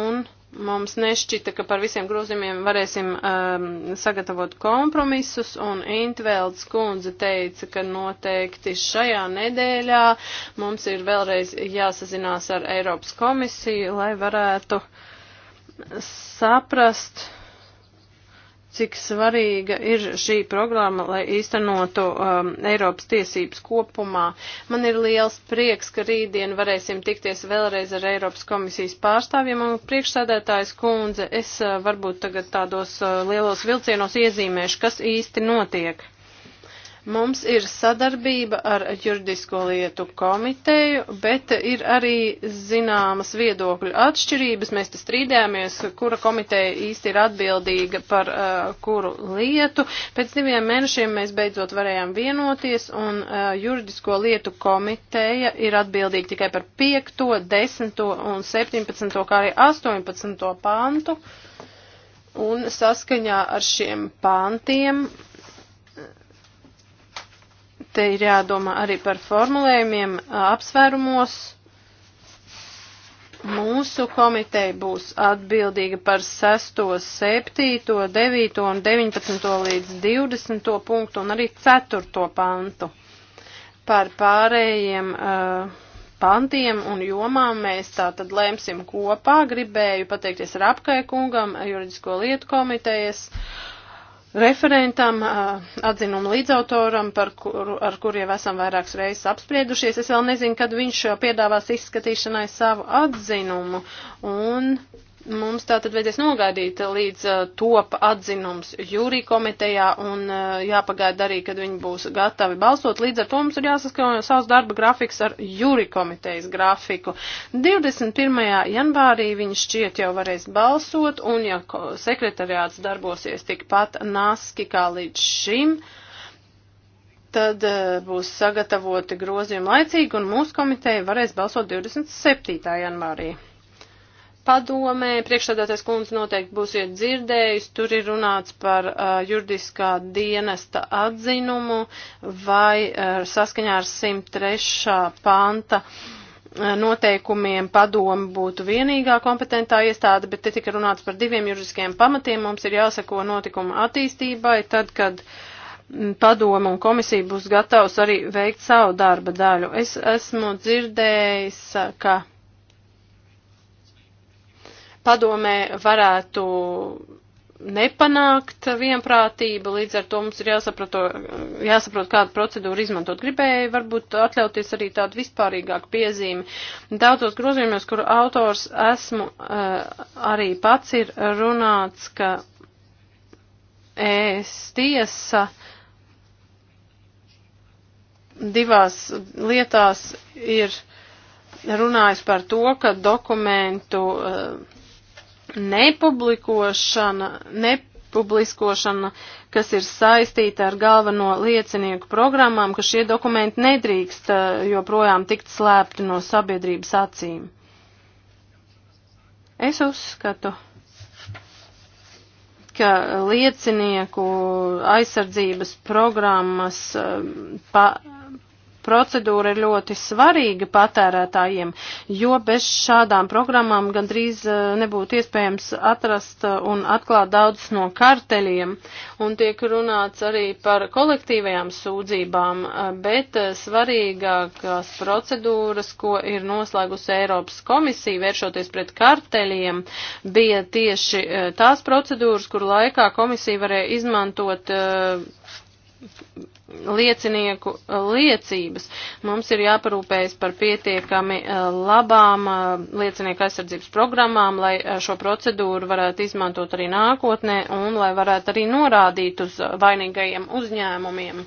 un uh, Mums nešķita, ka par visiem grozījumiem varēsim um, sagatavot kompromisus, un Intvelds kundze teica, ka noteikti šajā nedēļā mums ir vēlreiz jāsazinās ar Eiropas komisiju, lai varētu saprast, uh, cik svarīga ir šī programma, lai īstenotu um, Eiropas tiesības kopumā. Man ir liels prieks, ka rītdien varēsim tikties vēlreiz ar Eiropas komisijas pārstāvjiem un priekšsēdētājs kundze. Es uh, varbūt tagad tādos uh, lielos vilcienos iezīmēšu, kas īsti notiek. Mums ir sadarbība ar juridisko lietu komiteju, bet ir arī zināmas viedokļu atšķirības. Mēs te strīdējāmies, kura komiteja īsti ir atbildīga par uh, kuru lietu. Pēc diviem mēnešiem mēs beidzot varējām vienoties, un uh, juridisko lietu komiteja ir atbildīga tikai par 5, 10 un 17, kā arī 18 pantu. Un saskaņā ar šiem pantiem te ir jādomā arī par formulējumiem apsvērumos. Mūsu komiteja būs atbildīga par 6, 7, 9 un 19 līdz 20 punktu un arī 4 pantu. Par pārējiem uh, pantiem un jomām mēs tā tad lēmsim kopā. Gribēju pateikties Rapkai kungam, juridisko lietu komitejas. Uh, referentam, atzinumu līdzautoram, par kuru, ar kur jau esam vairākas reizes apspriedušies. Es vēl nezinu, kad viņš piedāvās izskatīšanai savu atzinumu. Un Mums tā tad vajadzēs nogaidīt līdz uh, top atzinums jūrī komitejā un uh, jāpagaida arī, kad viņi būs gatavi balsot. Līdz ar to mums ir jāsaskaņo savs darba grafiks ar jūrī komitejas grafiku. 21. janvārī viņi šķiet jau varēs balsot un ja sekretariāts darbosies tikpat naski kā līdz šim, tad uh, būs sagatavoti grozījumi laicīgi un mūsu komiteja varēs balsot 27. janvārī padomē, priekšstādātais kundze noteikti būsiet dzirdējis, tur ir runāts par uh, juridiskā dienesta atzinumu vai uh, saskaņā ar 103. panta uh, noteikumiem padomu būtu vienīgā kompetentā iestāde, bet te tika runāts par diviem juridiskiem pamatiem. Mums ir jāsako notikuma attīstībai, tad, kad uh, mm, padoma un komisija būs gatavs arī veikt savu darba daļu. Es esmu dzirdējis, ka padomē varētu nepanākt vienprātība, līdz ar to mums ir jāsaprato, jāsaprot, kādu procedūru izmantot. Gribēju varbūt atļauties arī tādu vispārīgāku piezīmi. Daudzos grozījumos, kuru autors esmu eh, arī pats, ir runāts, ka ES tiesa divās lietās ir runājis par to, ka dokumentu uh, nepublikošana, nepubliskošana, kas ir saistīta ar galveno liecinieku programmām, ka šie dokumenti nedrīkst eh, joprojām tikt slēpti no sabiedrības acīm. Es uzskatu, ka liecinieku aizsardzības programmas eh, pa, procedūra ir ļoti svarīga patērētājiem, jo bez šādām programmām gandrīz eh, nebūtu iespējams atrast un atklāt daudzus no karteļiem. Un tiek runāts arī par kolektīvajām sūdzībām, eh, bet eh, svarīgākās procedūras, ko ir noslēgusi Eiropas komisija vēršoties pret karteļiem, bija tieši tās procedūras, kur laikā komisija varēja izmantot liecinieku eh, liecības. Mums ir jāparūpējas par pietiekami eh, labām eh, liecinieku aizsardzības programmām, lai šo procedūru varētu izmantot arī nākotnē un lai varētu arī norādīt uz vainīgajiem uzņēmumiem.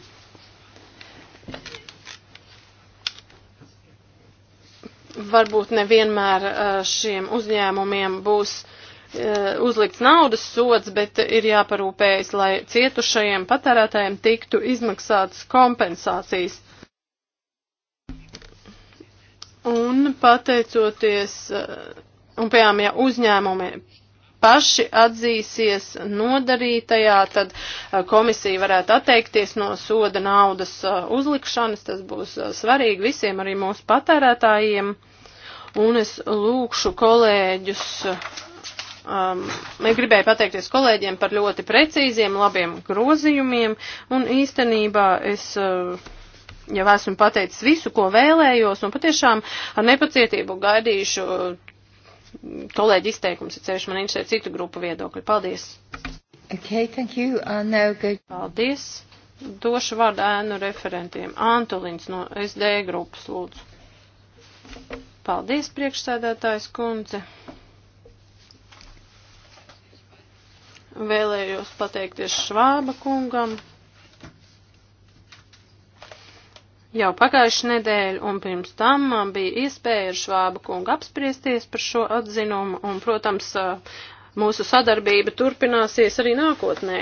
Varbūt nevienmēr šiem uzņēmumiem būs uh, Eh, uzlikts naudas sods, bet ir jāparūpējas, lai cietušajiem patērētājiem tiktu izmaksātas kompensācijas. Un pateicoties, eh, un piemēram, ja uzņēmumi paši atzīsies nodarītajā, tad eh, komisija varētu atteikties no soda naudas uzlikšanas. Tas būs svarīgi visiem, arī mūsu patērētājiem. Un es lūkšu kolēģus Um, gribēju pateikties kolēģiem par ļoti precīziem, labiem grozījumiem, un īstenībā es uh, jau esmu pateicis visu, ko vēlējos, un patiešām ar nepacietību gaidīšu uh, kolēģi izteikums, ir ceļš man interesē citu grupu viedokļi. Paldies!
Okay, thank you. Uh, now
go... Paldies! Došu vārdu ēnu referentiem. Antolins no SD grupas lūdzu. Paldies, priekšsēdētājs kundze! Vēlējos pateikties Švāba kungam jau pagājuši nedēļu, un pirms tam man bija iespēja ar Švāba kungu apspriesties par šo atzinumu, un, protams, mūsu sadarbība turpināsies arī nākotnē.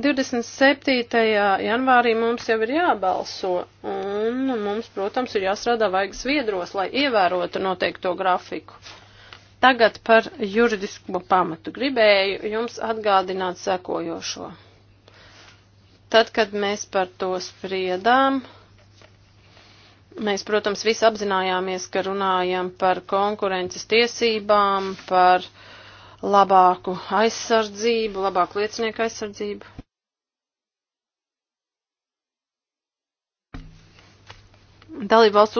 27. janvārī mums jau ir jābalso, un mums, protams, ir jāstrādā vajag sviedros, lai ievērotu noteikto grafiku. Tagad par juridisko pamatu gribēju jums atgādināt sekojošo. Tad, kad mēs par to spriedām, mēs, protams, visi apzinājāmies, ka runājam par konkurences tiesībām, par labāku aizsardzību, labāku liecinieku aizsardzību. Dalībvalsts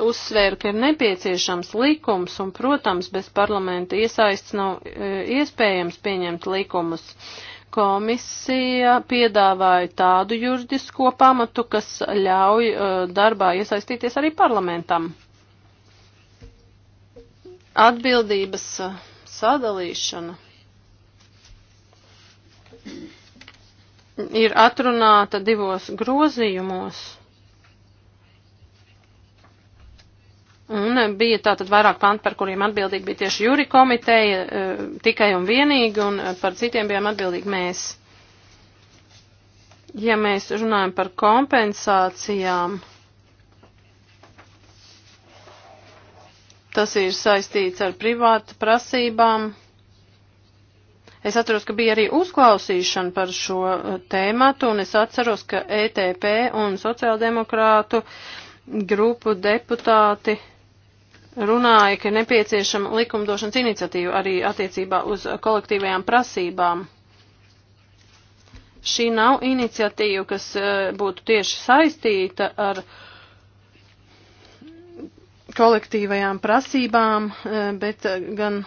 uzsvēra, ka ir nepieciešams likums, un, protams, bez parlamenta iesaists nav e, iespējams pieņemt likumus. Komisija piedāvāja tādu juridisko pamatu, kas ļauj e, darbā iesaistīties arī parlamentam. Atbildības e, sadalīšana ir atrunāta divos grozījumos. Un eh, bija tātad vairāk pantu, par kuriem atbildīgi bija tieši jūri komiteja, eh, tikai un vienīgi, un eh, par citiem bijām atbildīgi mēs. Ja mēs runājam par kompensācijām, tas ir saistīts ar privātu prasībām. Es atceros, ka bija arī uzklausīšana par šo tēmatu, un es atceros, ka ETP un sociāldemokrātu grupu deputāti runāja, ka nepieciešama likumdošanas iniciatīva arī attiecībā uz kolektīvajām prasībām. Šī nav iniciatīva, kas e, būtu tieši saistīta ar kolektīvajām prasībām, e, bet e, gan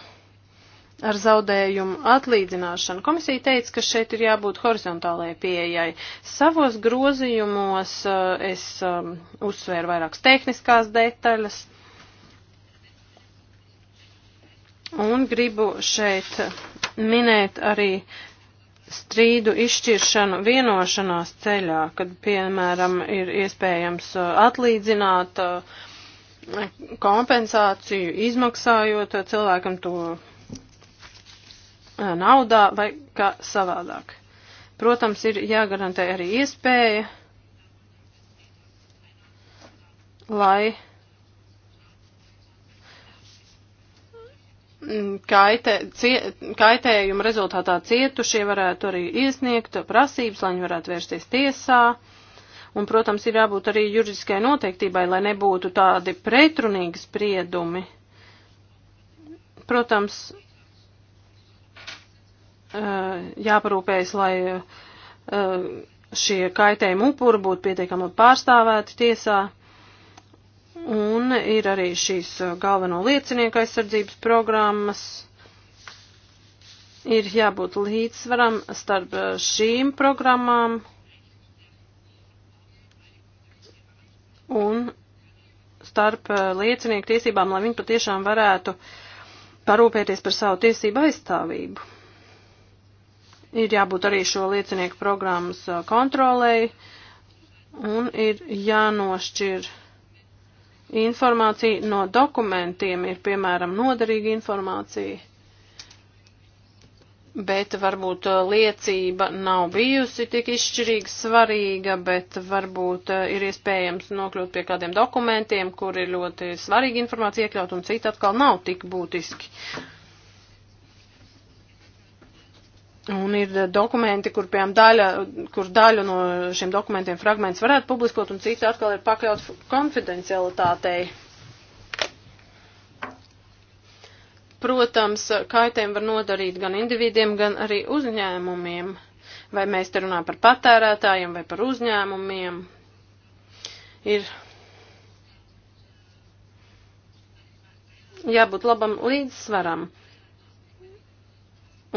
ar zaudējumu atlīdzināšanu. Komisija teica, ka šeit ir jābūt horizontālajai pieejai. Savos grozījumos es uzsvēru vairākas tehniskās detaļas, Un gribu šeit minēt arī strīdu izšķiršanu vienošanās ceļā, kad, piemēram, ir iespējams uh, atlīdzināt uh, kompensāciju, izmaksājot uh, cilvēkam to naudā vai kā savādāk. Protams, ir jāgarantē arī iespēja, lai Mm, kaitē, cie, kaitējuma rezultātā cietušie varētu arī iesniegt prasības, lai viņi varētu vērsties tiesā. Un, protams, ir jābūt arī juridiskai noteiktībai, lai nebūtu tādi pretrunīgi spriedumi. Protams, jāparūpējas, lai šie kaitējumi upuri būtu pietiekami pārstāvēti tiesā. Un ir arī šīs uh, galveno liecinieku aizsardzības programmas. Ir jābūt līdzsvaram starp uh, šīm programmām un starp uh, liecinieku tiesībām, lai viņi patiešām varētu parūpēties par savu tiesību aizstāvību. Ir jābūt arī šo liecinieku programmas kontrolēji un ir jānošķir Informācija no dokumentiem ir, piemēram, noderīga informācija, bet varbūt uh, liecība nav bijusi tik izšķirīga svarīga, bet varbūt uh, ir iespējams nokļūt pie kādiem dokumentiem, kur ir ļoti svarīga informācija iekļaut un cita atkal nav tik būtiski. Un ir eh, dokumenti, kur, piemēram, daļa, kur daļu no šiem dokumentiem fragments varētu publiskot, un citi atkal ir pakļauts konfidencialitātei. Protams, kaitēm var nodarīt gan individiem, gan arī uzņēmumiem. Vai mēs te runājam par patērētājiem vai par uzņēmumiem. Ir jābūt labam līdzsvaram.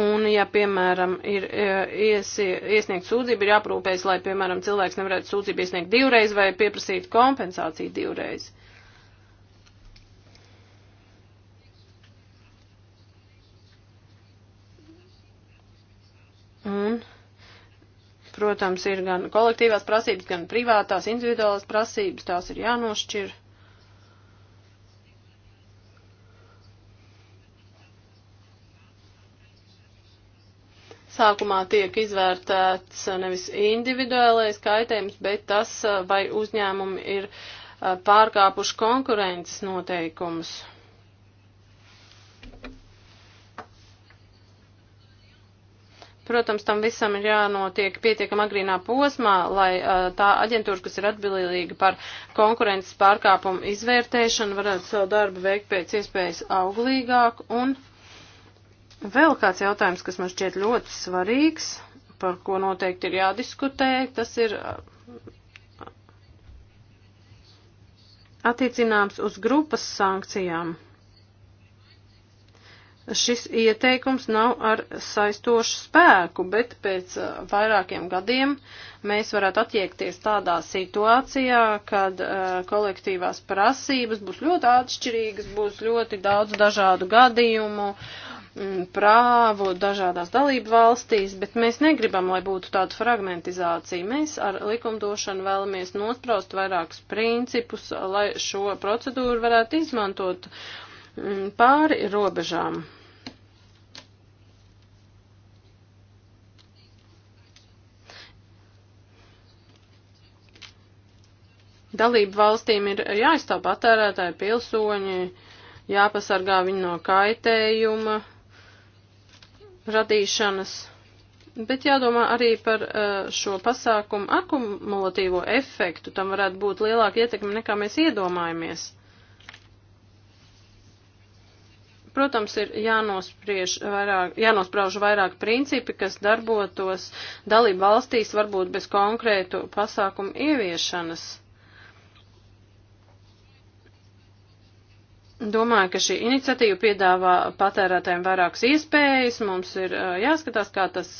Un, ja, piemēram, ir e, ies, iesniegt sūdzību, ir jāprūpējas, lai, piemēram, cilvēks nevarētu sūdzību iesniegt divreiz vai pieprasīt kompensāciju divreiz. Un, protams, ir gan kolektīvās prasības, gan privātās, individuālās prasības, tās ir jānošķir. Sākumā tiek izvērtēts eh, nevis individuālais kaitējums, bet tas, eh, vai uzņēmumi ir eh, pārkāpuši konkurences noteikumus. Protams, tam visam ir jānotiek pietiekam agrīnā posmā, lai uh, tā aģentūra, kas ir atbildīga par konkurences pārkāpumu izvērtēšanu, varētu savu darbu veikt pēc iespējas auglīgāk un uh, Vēl kāds jautājums, kas man šķiet ļoti svarīgs, par ko noteikti ir jādiskutē, tas ir attiecināms uz grupas sankcijām. Šis ieteikums nav ar saistošu spēku, bet pēc uh, vairākiem gadiem mēs varētu attiekties tādā situācijā, kad uh, kolektīvās prasības būs ļoti atšķirīgas, būs ļoti daudz dažādu gadījumu, uh, Mm, prāvu dažādās dalību valstīs, bet mēs negribam, lai būtu tāda fragmentizācija. Mēs ar likumdošanu vēlamies nospraust vairākus principus, lai šo procedūru varētu izmantot mm, pāri robežām. Dalību valstīm ir jāizstāv patērētāji, pilsoņi, jāpasargā viņi no kaitējuma, radīšanas. Bet jādomā arī par eh, šo pasākumu akumulatīvo efektu. Tam varētu būt lielāka ietekme nekā mēs iedomājamies. Protams, ir vairāk, jānosprauž vairāk principi, kas darbotos dalību valstīs varbūt bez konkrētu pasākumu ieviešanas. Domāju, ka šī iniciatīva piedāvā patērētājiem vairākas iespējas. Mums ir jāskatās, kā tas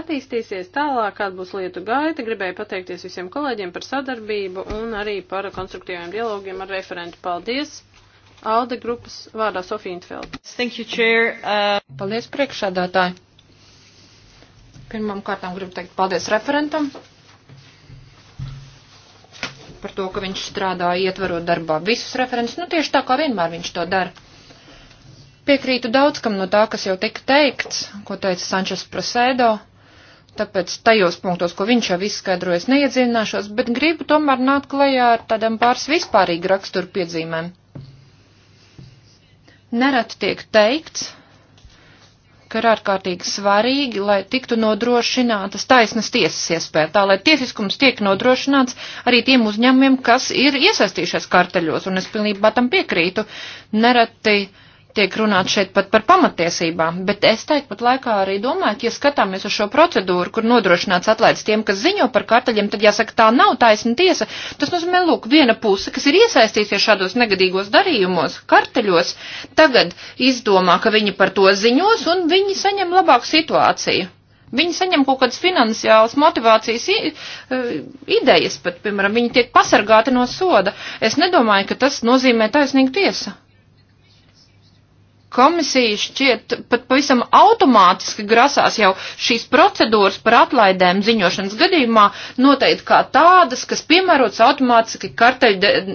attīstīsies tālāk, kāda būs lietu gaita. Gribēju pateikties visiem kolēģiem par sadarbību un arī par konstruktīviem dialogiem ar referentu. Paldies! Alde grupas vārdā Sofija Intfeld.
Thank you, Chair. Uh... Paldies, priekšādātāji. Pirmam kārtām gribu teikt paldies referentam par to, ka viņš strādā ietvarot darbā visus referents, nu tieši tā kā vienmēr viņš to dara. Piekrītu daudz kam no tā, kas jau tika teikts, ko teica Sančes Prasēdo, tāpēc tajos punktos, ko viņš jau izskaidrojas, neiedziļināšos, bet gribu tomēr nākt klajā ar tādām pāris vispārīgu raksturu piedzīmēm. Nereti tiek teikts, ka ir ārkārtīgi svarīgi, lai tiktu nodrošinātas taisnas tiesas iespēja, tā lai tiesiskums tiek nodrošināts arī tiem uzņēmumiem, kas ir iesaistījušies karteļos, un es pilnībā tam piekrītu. Nereti uh, tiek runāt šeit pat par pamatiesībām, bet es teiktu pat laikā arī domāju, ka, ja skatāmies uz šo procedūru, kur nodrošināts atlaides tiem, kas ziņo par kartaļiem, tad jāsaka, tā nav taisna tiesa. Tas nozīmē, lūk, viena puse, kas ir iesaistījusies šādos negadīgos darījumos, kartaļos, tagad izdomā, ka viņi par to ziņos un viņi saņem labāku situāciju. Viņi saņem kaut kādas finansiālas motivācijas e, idejas, pat, piemēram, viņi tiek pasargāti no soda. Es nedomāju, ka tas nozīmē taisnīgu tiesu komisija šķiet pat pavisam automātiski grasās jau šīs procedūras par atlaidēm ziņošanas gadījumā noteikt kā tādas, kas piemērots automātiski karteļu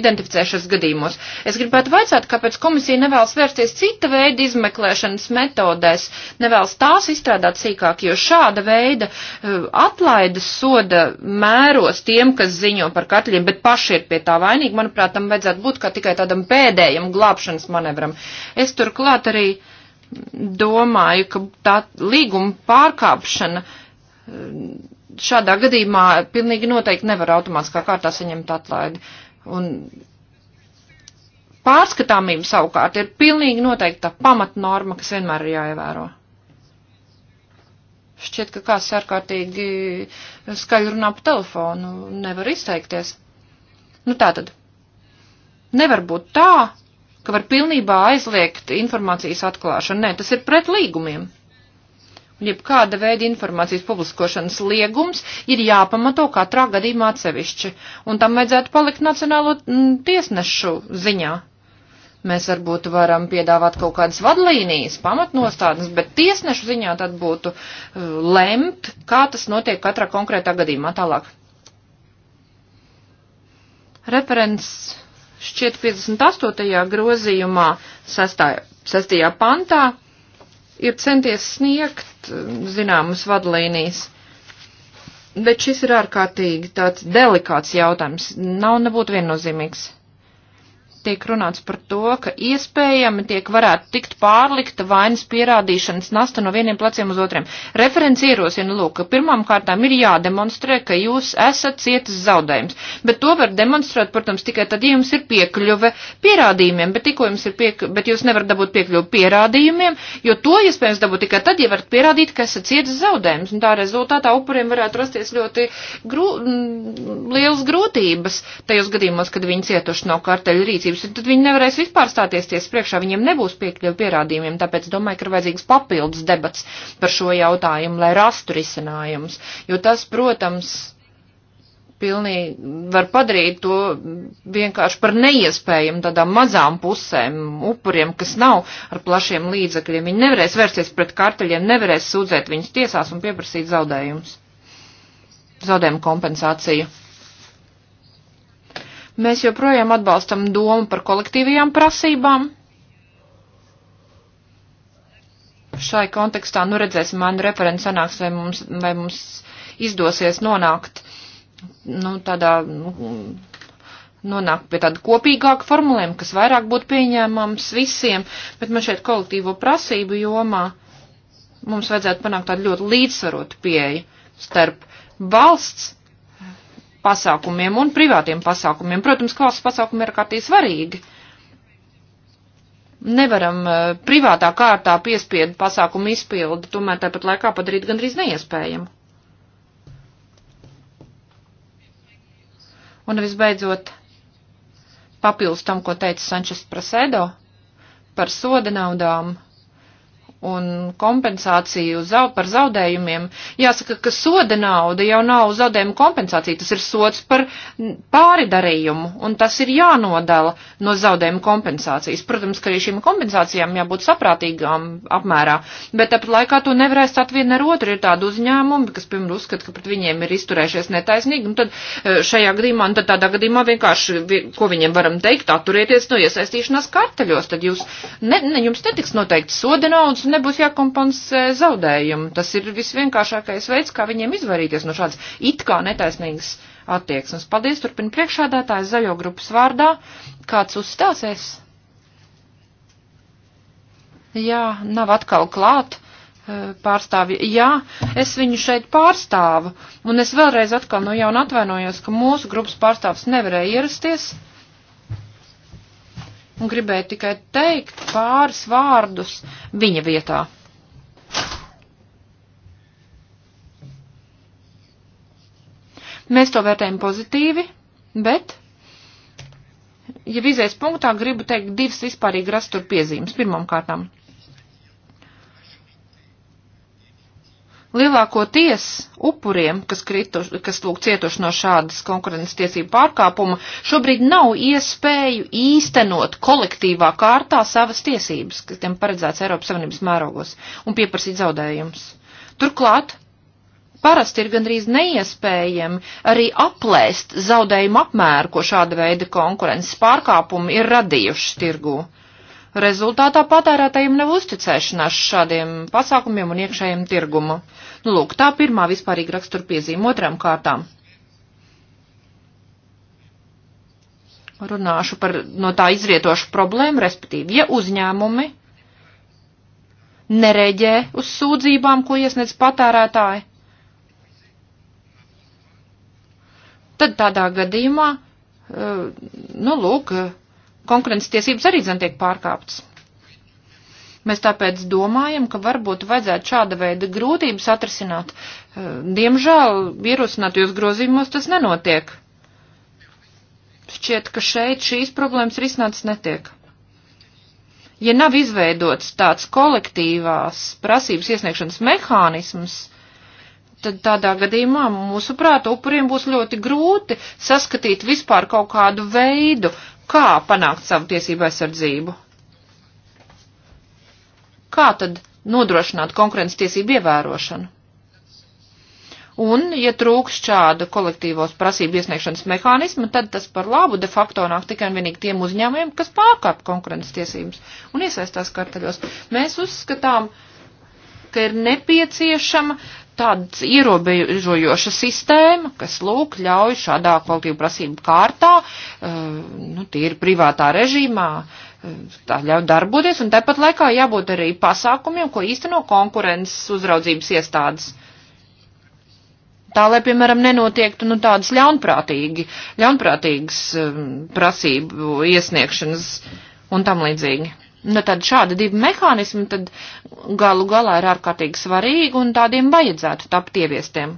identificēšanas gadījumos. Es gribētu vaicāt, kāpēc komisija nevēlas vērsties cita veida izmeklēšanas metodēs, nevēlas tās izstrādāt sīkāk, jo šāda veida eh, atlaides soda mēros tiem, kas ziņo par katļiem, bet paši ir pie tā vainīgi, manuprāt, tam vajadzētu būt kā tikai tādam pēdējam glābšanas manevram. Es turklāt arī domāju, ka tā līguma pārkāpšana eh, šādā gadījumā pilnīgi noteikti nevar automātiskā kārtā saņemt atlaidi. Un pārskatāmība savukārt ir pilnīgi noteikti tā pamatnorma, kas vienmēr ir jāievēro. Šķiet, ka kāds ārkārtīgi skaļi runā pa telefonu, nevar izteikties. Nu tā tad. Nevar būt tā, ka var pilnībā aizliegt informācijas atklāšanu. Nē, tas ir pret līgumiem. Jebkāda veida informācijas publiskošanas liegums ir jāpamato katrā gadījumā atsevišķi, un tam vajadzētu palikt Nacionālo mm, tiesnešu ziņā. Mēs varbūt varam piedāvāt kaut kādas vadlīnijas, pamatnostādnes, bet tiesnešu ziņā tad būtu uh, lemt, kā tas notiek katrā konkrētā gadījumā tālāk. Referents šķiet 58. grozījumā, 6. 6. pantā, ir centies sniegt mm, zināmas vadlīnijas. Bet šis ir ārkārtīgi tāds delikāts jautājums, nav nebūtu viennozīmīgs tiek runāts par to, ka iespējami tiek varētu tikt pārlikta vainas pierādīšanas nasta no vieniem pleciem uz otriem. Referents ierosina, lūk, ka pirmām kārtām ir jādemonstrē, ka jūs esat cietas zaudējums, bet to var demonstrēt, protams, tikai tad, ja jums ir piekļuve pierādījumiem, bet tikko jums ir piekļuve, bet jūs nevarat dabūt piekļuvi pierādījumiem, jo to iespējams dabūt tikai tad, ja varat pierādīt, ka esat cietas zaudējums, un tā rezultātā upuriem varētu rasties ļoti grū, liels grūtības tajos gadījumos, kad viņi cietuši no kārteļu rīcības tiesības, tad viņi nevarēs vispār stāties tiesas priekšā, viņiem nebūs piekļuvi pierādījumiem, tāpēc domāju, ka ir vajadzīgs papildus debats par šo jautājumu, lai rastu risinājumus, jo tas, protams, pilnīgi var padarīt to vienkārši par neiespējamu tādām mazām pusēm, upuriem, kas nav ar plašiem līdzakļiem. Viņi nevarēs vērsties pret karteļiem, nevarēs sūdzēt viņus tiesās un pieprasīt zaudējumus. Zaudējumu kompensāciju. Mēs joprojām atbalstam domu par kolektīvajām prasībām. Šai kontekstā, nu redzēsim, man referents sanāks, vai mums, vai mums izdosies nonākt, nu, tādā, nu, nonākt pie tāda kopīgāka formulējuma, kas vairāk būtu pieņēmams visiem, bet man šeit kolektīvo prasību jomā mums vajadzētu panākt tādu ļoti līdzsvarotu pieeju starp valsts pasākumiem un privātiem pasākumiem. Protams, ka valsts pasākumi ir kārtīgi svarīgi. Nevaram eh, privātā kārtā piespiedu pasākumu izpildi, tomēr tāpat laikā padarīt gandrīz neiespējamu. Un visbeidzot, papildus tam, ko teica Sančes Prasēdo par soda naudām un kompensāciju zau, par zaudējumiem. Jāsaka, ka soda nauda jau nav zaudējuma kompensācija, tas ir sots par pāridarījumu, un tas ir jānodala no zaudējuma kompensācijas. Protams, ka arī šīm kompensācijām jābūt saprātīgām apmērā, bet tāpat laikā to nevar aizstāt viena ar otru. Ir tāda uzņēmuma, kas, piemēram, uzskata, ka pret viņiem ir izturējušies netaisnīgi, un tad e, šajā gadījumā, un tad tādā gadījumā vienkārši, ko viņiem varam teikt, atturieties no iesaistīšanās karteļos, tad jūs, ne, ne, jums netiks noteikti soda naudas, un nebūs jākompensē zaudējumu. Tas ir visvienkāršākais veids, kā viņiem izvairīties no šādas it kā netaisnīgas attieksmes. Paldies, turpin priekšādātājs zaļo grupas vārdā. Kāds uzstāsies? Jā, nav atkal klāt eh, pārstāvji. Jā, es viņu šeit pārstāvu, un es vēlreiz atkal no jauna atvainojos, ka mūsu grupas pārstāvs nevarēja ierasties un gribēju tikai teikt pāris vārdus viņa vietā. Mēs to vērtējam pozitīvi, bet, ja vizēs punktā, gribu teikt divas vispārīgi rastur piezīmes. Pirmam kārtām Lielākoties upuriem, kas, kritu, kas lūk cietuši no šādas konkurences tiesību pārkāpuma, šobrīd nav iespēju īstenot kolektīvā kārtā savas tiesības, kas tiem paredzēts Eiropas Savienības mērogos, un pieprasīt zaudējumus. Turklāt parasti ir gandrīz neiespējami arī aplēst zaudējumu apmēru, ko šāda veida konkurences pārkāpumi ir radījuši tirgū. Rezultātā patērētājiem nav uzticēšanās šādiem pasākumiem un iekšējiem tirgumu. Nu, lūk, tā pirmā vispārīga rakstura piezīme otram kārtām. Runāšu par no tā izrietošu problēmu, respektīvi, ja uzņēmumi nereģē uz sūdzībām, ko iesniedz patērētāji, tad tādā gadījumā, eh, nu, lūk, konkurences tiesības arī zin tiek pārkāptas. Mēs tāpēc domājam, ka varbūt vajadzētu šāda veida grūtības atrisināt. Eh, diemžēl ierosinātajos grozījumos tas nenotiek. Šķiet, ka šeit šīs problēmas risināts netiek. Ja nav izveidots tāds kolektīvās prasības iesniegšanas mehānisms, tad tādā gadījumā, mūsuprāt, upuriem būs ļoti grūti saskatīt vispār kaut kādu veidu, kā panākt savu tiesību aizsardzību? Kā tad nodrošināt konkurences tiesību ievērošanu? Un, ja trūks šāda kolektīvos prasību iesniegšanas mehānisma, tad tas par labu de facto nāk tikai un vienīgi tiem uzņēmumiem, kas pārkāp konkurences tiesības un iesaistās kartaļos. Mēs uzskatām, ka ir nepieciešama tāds ierobežojoša sistēma, kas lūk ļauj šādā kvalitīvu prasību kārtā, eh, nu, tie ir privātā režīmā, eh, tā ļauj darboties, un tāpat laikā jābūt arī pasākumiem, ko īsteno konkurences uzraudzības iestādes. Tā, lai, piemēram, nenotiektu nu, tādas ļaunprātīgi, ļaunprātīgas eh, prasību iesniegšanas un tam līdzīgi. Nu, tad šādi divi mehānismi tad galu galā ir ārkārtīgi svarīgi un tādiem vajadzētu tapt ieviestiem.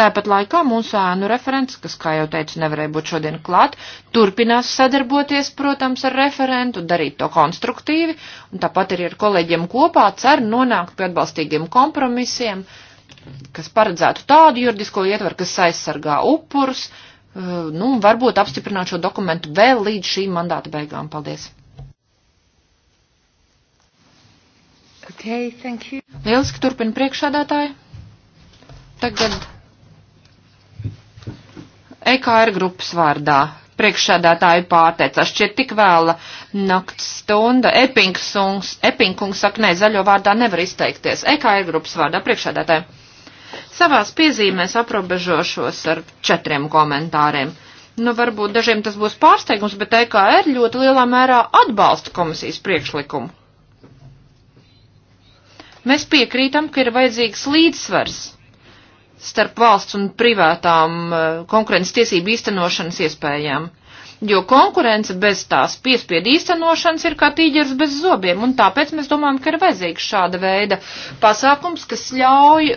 Tāpat laikā mūsu ēnu referents, kas, kā jau teicu, nevarēja būt šodien klāt, turpinās sadarboties, protams, ar referentu, darīt to konstruktīvi, un tāpat arī ar kolēģiem kopā cer nonākt pie atbalstīgiem kompromisiem, kas paredzētu tādu juridisko ietvaru, kas aizsargā upurus, uh, Eh, nu, varbūt apstiprināt šo dokumentu vēl līdz šī mandāta beigām. Paldies!
Okay, thank you.
Lieliski turpina priekšādātāji. Tagad EKR grupas vārdā priekšsēdētāju pārteica. Šķiet tik vēla nakts stunda. Epinkungs saka, nē, zaļo vārdā nevar izteikties. EKR grupas vārdā priekšsēdētāju. Savās piezīmēs aprobežošos ar četriem komentāriem. Nu, varbūt dažiem tas būs pārsteigums, bet EKR ļoti lielā mērā atbalsta komisijas priekšlikumu. Mēs piekrītam, ka ir vajadzīgs līdzsvars starp valsts un privātām eh, konkurences tiesību īstenošanas iespējām. Uh, jo konkurence bez tās piespiedu īstenošanas ir kā tīģers bez zobiem, un tāpēc mēs domājam, ka ir vajadzīgs šāda veida pasākums, kas ļauj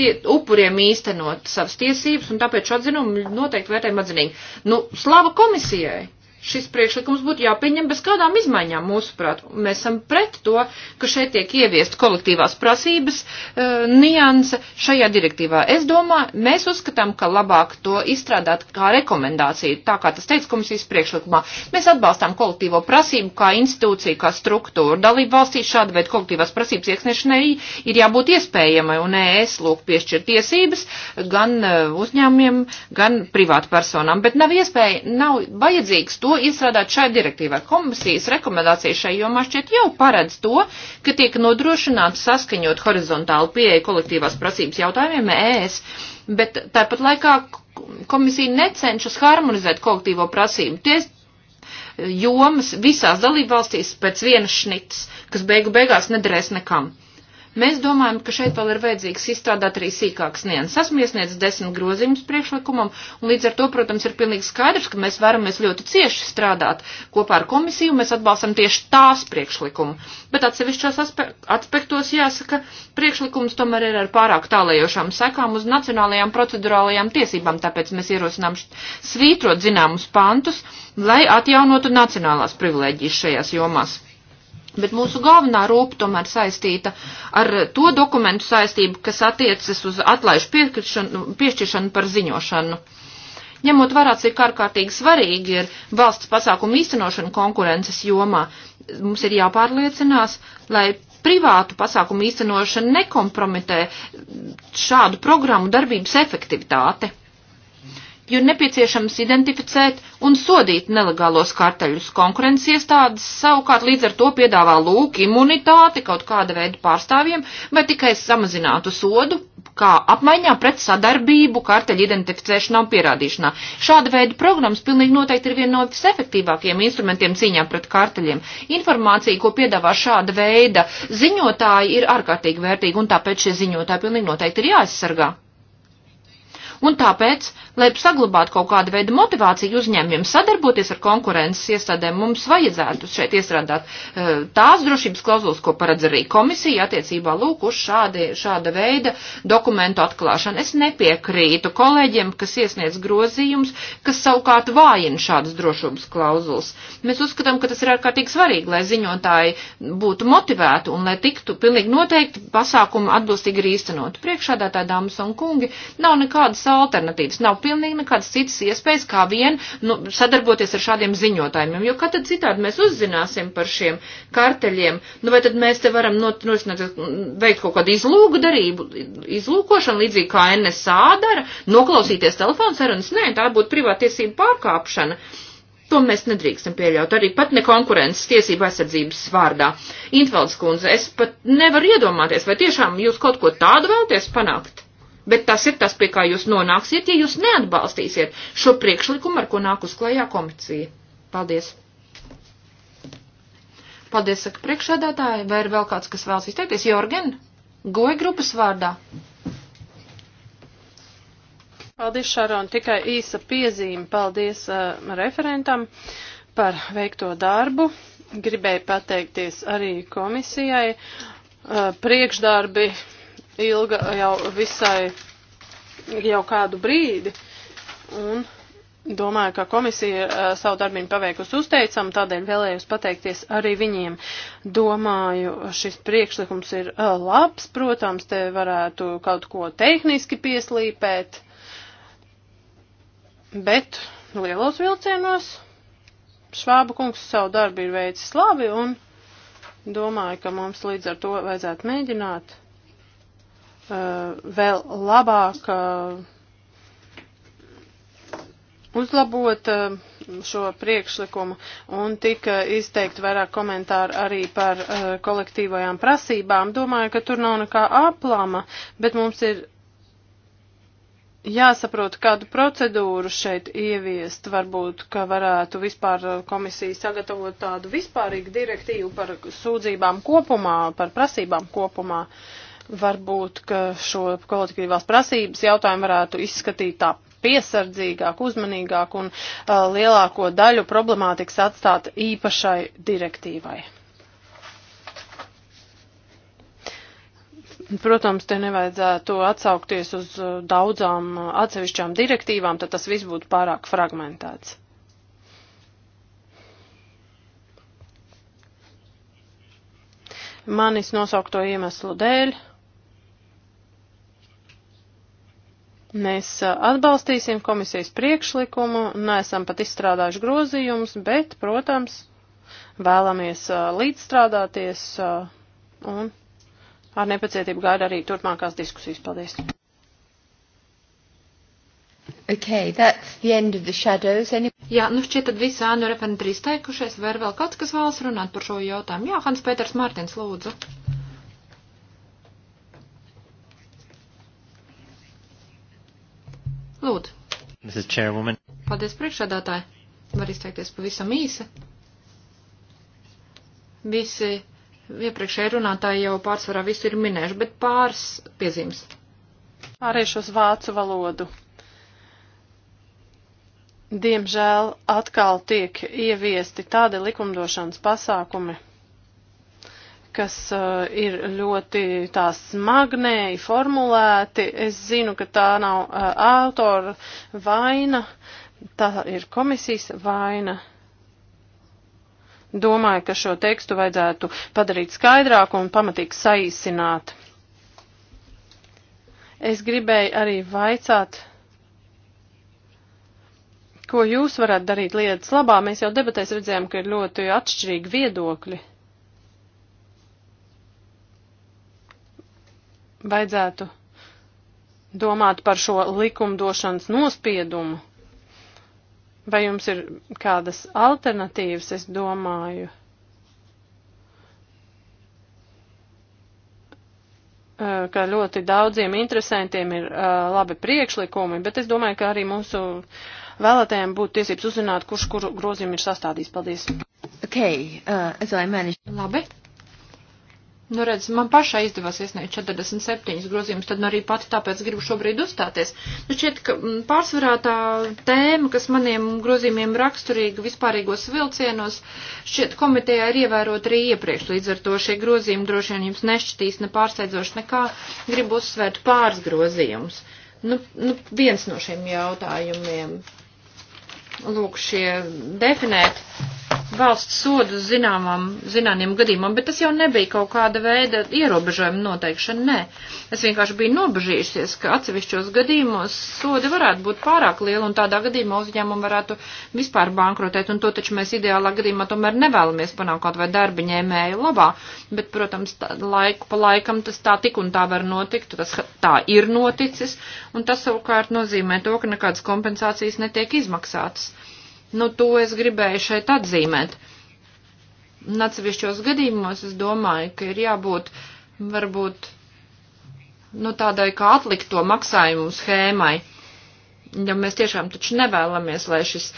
tie, upuriem īstenot savas tiesības, un tāpēc šo atzinumu noteikti vērtējam atzinīgi. Nu, slava komisijai! šis priekšlikums būtu jāpieņem bez kādām izmaiņām, mūsuprāt. Mēs esam pret to, ka šeit tiek ieviest kolektīvās prasības uh, nianse šajā direktīvā. Es domāju, mēs uzskatām, ka labāk to izstrādāt kā rekomendāciju, tā kā tas teica komisijas priekšlikumā. Mēs atbalstām kolektīvo prasību kā institūciju, kā struktūru. Dalību valstīs šāda veida kolektīvās prasības iesniešanai ir jābūt iespējamai, un ES lūk piešķir tiesības gan e, uzņēmumiem, gan privātpersonām, bet nav iespēja, nav vajadzīgs to, to iestrādāt šai direktīvā. Komisijas rekomendācija šai jomā šķiet jau paredz to, ka tiek nodrošināts saskaņot horizontālu pieeju kolektīvās prasības jautājumiem ES, bet tāpat laikā komisija necenšas harmonizēt kolektīvo prasību. Ties, jomas visās dalībvalstīs pēc vienas šnitas, kas beigu beigās nederēs nekam. Mēs domājam, ka šeit vēl ir vajadzīgs izstrādāt arī sīkāks nians. Esmu iesniedzis desmit grozījumus priekšlikumam, un līdz ar to, protams, ir pilnīgi skaidrs, ka mēs varamies ļoti cieši strādāt kopā ar komisiju, mēs atbalstam tieši tās priekšlikumu. Bet atsevišķos aspektos jāsaka, priekšlikums tomēr ir ar pārāk tālējošām sekām uz nacionālajām procedurālajām tiesībām, tāpēc mēs ierosinām svītrot zināmus pantus, lai atjaunotu nacionālās privilēģijas šajās jomās. Bet mūsu galvenā rūpa tomēr saistīta ar to dokumentu saistību, kas attiecas uz atlaižu piešķiršanu par ziņošanu. Ņemot vērā, cik ārkārtīgi svarīgi ir valsts pasākumu īstenošana konkurences jomā, mums ir jāpārliecinās, lai privātu pasākumu īstenošana nekompromitē šādu programmu darbības efektivitāti jo nepieciešams identificēt un sodīt nelegālos karteļus. Konkurences iestādes savukārt līdz ar to piedāvā lūk imunitāti kaut kāda veida pārstāvjiem vai tikai samazinātu sodu, kā apmaiņā pret sadarbību karteļu identificēšanā un pierādīšanā. Šāda veida programmas pilnīgi noteikti ir viena no visefektīvākajiem instrumentiem cīņā pret karteļiem. Informācija, ko piedāvā šāda veida ziņotāji, ir ārkārtīgi vērtīga un tāpēc šie ziņotāji pilnīgi noteikti ir jāaizsargā. Un tāpēc, lai saglabātu kaut kādu veidu motivāciju uzņēmumiem sadarboties ar konkurences iestādēm, mums vajadzētu šeit iestrādāt eh, tās drošības klauzulas, ko paredz arī komisija attiecībā lūk uz šādi, šāda veida dokumentu atklāšanu. Es nepiekrītu kolēģiem, kas iesniedz grozījums, kas savukārt vājina šādas drošības klauzulas. Mēs uzskatām, ka tas ir ārkārtīgi svarīgi, lai ziņotāji būtu motivēti un lai tiktu pilnīgi noteikti pasākumi atbilstīgi arī īstenot. Priekšādā tā dāmas un kungi nav nekādas alternatīvas, nav pilnīgi nekādas citas iespējas, kā vien nu, sadarboties ar šādiem ziņotājiem, jo kā tad citādi mēs uzzināsim par šiem karteļiem, nu vai tad mēs te varam not, nosināt, veikt kaut kādu izlūgu darību, izlūkošanu līdzīgi kā NSA dara, noklausīties telefonsarunas, nē, tā būtu privātiesība pārkāpšana. To mēs nedrīkstam pieļaut, arī pat ne konkurences tiesība aizsardzības vārdā. Intvelds kundze, es pat nevaru iedomāties, vai tiešām jūs kaut ko tādu vēlties panākt? Bet tas ir tas, pie kā jūs nonāksiet, ja jūs neatbalstīsiet šo priekšlikumu, ar ko nāk uz klajā komisija. Paldies! Paldies, saka priekšsēdētāji, vai ir vēl kāds, kas vēlas izteikties? Jorgen, goja grupas vārdā.
Paldies, Šaron, tikai īsa piezīme. Paldies uh, referentam par veikto darbu. Gribēju pateikties arī komisijai. Uh, priekšdarbi ilga jau visai jau kādu brīdi. Un domāju, ka komisija uh, savu darbību paveikusi uzteicam, tādēļ vēlējos pateikties arī viņiem. Domāju, šis priekšlikums ir uh, labs, protams, te varētu kaut ko tehniski pieslīpēt, bet lielos vilcienos Švāba kungs savu darbu ir veicis labi un domāju, ka mums līdz ar to vajadzētu mēģināt Uh, vēl labāk uh, uzlabot uh, šo priekšlikumu un tika izteikti vairāk komentāru arī par kolektīvajām prasībām. Domāju, ka tur nav nekā aplama, bet mums ir jāsaprot, kādu procedūru šeit ieviest, varbūt, ka varētu vispār komisija sagatavot tādu vispārīgu direktīvu par sūdzībām kopumā, par prasībām kopumā. Uh, Varbūt, ka šo kolektīvās prasības jautājumu varētu izskatīt tā piesardzīgāk, uzmanīgāk un uh, lielāko daļu problemātikas atstāt īpašai direktīvai. Protams, te nevajadzētu atsaukties uz daudzām atsevišķām direktīvām, tad tas viss būtu pārāk fragmentēts. Manis nosaukto iemeslu dēļ Mēs atbalstīsim komisijas priekšlikumu, neesam pat izstrādājuši grozījumus, bet, protams, vēlamies līdzstrādāties un ar nepacietību gaida arī turpmākās diskusijas. Paldies!
Okay,
that's the end of the shadows. Any... Jā, nu šķiet, tad visi ēnu referenti ir izteikušies, vai ir vēl kāds, kas vēlas runāt par šo jautājumu? Jā, Hans Pēters Mārtins, lūdzu. Lūdzu.
Mrs. Chairwoman.
Paldies priekšādātāji. Var izteikties pavisam īsi. Visi iepriekšēji runātāji jau pārsvarā visu ir minējuši, bet
pāris piezīmes. Pārējuši uz vācu valodu. Diemžēl atkal tiek ieviesti tādi likumdošanas pasākumi, kas uh, ir ļoti tā smagnēji formulēti. Es zinu, ka tā nav uh, autora vaina, tā ir komisijas vaina. Domāju, ka šo tekstu vajadzētu padarīt skaidrāku un pamatīgi saīsināt. Es gribēju arī vaicāt ko jūs varat darīt lietas labā. Mēs jau debatēs redzējām, ka ir ļoti atšķirīgi viedokļi. vajadzētu domāt par šo likumdošanas nospiedumu. Vai jums ir kādas alternatīvas, es domāju? ka ļoti daudziem interesantiem ir uh, labi priekšlikumi, bet es domāju, ka arī mūsu vēlētājiem būtu tiesības uzzināt, kurš kuru grozījumu ir sastādījis. Paldies.
Okay, uh, so managed... Labi,
Nu, redz, man pašai izdevās iesniegt
47 grozījumus, tad nu arī pati tāpēc gribu šobrīd uzstāties. Nu, šķiet, ka mm, pārsvarā tā tēma, kas maniem grozījumiem raksturīga vispārīgos vilcienos, šķiet komitejā ir ievērot arī iepriekš, līdz ar to šie grozījumi droši vien jums nešķitīs ne pārsteidzoši nekā, gribu uzsvērt pāris grozījumus. Nu, nu, viens no šiem jautājumiem, lūk, šie definēt valsts sodu zināmām, zināmiem gadījumam, bet tas jau nebija kaut kāda veida ierobežojuma noteikšana, nē. Es vienkārši biju nobežījusies, ka atsevišķos gadījumos sodi varētu būt pārāk lieli un tādā gadījumā uzņēmumu varētu vispār bankrotēt, un to taču mēs ideālā gadījumā tomēr nevēlamies panākt kaut vai darbiņēmēju labā, bet, protams, tā, laiku pa laikam tas tā tik un tā var notikt, tas tā ir noticis, un tas savukārt nozīmē to, ka nekādas kompensācijas netiek izmaksātas. Nu, to es gribēju šeit atzīmēt. Un atsevišķos gadījumos es domāju, ka ir jābūt varbūt nu, tādai kā atlikto maksājumu schēmai ja mēs tiešām taču nevēlamies, lai šis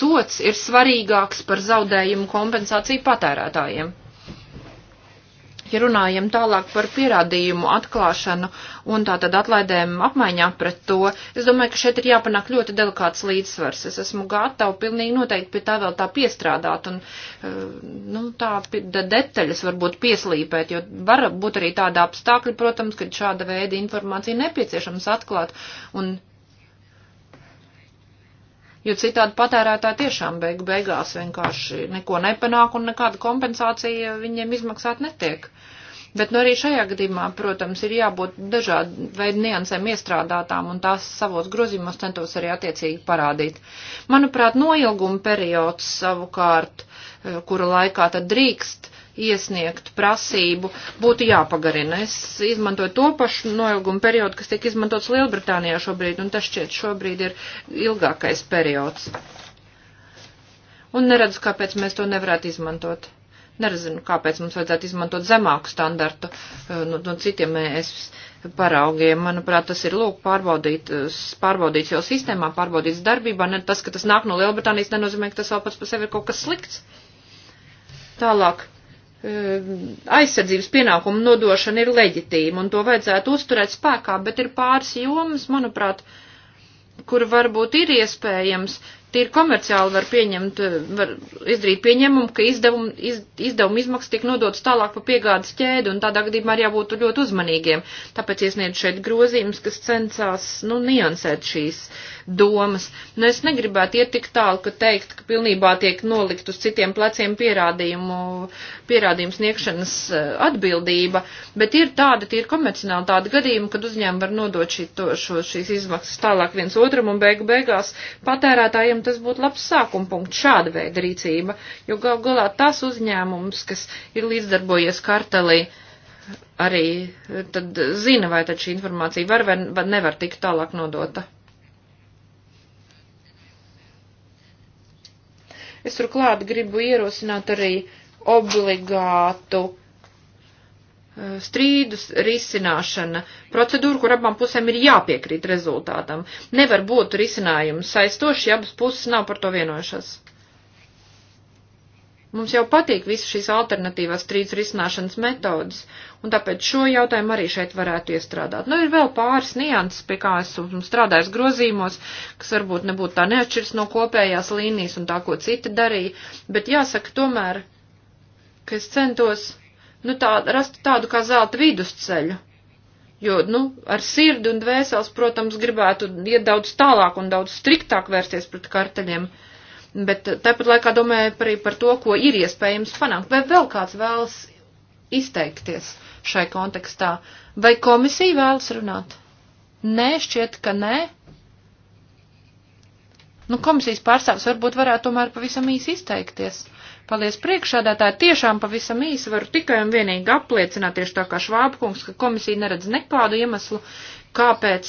sots ir svarīgāks par zaudējumu kompensāciju patērētājiem. Ja runājam tālāk par pierādījumu atklāšanu un tātad atlaidēm apmaiņā pret to, es domāju, ka šeit ir jāpanāk ļoti delikāts līdzsvars. Es esmu gatava pilnīgi noteikti pie tā vēl tā piestrādāt un, eh, nu, tā detaļas varbūt pieslīpēt, jo var būt arī tāda apstākļa, protams, kad šāda veida informācija nepieciešams atklāt un jo citādi patērētāji tiešām beig beigās vienkārši neko nepanāk un nekāda kompensācija viņiem izmaksāt netiek. Bet nu, no arī šajā gadījumā, protams, ir jābūt dažādu veidu niansēm iestrādātām, un tās savos grozījumos centos arī attiecīgi parādīt. Manuprāt, noilguma periods savukārt, eh, kura laikā tad drīkst iesniegt prasību būtu jāpagarina. Es izmantoju to pašu noilgumu periodu, kas tiek izmantots Lielbritānijā šobrīd, un tas šķiet šobrīd ir ilgākais periods. Un neredzu, kāpēc mēs to nevarētu izmantot. Nerezinu, kāpēc mums vajadzētu izmantot zemāku standartu eh, no, nu, no citiem ES paraugiem. Manuprāt, tas ir lūk pārbaudīt, eh, pārbaudīts jau sistēmā, pārbaudīts darbībā. Ne, tas, ka tas nāk no Lielbritānijas, nenozīmē, ka tas vēl pats par sevi ir kaut kas slikts. Tālāk Ehm, aizsardzības pienākumu nodošana ir leģitīma un to vajadzētu uzturēt spēkā, bet ir pāris jomas, manuprāt, kur varbūt ir iespējams tīri komerciāli var pieņemt, var izdarīt pieņemumu, ka izdevumu, iz, izdevumu izmaksas tiek nodotas tālāk pa piegādes ķēdi, un tādā gadījumā arī jābūt ļoti uzmanīgiem. Tāpēc iesniedz šeit grozījums, kas censās, nu, niansēt šīs domas. Nu, es negribētu iet tik tālu, ka teikt, ka pilnībā tiek nolikt uz citiem pleciem pierādījumu, pierādījumu sniegšanas e, atbildība, bet ir tāda, tie ir komerciāli tāda gadījuma, kad uzņēmumi var nodot šī, to, šo, šīs izmaksas tālāk viens otram, un beigu beigās patērētājiem un tas būtu labs sākuma punkts šāda veida rīcība, jo gal galā tas uzņēmums, kas ir līdzdarbojies kartelī, arī eh, tad zina, vai tad šī informācija var vai nevar tikt tālāk nodota. Es turklāt gribu ierosināt arī obligātu strīdus risināšana, procedūra, kur abām pusēm ir jāpiekrīt rezultātam. Nevar būt risinājums saistoši, ja abas puses nav par to vienojušas. Mums jau patīk visas šīs alternatīvās strīdus risināšanas metodas, un tāpēc šo jautājumu arī šeit varētu iestrādāt. Nu, ir vēl pāris nianses, pie kā esmu strādājis grozīmos, kas varbūt nebūtu tā neatšķirs no kopējās līnijas un tā, ko citi darīja, bet jāsaka tomēr, ka es centos nu, tā, rastu tādu kā zelta vidusceļu. Jo, nu, ar sirdi un dvēseles, protams, gribētu iet daudz tālāk un daudz striktāk vērsties pret karteļiem, bet tāpat laikā domāju arī par to, ko ir iespējams panākt. Vai vēl kāds vēlas izteikties šai kontekstā? Vai komisija vēlas runāt? Nē, šķiet, ka nē. Nu, komisijas pārstāvs varbūt varētu tomēr pavisam īsi izteikties. Paldies priekšādātāji. Tiešām pavisam īsi varu tikai un vienīgi apliecināt, tieši tā kā Švābkungs, ka komisija neredz nekādu iemeslu, kāpēc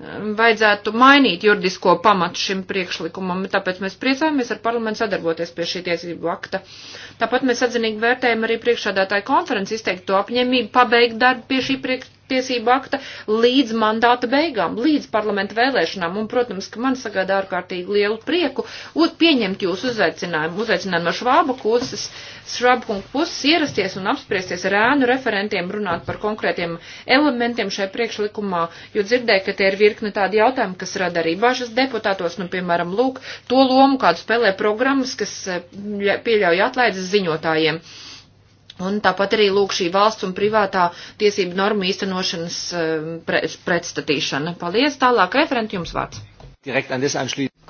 um, vajadzētu mainīt juridisko pamatu šim priekšlikumam, tāpēc mēs priecājamies ar parlamentu sadarboties pie šī tiesību akta. Tāpat mēs atzinīgi vērtējam arī priekšādātāju konferenci izteikto apņēmību pabeigt darbu pie šī priekšlikuma tiesību akta līdz mandāta beigām, līdz parlamenta vēlēšanām. Un, protams, ka man sagādā ārkārtīgi lielu prieku ot pieņemt jūsu uzaicinājumu, uzaicinājumu no švāba puses, švābkunga puses ierasties un apspriesties ar ēnu referentiem, runāt par konkrētiem elementiem šai priekšlikumā, jo dzirdēju, ka tie ir virkni tādi jautājumi, kas rada arī bažas deputātos, nu, piemēram, lūk, to lomu, kādu spēlē programmas, kas eh, pieļauj atlaides ziņotājiem. Uh, Un tāpat arī lūk šī valsts un privātā tiesību norma īstenošanas um, pre, pretstatīšana. Paldies, tālāk referenti jums vārds.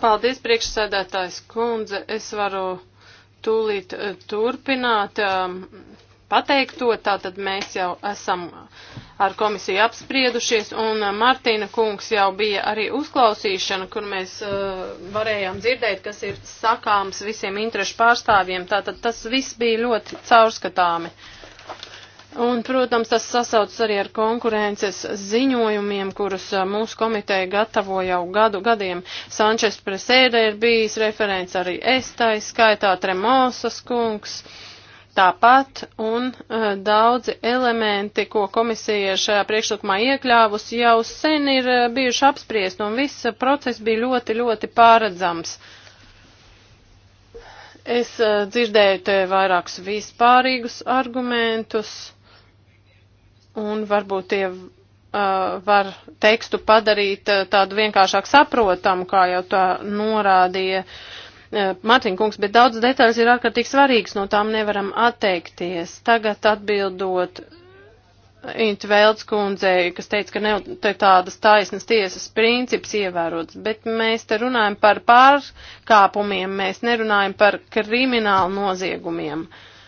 Paldies, priekšsēdētājs kundze. Es varu tūlīt eh, turpināt um, pateikto, tātad mēs jau esam ar komisiju apspriedušies, un Martina kungs jau bija arī uzklausīšana, kur mēs uh, varējām dzirdēt, kas ir sakāms visiem interešu pārstāvjiem. Tātad tas viss bija ļoti caurskatāmi. Un, protams, tas sasaucas arī ar konkurences ziņojumiem, kurus uh, mūsu komiteja gatavo jau gadu gadiem. Sančes presēdē ir bijis referents arī es, tā izskaitā Tremosas kungs. Uh, Tāpat un uh, daudzi elementi, ko komisija šajā priekšlikumā iekļāvusi, jau sen ir uh, bijuši apspriest, un viss process bija ļoti, ļoti pāredzams. Es uh, dzirdēju te vairākus vispārīgus argumentus, un varbūt tie var tekstu padarīt tādu vienkāršāk saprotamu, kā jau tā norādīja uh, Eh, Mārtiņa kungs, bet daudz detaļas ir ārkārtīgi svarīgas, no tām nevaram atteikties. Tagad atbildot Intvēlts kundzei, kas teica, ka nav tādas taisnas tiesas princips ievērots, bet mēs te runājam par pārkāpumiem, mēs nerunājam par kriminālu noziegumiem. Uh,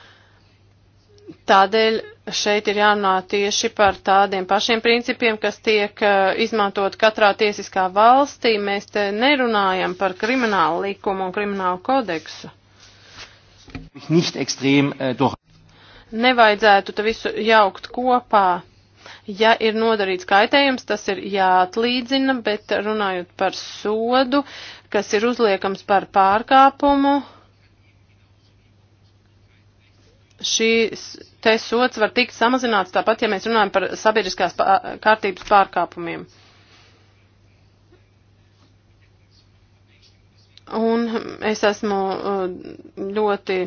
Tādēļ šeit ir jārunā tieši par tādiem pašiem principiem, kas tiek eh, izmantot katrā tiesiskā valstī. Mēs te nerunājam par kriminālu likumu un kriminālu kodeksu.
Äh,
Nevajadzētu te visu jaukt kopā. Ja ir nodarīts kaitējums, tas ir jāatlīdzina, bet runājot par sodu, kas ir uzliekams par pārkāpumu, šīs te sots var tikt samazināts tāpat, ja mēs runājam par sabiedriskās kārtības pārkāpumiem. Un es esmu uh, ļoti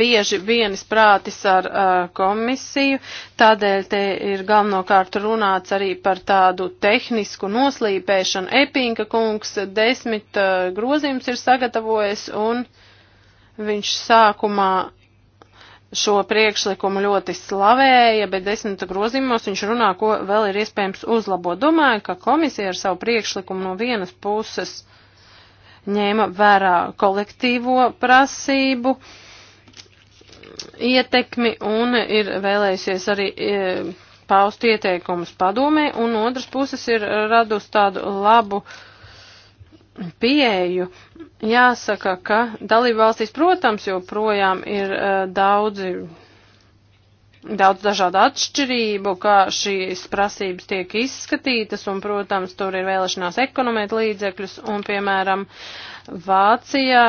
bieži vienas prātis ar uh, komisiju, tādēļ te ir galvenokārt runāts arī par tādu tehnisku noslīpēšanu. Epinka kungs desmit uh, grozījums ir sagatavojis un viņš sākumā šo priekšlikumu ļoti slavēja, bet desmit grozījumos viņš runā, ko vēl ir iespējams uzlabot. Domāju, ka komisija ar savu priekšlikumu no vienas puses ņēma vērā kolektīvo prasību ietekmi un ir vēlējusies arī e, paust ieteikumus padomē, un otras puses ir radus tādu labu uh, pieeju, jāsaka, ka dalībvalstīs, protams, joprojām ir uh, daudzi, daudz dažādu atšķirību, kā šīs prasības tiek izskatītas, un, protams, tur ir vēlēšanās ekonomēt līdzekļus, un, piemēram, Vācijā,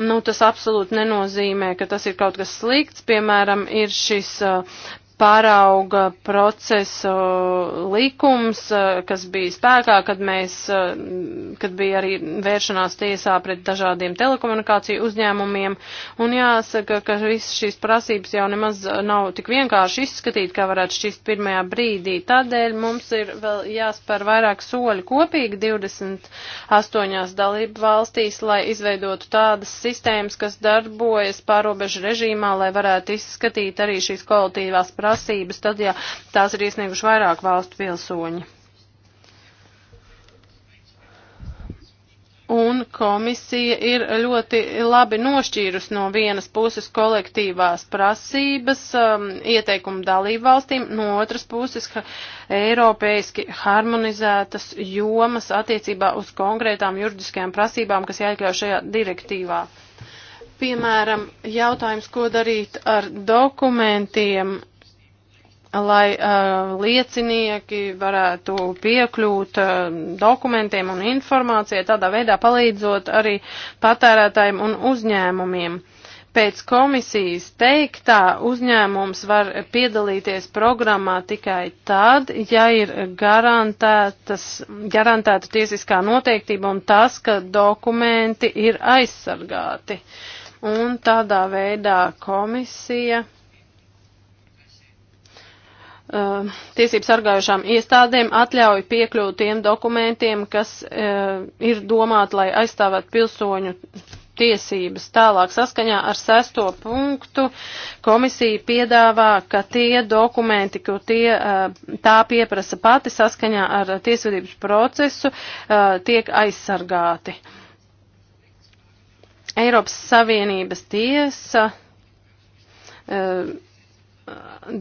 nu, tas absolūti nenozīmē, ka tas ir kaut kas slikts, piemēram, ir šis uh, pārauga procesu likums, eh, kas bija spēkā, kad mēs, eh, kad bija arī vēršanās tiesā pret dažādiem telekomunikāciju uzņēmumiem, un jāsaka, ka visas šīs prasības jau nemaz nav tik vienkārši izskatīt, kā varētu šķist pirmajā brīdī. Tādēļ mums ir vēl jāspēr vairāk soļu kopīgi 28 dalību valstīs, lai izveidotu tādas sistēmas, kas darbojas pārobežu režīmā, lai varētu izskatīt arī šīs kvalitīvās prasības prasības, tad, ja tās ir iesnieguši vairāk valstu pilsoņi. Un komisija ir ļoti labi nošķīrus no vienas puses kolektīvās prasības, um, ieteikumu dalību valstīm, no otras puses ha, eiropeiski harmonizētas jomas attiecībā uz konkrētām juridiskajām prasībām, kas jāiekļauj šajā direktīvā. Piemēram, jautājums, ko darīt ar dokumentiem lai uh, liecinieki varētu piekļūt uh, dokumentiem un informācijai, tādā veidā palīdzot arī patērētājiem un uzņēmumiem. Pēc komisijas teiktā uzņēmums var piedalīties programmā tikai tad, ja ir garantēta tiesiskā noteiktība un tas, ka dokumenti ir aizsargāti. Un tādā veidā komisija uh, tiesību sargājušām iestādēm atļauj piekļūt tiem dokumentiem, kas uh, ir domāti, lai aizstāvētu pilsoņu tiesības. Tālāk saskaņā ar sesto punktu komisija piedāvā, ka tie dokumenti, ko tie, uh, tā pieprasa pati saskaņā ar tiesvedības procesu, uh, tiek aizsargāti. Eiropas Savienības tiesa uh,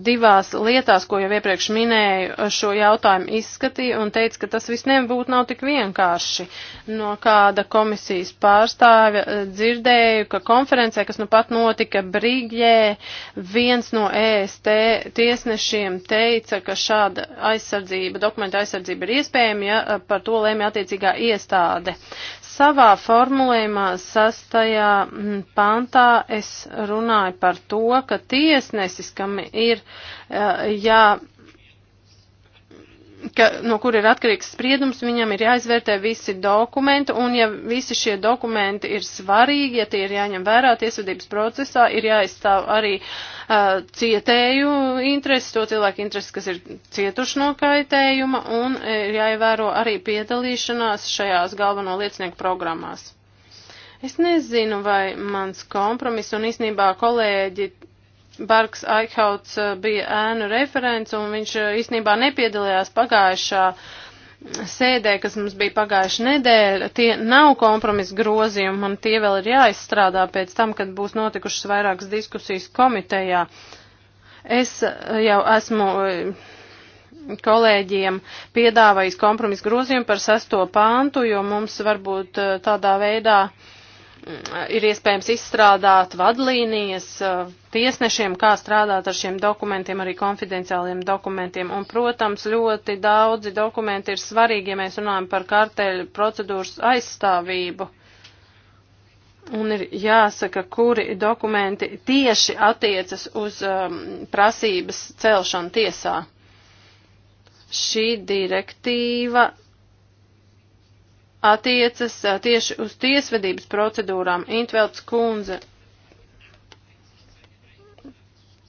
divās lietās, ko jau iepriekš minēju, šo jautājumu izskatīja un teica, ka tas viss nebūtu nav tik vienkārši. No kāda komisijas pārstāvja eh, dzirdēju, ka konferencē, kas nu pat notika Brīģē, viens no EST tiesnešiem teica, ka šāda aizsardzība, dokumenta aizsardzība ir iespējama, ja eh, par to lēmja attiecīgā iestāde. Savā formulējumā sastajā mm, pantā es runāju par to, ka tiesnesis, kam ir jā. Eh, ja, ka, no kur ir atkarīgs spriedums, viņam ir jāizvērtē visi dokumenti, un ja visi šie dokumenti ir svarīgi, ja tie ir jāņem vērā tiesvedības procesā, ir jāizstāv arī uh, cietēju intereses, to cilvēku intereses, kas ir cietuši no kaitējuma, un ir jāievēro arī piedalīšanās šajās galveno liecinieku programmās. Es nezinu, vai mans kompromiss un īsnībā kolēģi Barks Aikhauts eh, bija ēnu referents, un viņš eh, īstenībā nepiedalījās pagājušā mm, sēdē, kas mums bija pagājušā nedēļa. Tie nav kompromisa grozījumi, man tie vēl ir jāizstrādā pēc tam, kad būs notikušas vairākas diskusijas komitejā. Es eh, jau esmu kolēģiem piedāvājis kompromisu grozījumu par sesto pāntu, jo mums varbūt tādā veidā uh, Mm, ir iespējams izstrādāt vadlīnijas uh, tiesnešiem, kā strādāt ar šiem dokumentiem, arī konfidenciāliem dokumentiem. Un, protams, ļoti daudzi dokumenti ir svarīgi, ja mēs runājam par karteļu procedūras aizstāvību. Un ir jāsaka, kuri dokumenti tieši attiecas uz um, prasības celšanu tiesā. Šī direktīva attiecas tieši uz tiesvedības procedūrām. Intvelds kundze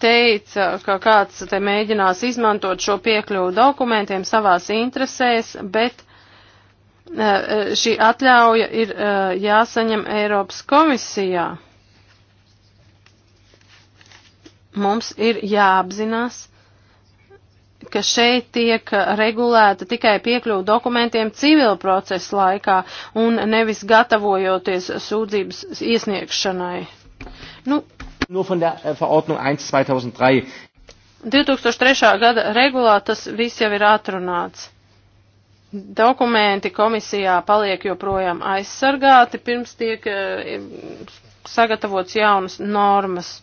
teica, ka kāds te mēģinās izmantot šo piekļuvu dokumentiem savās interesēs, bet šī atļauja ir jāsaņem Eiropas komisijā. Mums ir jāapzinās, ka šeit tiek regulēta tikai piekļuva dokumentiem civil procesa laikā un nevis gatavojoties sūdzības iesniegšanai. Nu,
Nur von der äh, Verordnung 1 2003.
2003. gada regulā tas viss jau ir atrunāts. Dokumenti komisijā paliek joprojām aizsargāti, pirms tiek äh, sagatavots jaunas normas.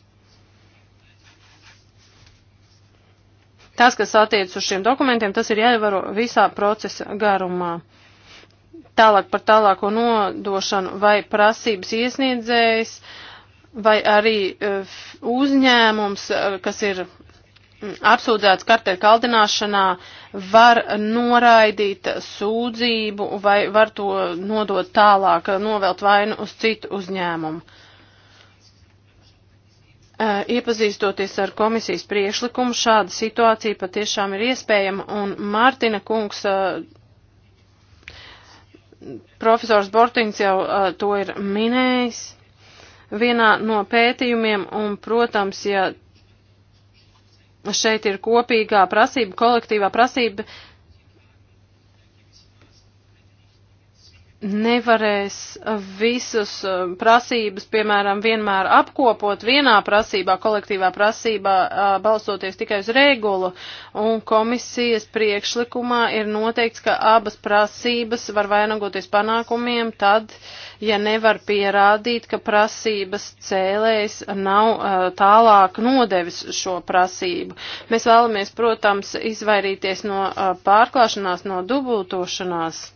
Tas, kas attiec uz šiem dokumentiem, tas ir jāievaro visā procesa garumā. Tālāk par tālāko nodošanu vai prasības iesniedzējs vai arī e, uzņēmums, e, kas ir apsūdzēts kartēļa kaldināšanā, var noraidīt sūdzību vai var to nodot tālāk, novelt vainu uz citu uzņēmumu. Uh, iepazīstoties ar komisijas priešlikumu, šāda situācija patiešām ir iespējama, un Mārtina kungs, uh, profesors Bortings jau uh, to ir minējis vienā no pētījumiem, un, protams, ja šeit ir kopīgā prasība, kolektīvā prasība, nevarēs visus uh, prasības, piemēram, vienmēr apkopot vienā prasībā, kolektīvā prasībā, uh, balstoties tikai uz regulu. Un komisijas priekšlikumā ir noteikts, ka abas prasības var vainagoties panākumiem tad, ja nevar pierādīt, ka prasības cēlējs nav uh, tālāk nodevis šo prasību. Mēs vēlamies, protams, izvairīties no pārklāšanās, no dubultošanās.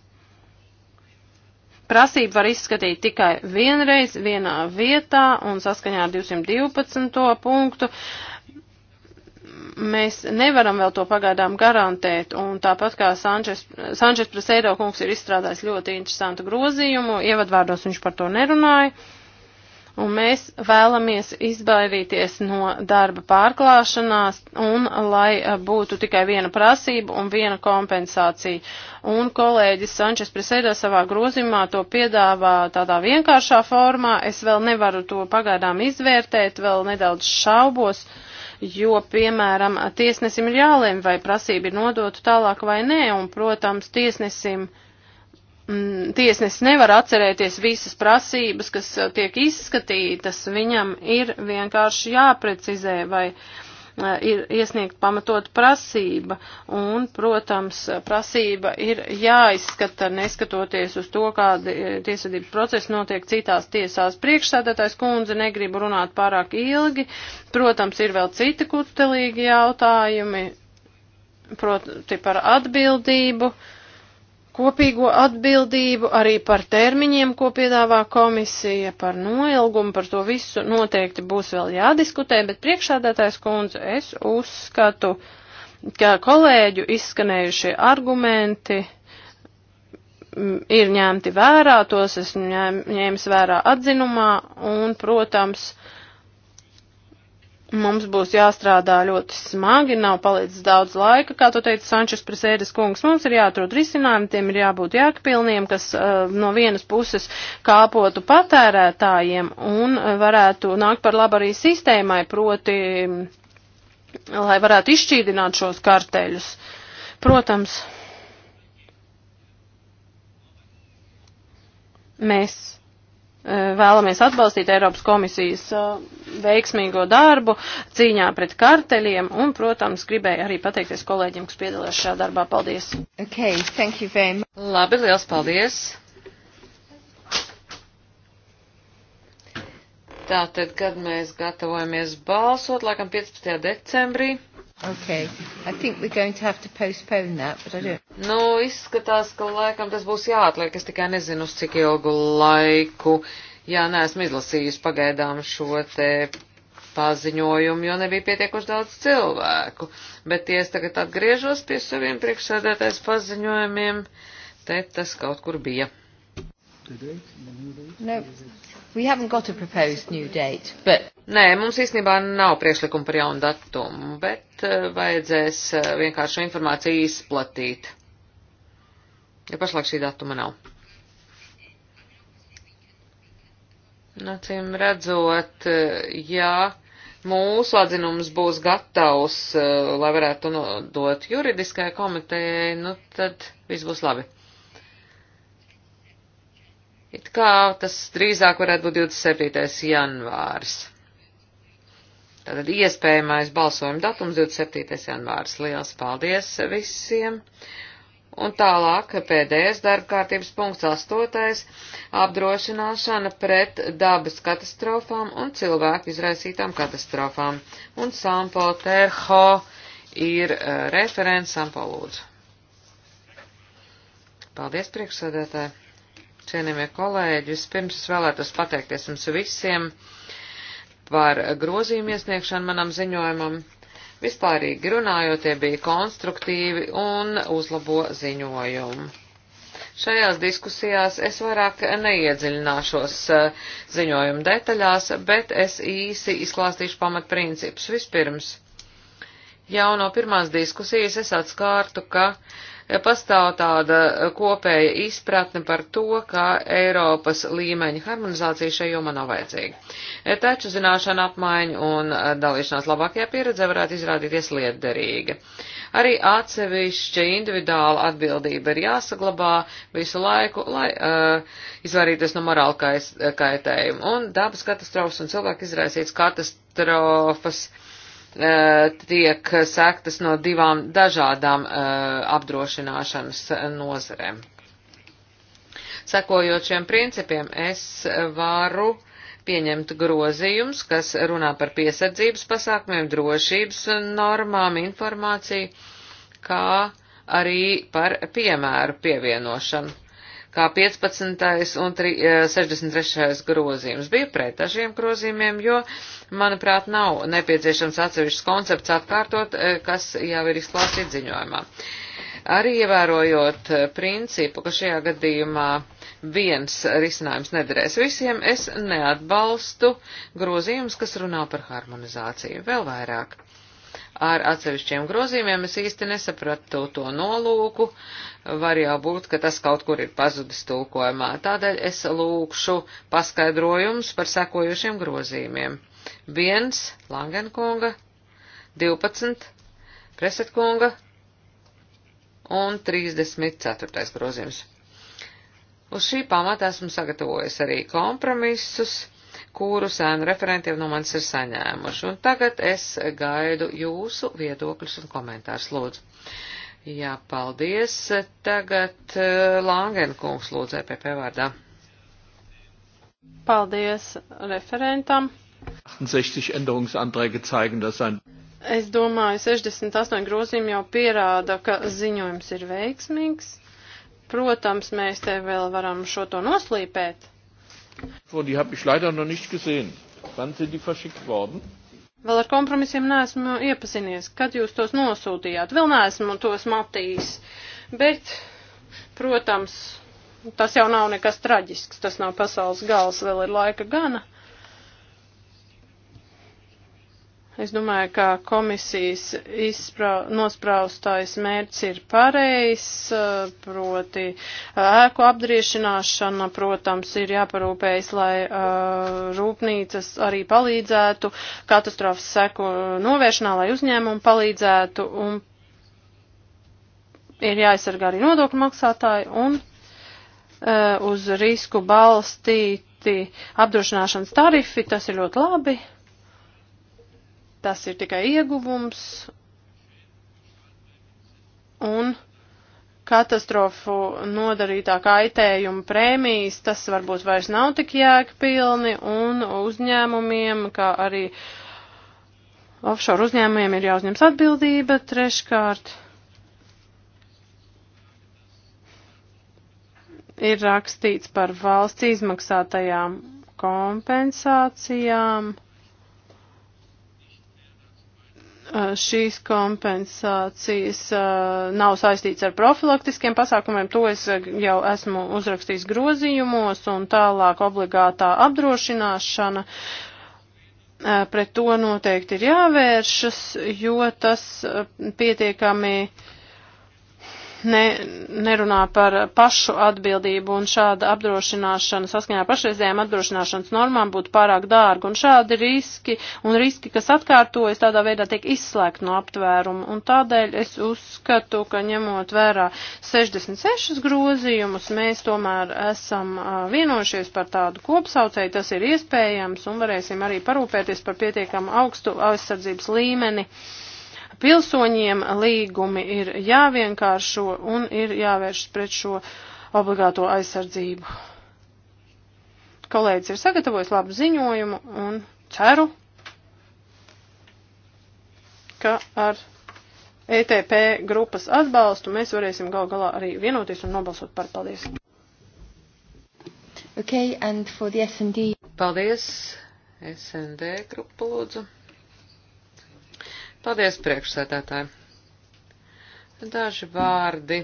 Prasību var izskatīt tikai vienreiz vienā vietā un saskaņā ar 212. punktu. Mēs nevaram vēl to pagaidām garantēt, un tāpat kā Sančes, Sančes Preseiro kungs ir izstrādājis ļoti interesantu grozījumu, ievadvārdos viņš par to nerunāja. Uh, un mēs vēlamies izbairīties no darba pārklāšanās un lai eh, būtu tikai viena prasība un viena kompensācija. Un kolēģis Sančes Presēdā savā grozījumā to piedāvā tādā vienkāršā formā. Es vēl nevaru to pagaidām izvērtēt, vēl nedaudz šaubos jo, piemēram, tiesnesim ir jālēm, vai prasība ir nodota tālāk vai nē, un, protams, tiesnesim uh, mm, tiesnesis nevar atcerēties visas prasības, kas uh, tiek izskatītas, viņam ir vienkārši jāprecizē vai uh, ir iesniegt pamatot prasība, un, protams, prasība ir jāizskata, neskatoties uz to, kāda uh, tiesvedības procesa notiek citās tiesās. Priekšsēdētājs kundze negribu runāt pārāk ilgi, protams, ir vēl citi kutelīgi jautājumi, proti par atbildību. Uh, kopīgo atbildību, arī par termiņiem, ko piedāvā komisija, par noilgumu, par to visu noteikti būs vēl jādiskutē, bet priekšādātājs kundze, es uzskatu, ka kolēģu izskanējušie argumenti mm, ir ņemti vērā, tos es ņēmu vērā atzinumā un, protams, uh, Mums būs jāstrādā ļoti smagi, nav palicis daudz laika, kā to teica Sančes Presēdes kungs. Mums ir jāatrod risinājumi, tiem ir jābūt jākpilniem, kas uh, no vienas puses kāpotu patērētājiem un eh, varētu nākt par labu arī sistēmai, proti, lai varētu izšķīdināt šos karteļus. Protams, mēs vēlamies atbalstīt Eiropas komisijas veiksmīgo darbu cīņā pret karteļiem un, protams, gribēju arī pateikties kolēģiem, kas piedalījās šajā darbā. Paldies! Okay, thank you very much. Labi, liels paldies! Tātad, kad mēs
gatavojamies balsot, laikam 15. decembrī.
Okay. I think we're going
to have to postpone that, but I don't.
Nu, izskatās, ka laikam tas būs jāatliek. Es tikai nezinu, uz cik ilgu laiku. Jā, neesmu izlasījusi pagaidām šo te paziņojumu, jo nebija pietiekuši daudz cilvēku. Bet ja es tagad atgriežos pie saviem priekšsēdētājs paziņojumiem, te tas kaut kur bija.
No, we haven't got a proposed new date, but Nē,
mums īstenībā nav priekšlikuma par jaunu datumu, bet eh, vajadzēs eh, vienkārši šo informāciju izplatīt, ja pašlaik šī datuma nav. Nacīm nu, redzot, eh, ja mūsu atzinums būs gatavs, lai varētu nodot juridiskajai komitejai, nu tad viss būs labi. It kā tas drīzāk varētu būt 27. janvārs. Tātad iespējamais balsojuma datums 27. janvārs. Liels paldies visiem! Un tālāk pēdējais darba kārtības punkts astotais - apdrošināšana pret dabas katastrofām un cilvēku izraisītām katastrofām. Un Sampo Terho ir uh, referents Sampo Lūdzu. Paldies, priekšsēdētāji! Cienījamie kolēģi, vispirms es vēlētos pateikties jums visiem! Uh, par grozījumu iesniegšanu manam ziņojumam. Vispārīgi runājot, tie bija konstruktīvi un uzlabo ziņojumu. Šajās diskusijās es vairāk neiedziļināšos eh, ziņojuma detaļās, bet es īsi izklāstīšu pamatprincipus. Vispirms, jau no pirmās diskusijas es atskārtu, ka uh, pastāv tāda kopēja izpratne par to, ka Eiropas līmeņa harmonizācija šajā jomā nav vajadzīga. E, taču zināšana apmaiņa un e, dalīšanās labākajā pieredzē varētu izrādīties lietderīga. Arī atsevišķa individuāla atbildība ir jāsaglabā visu laiku, lai uh, e, izvairīties no morāla kaitējuma. Un dabas katastrofas un cilvēku izraisītas katastrofas uh, Eh, tiek sektas no divām dažādām eh, apdrošināšanas eh, nozarēm. Sekojot šiem principiem, es varu pieņemt grozījums, kas runā par piesardzības pasākumiem, drošības normām, informāciju, kā arī par piemēru pievienošanu kā 15. un 63. Eh, grozījums. Bija pret dažiem grozījumiem, jo, manuprāt, nav nepieciešams atsevišķs koncepts atkārtot, eh, kas jau ir izklāstīts ziņojumā. Arī ievērojot eh, principu, ka šajā gadījumā viens risinājums nederēs visiem, es neatbalstu grozījumus, kas runā par harmonizāciju. Vēl vairāk ar atsevišķiem grozījumiem. Es īsti nesapratu to nolūku. Var jau būt, ka tas kaut kur ir pazudis tulkojumā. Tādēļ es lūkšu paskaidrojums par sekojušiem grozījumiem. 1. Langenkunga, 12. Presetkunga un 34. grozījums. Uz šī pamata esmu sagatavojis arī kompromisus kuru sēnu referentiem no manis ir saņēmuši. Un tagad es gaidu jūsu viedokļus un komentārus, lūdzu. Jā, paldies. Tagad eh, Langenkungs lūdzu EPP vārdā.
Paldies referentam.
68 Änderungsanträge zeigen, dass ein
Es domāju, 68 grozījumi jau pierāda, ka ziņojums ir veiksmīgs. Protams, mēs te vēl varam šo to noslīpēt,
Die habe ich leider noch nicht gesehen. Wann sind die verschickt worden?
Vēl ar kompromisiem neesmu iepazinies, kad jūs tos nosūtījāt. Vēl neesmu tos matījis. Bet, protams, tas jau nav nekas traģisks, tas nav pasaules gals, vēl ir laika gana. Es domāju, ka komisijas izspra, nospraustais mērķis ir pareizs, proti ēku apdriešināšana, protams, ir jāparūpējas, lai rūpnīcas arī palīdzētu katastrofas seku novēršanā, lai uzņēmumu palīdzētu un ir jāaizsargā arī nodokļu maksātāji un uz risku balstīti apdrošināšanas tarifi, tas ir ļoti labi. Tas ir tikai ieguvums un katastrofu nodarītā kaitējuma prēmijas, tas varbūt vairs nav tik jēgpilni un uzņēmumiem, kā arī offshore uzņēmumiem ir jāuzņems atbildība treškārt. Ir rakstīts par valsts izmaksātajām kompensācijām. Uh, šīs kompensācijas uh, nav saistīts ar profilaktiskiem pasākumiem, to es uh, jau esmu uzrakstījis grozījumos un tālāk obligātā apdrošināšana. Pret to noteikti ir jāvēršas, jo tas pietiekami uh, ne, nerunā par pašu atbildību un šāda apdrošināšana saskaņā ar pašreizējām apdrošināšanas normām būtu pārāk dārga. Un šādi riski un riski, kas atkārtojas, tādā veidā tiek izslēgt no aptvērumu. Un tādēļ es uzskatu, ka ņemot vērā 66 grozījumus, mēs tomēr esam vienojušies par tādu kopsaucēju, tas ir iespējams un varēsim arī parūpēties par pietiekamu augstu aizsardzības līmeni. Uh, pilsoņiem līgumi ir jāvienkāršo un ir jāvērš pret šo obligāto aizsardzību. Kolēģis ir sagatavojis labu ziņojumu un ceru, ka ar ETP grupas atbalstu mēs varēsim gal galā arī vienoties un nobalsot par paldies.
Okay, and for the S&D. Paldies, SND grupa lūdzu. Paldies, priekšsēdētāji. Daži vārdi.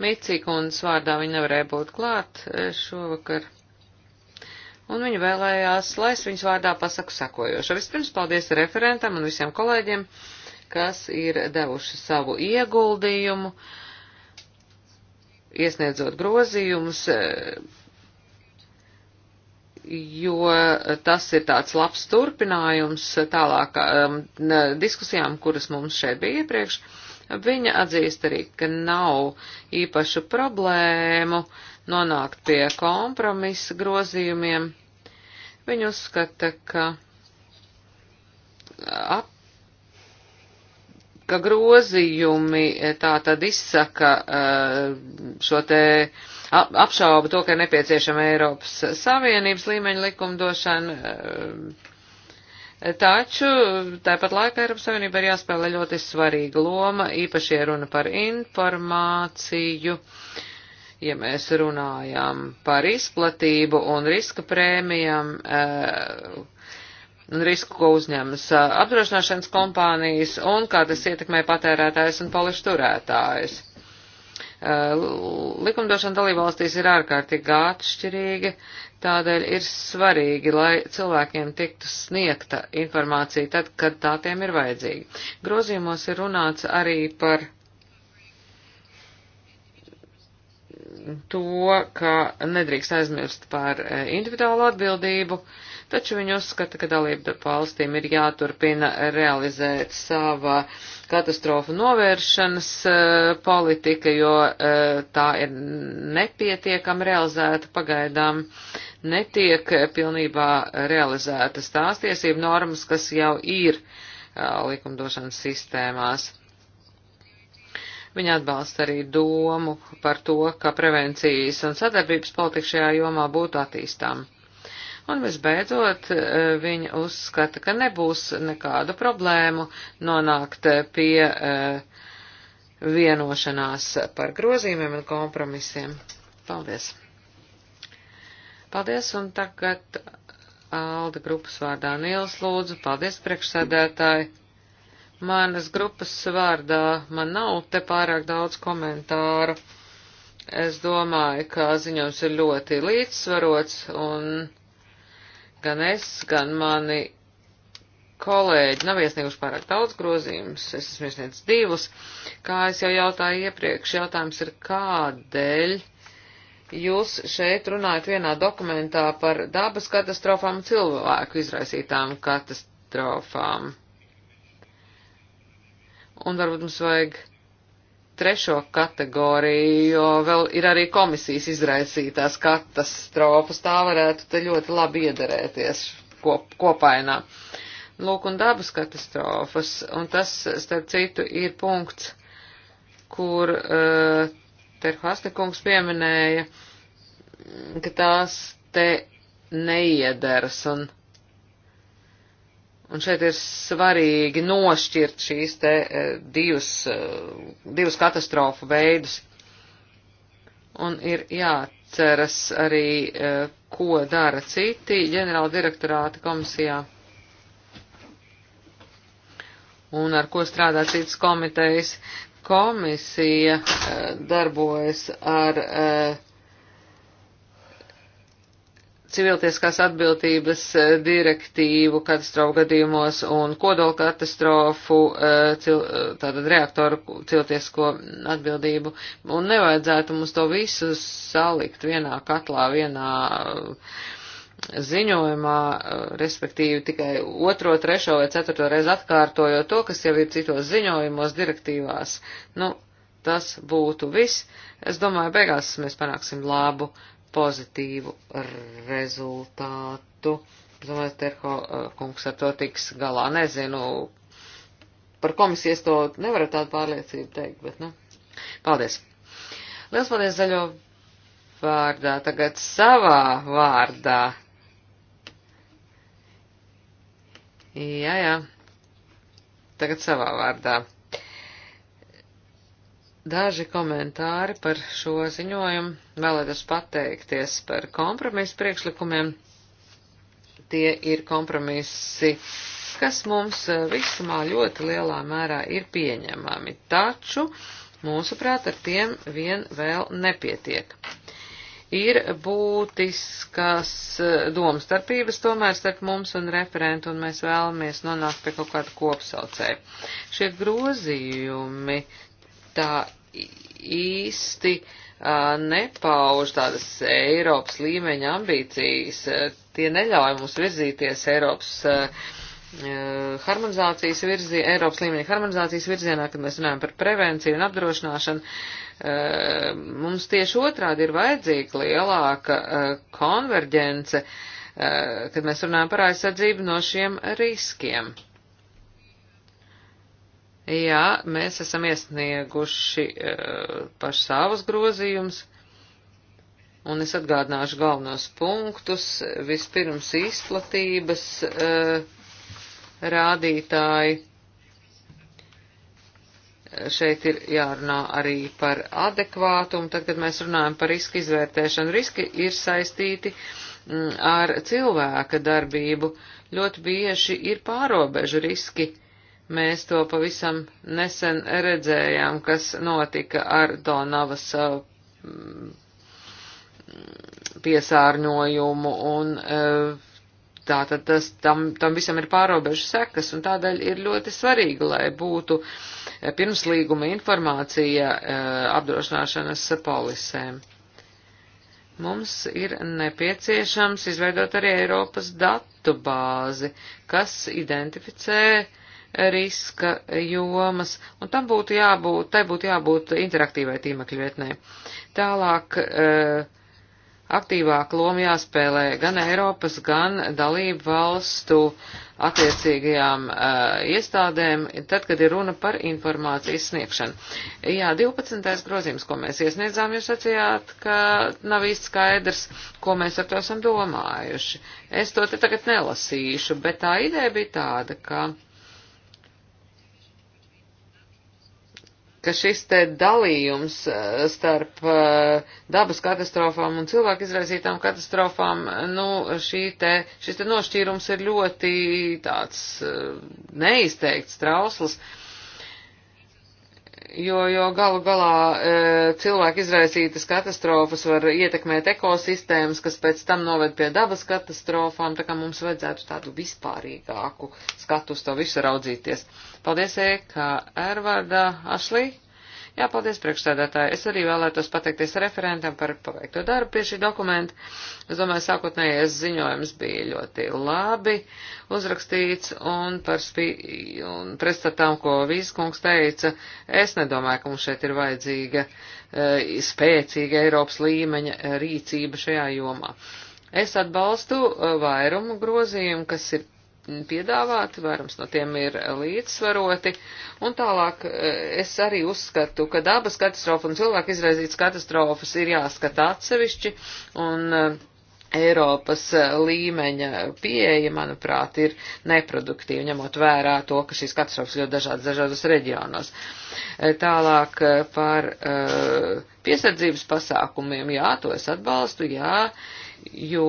Micīkundas vārdā viņa nevarēja būt klāt e, šovakar un viņa vēlējās, lai es viņas vārdā pasaku sakojošo. Vispirms paldies referentam un visiem kolēģiem, kas ir devuši savu ieguldījumu, iesniedzot grozījumus. E, jo tas ir tāds labs turpinājums tālāk um, diskusijām, kuras mums šeit bija iepriekš. Viņa atzīst arī, ka nav īpašu problēmu nonākt pie kompromisa grozījumiem. Viņa uzskata, ka, ap, ka grozījumi tā tad izsaka uh, šo te uh, apšauba to, ka ir nepieciešama Eiropas Savienības līmeņa likumdošana. Ehm, taču tāpat laikā Eiropas Savienība ir jāspēlē ļoti svarīga loma, īpaši ja runa par informāciju, ja mēs runājam par izplatību un riska prēmijām, ehm, un risku, ko uzņemas eh, apdrošināšanas kompānijas, un kā tas ietekmē patērētājs un polišturētājs. Eh, likumdošana dalībvalstīs ir ārkārtīgi atšķirīga, tādēļ ir svarīgi, lai cilvēkiem tiktu sniegta informācija tad, kad tā tiem ir vajadzīga. Grozījumos ir runāts arī par to, ka nedrīkst aizmirst par eh, individuālu atbildību. Uh, taču viņi uzskata, ka dalību valstīm ir jāturpina realizēt sava katastrofu novēršanas eh, politika, jo eh, tā ir nepietiekam realizēta pagaidām, netiek pilnībā realizētas tās tiesību normas, kas jau ir eh, likumdošanas sistēmās. Viņa atbalsta arī domu par to, ka prevencijas un sadarbības politika šajā jomā būtu attīstām. Un visbeidzot, eh, viņa uzskata, ka nebūs nekādu problēmu nonākt eh, pie eh, vienošanās par grozījumiem un kompromisiem. Paldies! Paldies, un tagad Alda grupas vārdā Nīls lūdzu. Paldies, priekšsēdētāji! Manas grupas vārdā man nav te pārāk daudz komentāru. Es domāju, ka ziņojums ir ļoti līdzsvarots un Gan es, gan mani kolēģi nav iesnieguši pārāk daudz grozījumus, es esmu iesniedzis divus. Kā es jau jautāju iepriekš, jautājums ir kādēļ jūs šeit runājat vienā dokumentā par dabas katastrofām un cilvēku izraisītām katastrofām. Un varbūt mums vajag trešo kategoriju, jo vēl ir arī komisijas izraisītās katastrofas, tā varētu te ļoti labi iederēties kop, kopainā. Lūk, un dabas katastrofas, un tas, starp citu, ir punkts, kur uh, eh, Terhastekungs pieminēja, ka tās te neiedaras, un Un šeit ir svarīgi nošķirt šīs te divas, e, divas e, katastrofu veidus. Un ir jāceras arī, e, ko dara citi ģenerāla direktorāta komisijā. Un ar ko strādā citas komitejas. Komisija darbojas ar uh, civiltieskās atbildības eh, direktīvu katastrofu gadījumos un kodola katastrofu, eh, cil, eh, tātad reaktoru civiltiesko atbildību. Un nevajadzētu mums to visu salikt vienā katlā, vienā ziņojumā, respektīvi tikai otro, trešo vai ceturto reizi atkārtojot to, kas jau ir citos ziņojumos, direktīvās. Nu, tas būtu viss. Es domāju, beigās mēs panāksim labu pozitīvu rezultātu. Domāju, Terho eh, kungs ar to tiks galā. Nezinu, par komisijas to nevaru tādu pārliecību teikt, bet, nu, paldies. Liels paldies zaļo vārdā, tagad savā vārdā. Jā, jā, tagad savā vārdā daži komentāri par šo ziņojumu. Vēlētos pateikties par kompromisu priekšlikumiem. Tie ir kompromisi, kas mums e, visumā ļoti lielā mērā ir pieņemami, taču, mūsuprāt, ar tiem vien vēl nepietiek. Ir būtiskas e, domstarpības tomēr starp mums un referentu, un mēs vēlamies nonākt pie kaut kāda kopsaucēja. Šie grozījumi tā īsti uh, nepauž tādas Eiropas līmeņa ambīcijas. Tie neļauj mums virzīties Eiropas uh, harmonizācijas virzienā, Eiropas līmeņa harmonizācijas virzienā, kad mēs runājam par prevenciju un apdrošināšanu, mums tieši otrādi ir vajadzīga lielāka konverģence, kad mēs runājam par aizsardzību no šiem riskiem. Jā, mēs esam iesnieguši uh, eh, paši savus grozījumus, un es atgādināšu galvenos punktus. Vispirms izplatības uh, rādītāji šeit ir jārunā arī par adekvātumu. Tad, kad mēs runājam par riska izvērtēšanu, riski ir saistīti mm, ar cilvēka darbību. Ļoti bieži ir pārobežu riski, Mēs to pavisam nesen redzējām, kas notika ar Donavas uh, mm, piesārņojumu un uh, tātad tas, tam, tam visam ir pārobežu sekas un tādēļ ir ļoti svarīgi, lai būtu uh, pirms līguma informācija apdrošināšanas polisēm. Mums ir nepieciešams izveidot arī Eiropas datu bāzi, kas identificē uh, riska jomas, un tam būtu jābūt, tai būtu jābūt interaktīvai tīmekļu vietnē. Tālāk eh, aktīvāk loma jāspēlē gan Eiropas, gan dalību valstu attiecīgajām eh, iestādēm, tad, kad ir runa par informācijas sniegšanu. Jā, 12. grozījums, ko mēs iesniedzām, jūs sacījāt, ka nav īsti skaidrs, ko mēs ar to esam domājuši. Es to te tagad nelasīšu, bet tā ideja bija tāda, ka ka šis te dalījums eh, starp eh, dabas katastrofām un cilvēku izraisītām katastrofām, eh, nu, šī te, šis te nošķīrums ir ļoti tāds neizteikts, trausls. Uh, jo, jo galu galā e, cilvēku izraisītas katastrofas var ietekmēt ekosistēmas, kas pēc tam noved pie dabas katastrofām, tā kā mums vajadzētu tādu vispārīgāku skatu uz to visu raudzīties. Paldies, Eka Ervarda Ašlī. Jā, paldies priekšstādātāji. Es arī vēlētos pateikties referentam par paveikto darbu pie šī dokumenta. Es domāju, sākotnējais ziņojums bija ļoti labi uzrakstīts un par spī... un pretstatām, ko Vīskungs teica, es nedomāju, ka mums šeit ir vajadzīga eh, spēcīga Eiropas līmeņa rīcība šajā jomā. Es atbalstu eh, vairumu grozījumu, kas ir piedāvāti, vairums no tiem ir līdzsvaroti. Un tālāk eh, es arī uzskatu, ka dabas katastrofa un cilvēku izraisītas katastrofas ir jāskata atsevišķi, un eh, Eiropas eh, līmeņa pieeja, manuprāt, ir neproduktīva, ņemot vērā to, ka šīs katastrofas ļoti dažādas dažādos reģionos. Tālāk par piesardzības pasākumiem, jā, to es atbalstu, jā, jo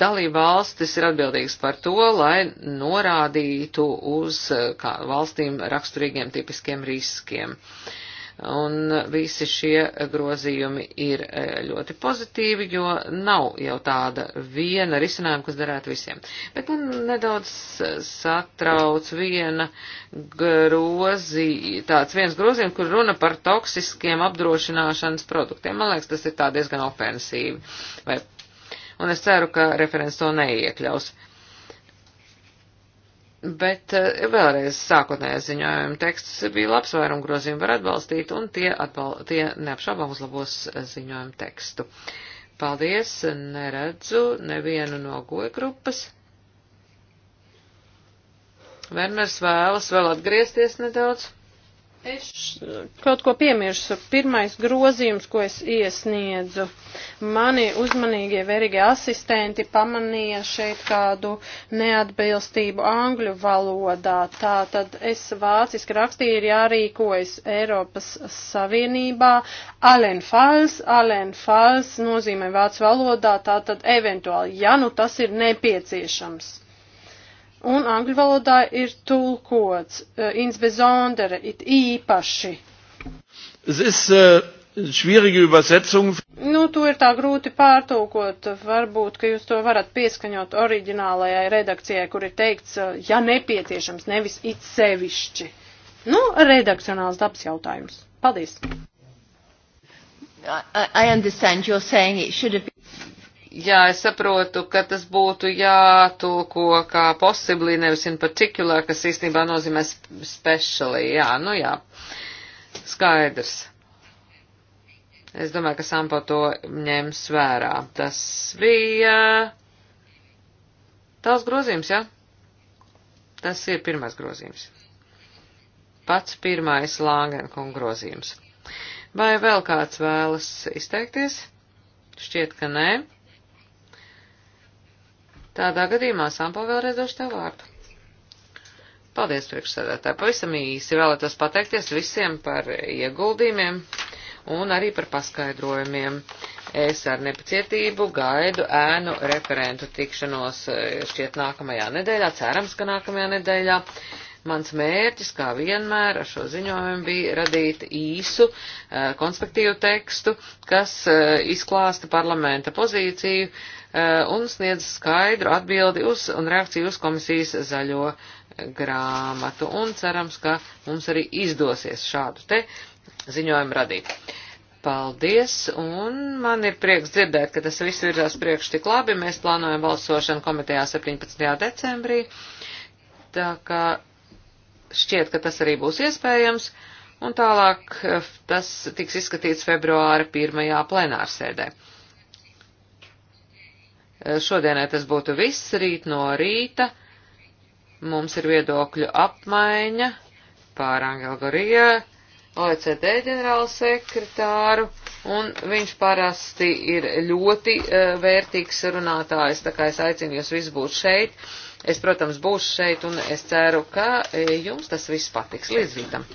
Dalība valstis ir atbildīgas par to, lai norādītu uz eh, kā, valstīm raksturīgiem tipiskiem riskiem. Un visi šie grozījumi ir eh, ļoti pozitīvi, jo nav jau tāda viena risinājuma, kas derētu visiem. Bet man nedaudz eh, satrauc viena grozī, tāds viens grozījums, kur runa par toksiskiem apdrošināšanas produktiem. Man liekas, tas ir tā diezgan ofensīvi vai un es ceru, ka referents to neiekļaus. Bet eh, vēlreiz sākotnējais ziņojuma teksts bija labs, vairum grozījumi var atbalstīt, un tie, atbal, tie neapšaubām uzlabos eh, ziņojuma tekstu. Paldies, neredzu nevienu no goja grupas. Verners vēlas vēl atgriezties nedaudz.
Es kaut ko piemirsu. Pirmais grozījums, ko es iesniedzu, mani uzmanīgie verīgie asistenti pamanīja šeit kādu neatbilstību angļu valodā. Tā tad es vāciski rakstīju, ir jārīkojas Eiropas Savienībā. Alen fals, alen fals nozīmē vācu valodā, tā tad eventuāli, ja nu tas ir nepieciešams un angļu valodā ir tulkots eh, Ins Besondere, it īpaši.
Es ist, uh... Schwierige Übersetzung.
Nu, to ir tā grūti pārtulkot. Varbūt, ka jūs to varat pieskaņot oriģinālajai redakcijai, kur ir teikts, eh, ja nepieciešams, nevis it sevišķi. Nu, redakcionāls dabas jautājums. Paldies.
I, I understand you're saying it should have been
Jā, es saprotu, ka tas būtu jātulko kā possibly, nevis in particular, kas īstenībā nozīmē specially. Jā, nu jā, skaidrs. Es domāju, ka Sampo to ņems vērā. Tas bija tās grozījums, jā? Tas ir pirmais grozījums. Pats pirmais Lāngenkunga grozījums. Vai vēl kāds vēlas izteikties? Šķiet, ka nē. Tādā gadījumā, Sampo, vēlreiz došu tev vārdu. Paldies, priekšsēdētāji. Pavisam īsi vēlētos pateikties visiem par ieguldījumiem un arī par paskaidrojumiem. Es ar nepacietību gaidu ēnu referentu tikšanos e, šķiet nākamajā nedēļā, cerams, ka nākamajā nedēļā. Mans mērķis, kā vienmēr, ar šo ziņojumu bija radīt īsu, e, konspektīvu tekstu, kas e, izklāsta parlamenta pozīciju Eh, un sniedz skaidru atbildi uz un reakciju uz komisijas zaļo grāmatu. Un cerams, ka mums arī izdosies šādu te ziņojumu radīt. Paldies, un man ir prieks dzirdēt, ka tas viss virzās priekš tik labi. Mēs plānojam balsošanu komitejā 17. decembrī, tā kā šķiet, ka tas arī būs iespējams, un tālāk eh, tas tiks izskatīts februāra pirmajā plenārsēdē. Šodienai tas būtu viss, rīt no rīta mums ir viedokļu apmaiņa pār Angelu Gorija, OECD ģenerālu sekretāru, un viņš parasti ir ļoti uh, vērtīgs runātājs, tā kā es aicinu jūs visus būt šeit. Es, protams, būšu šeit, un es ceru, ka e, jums tas viss patiks. Līdz rītam!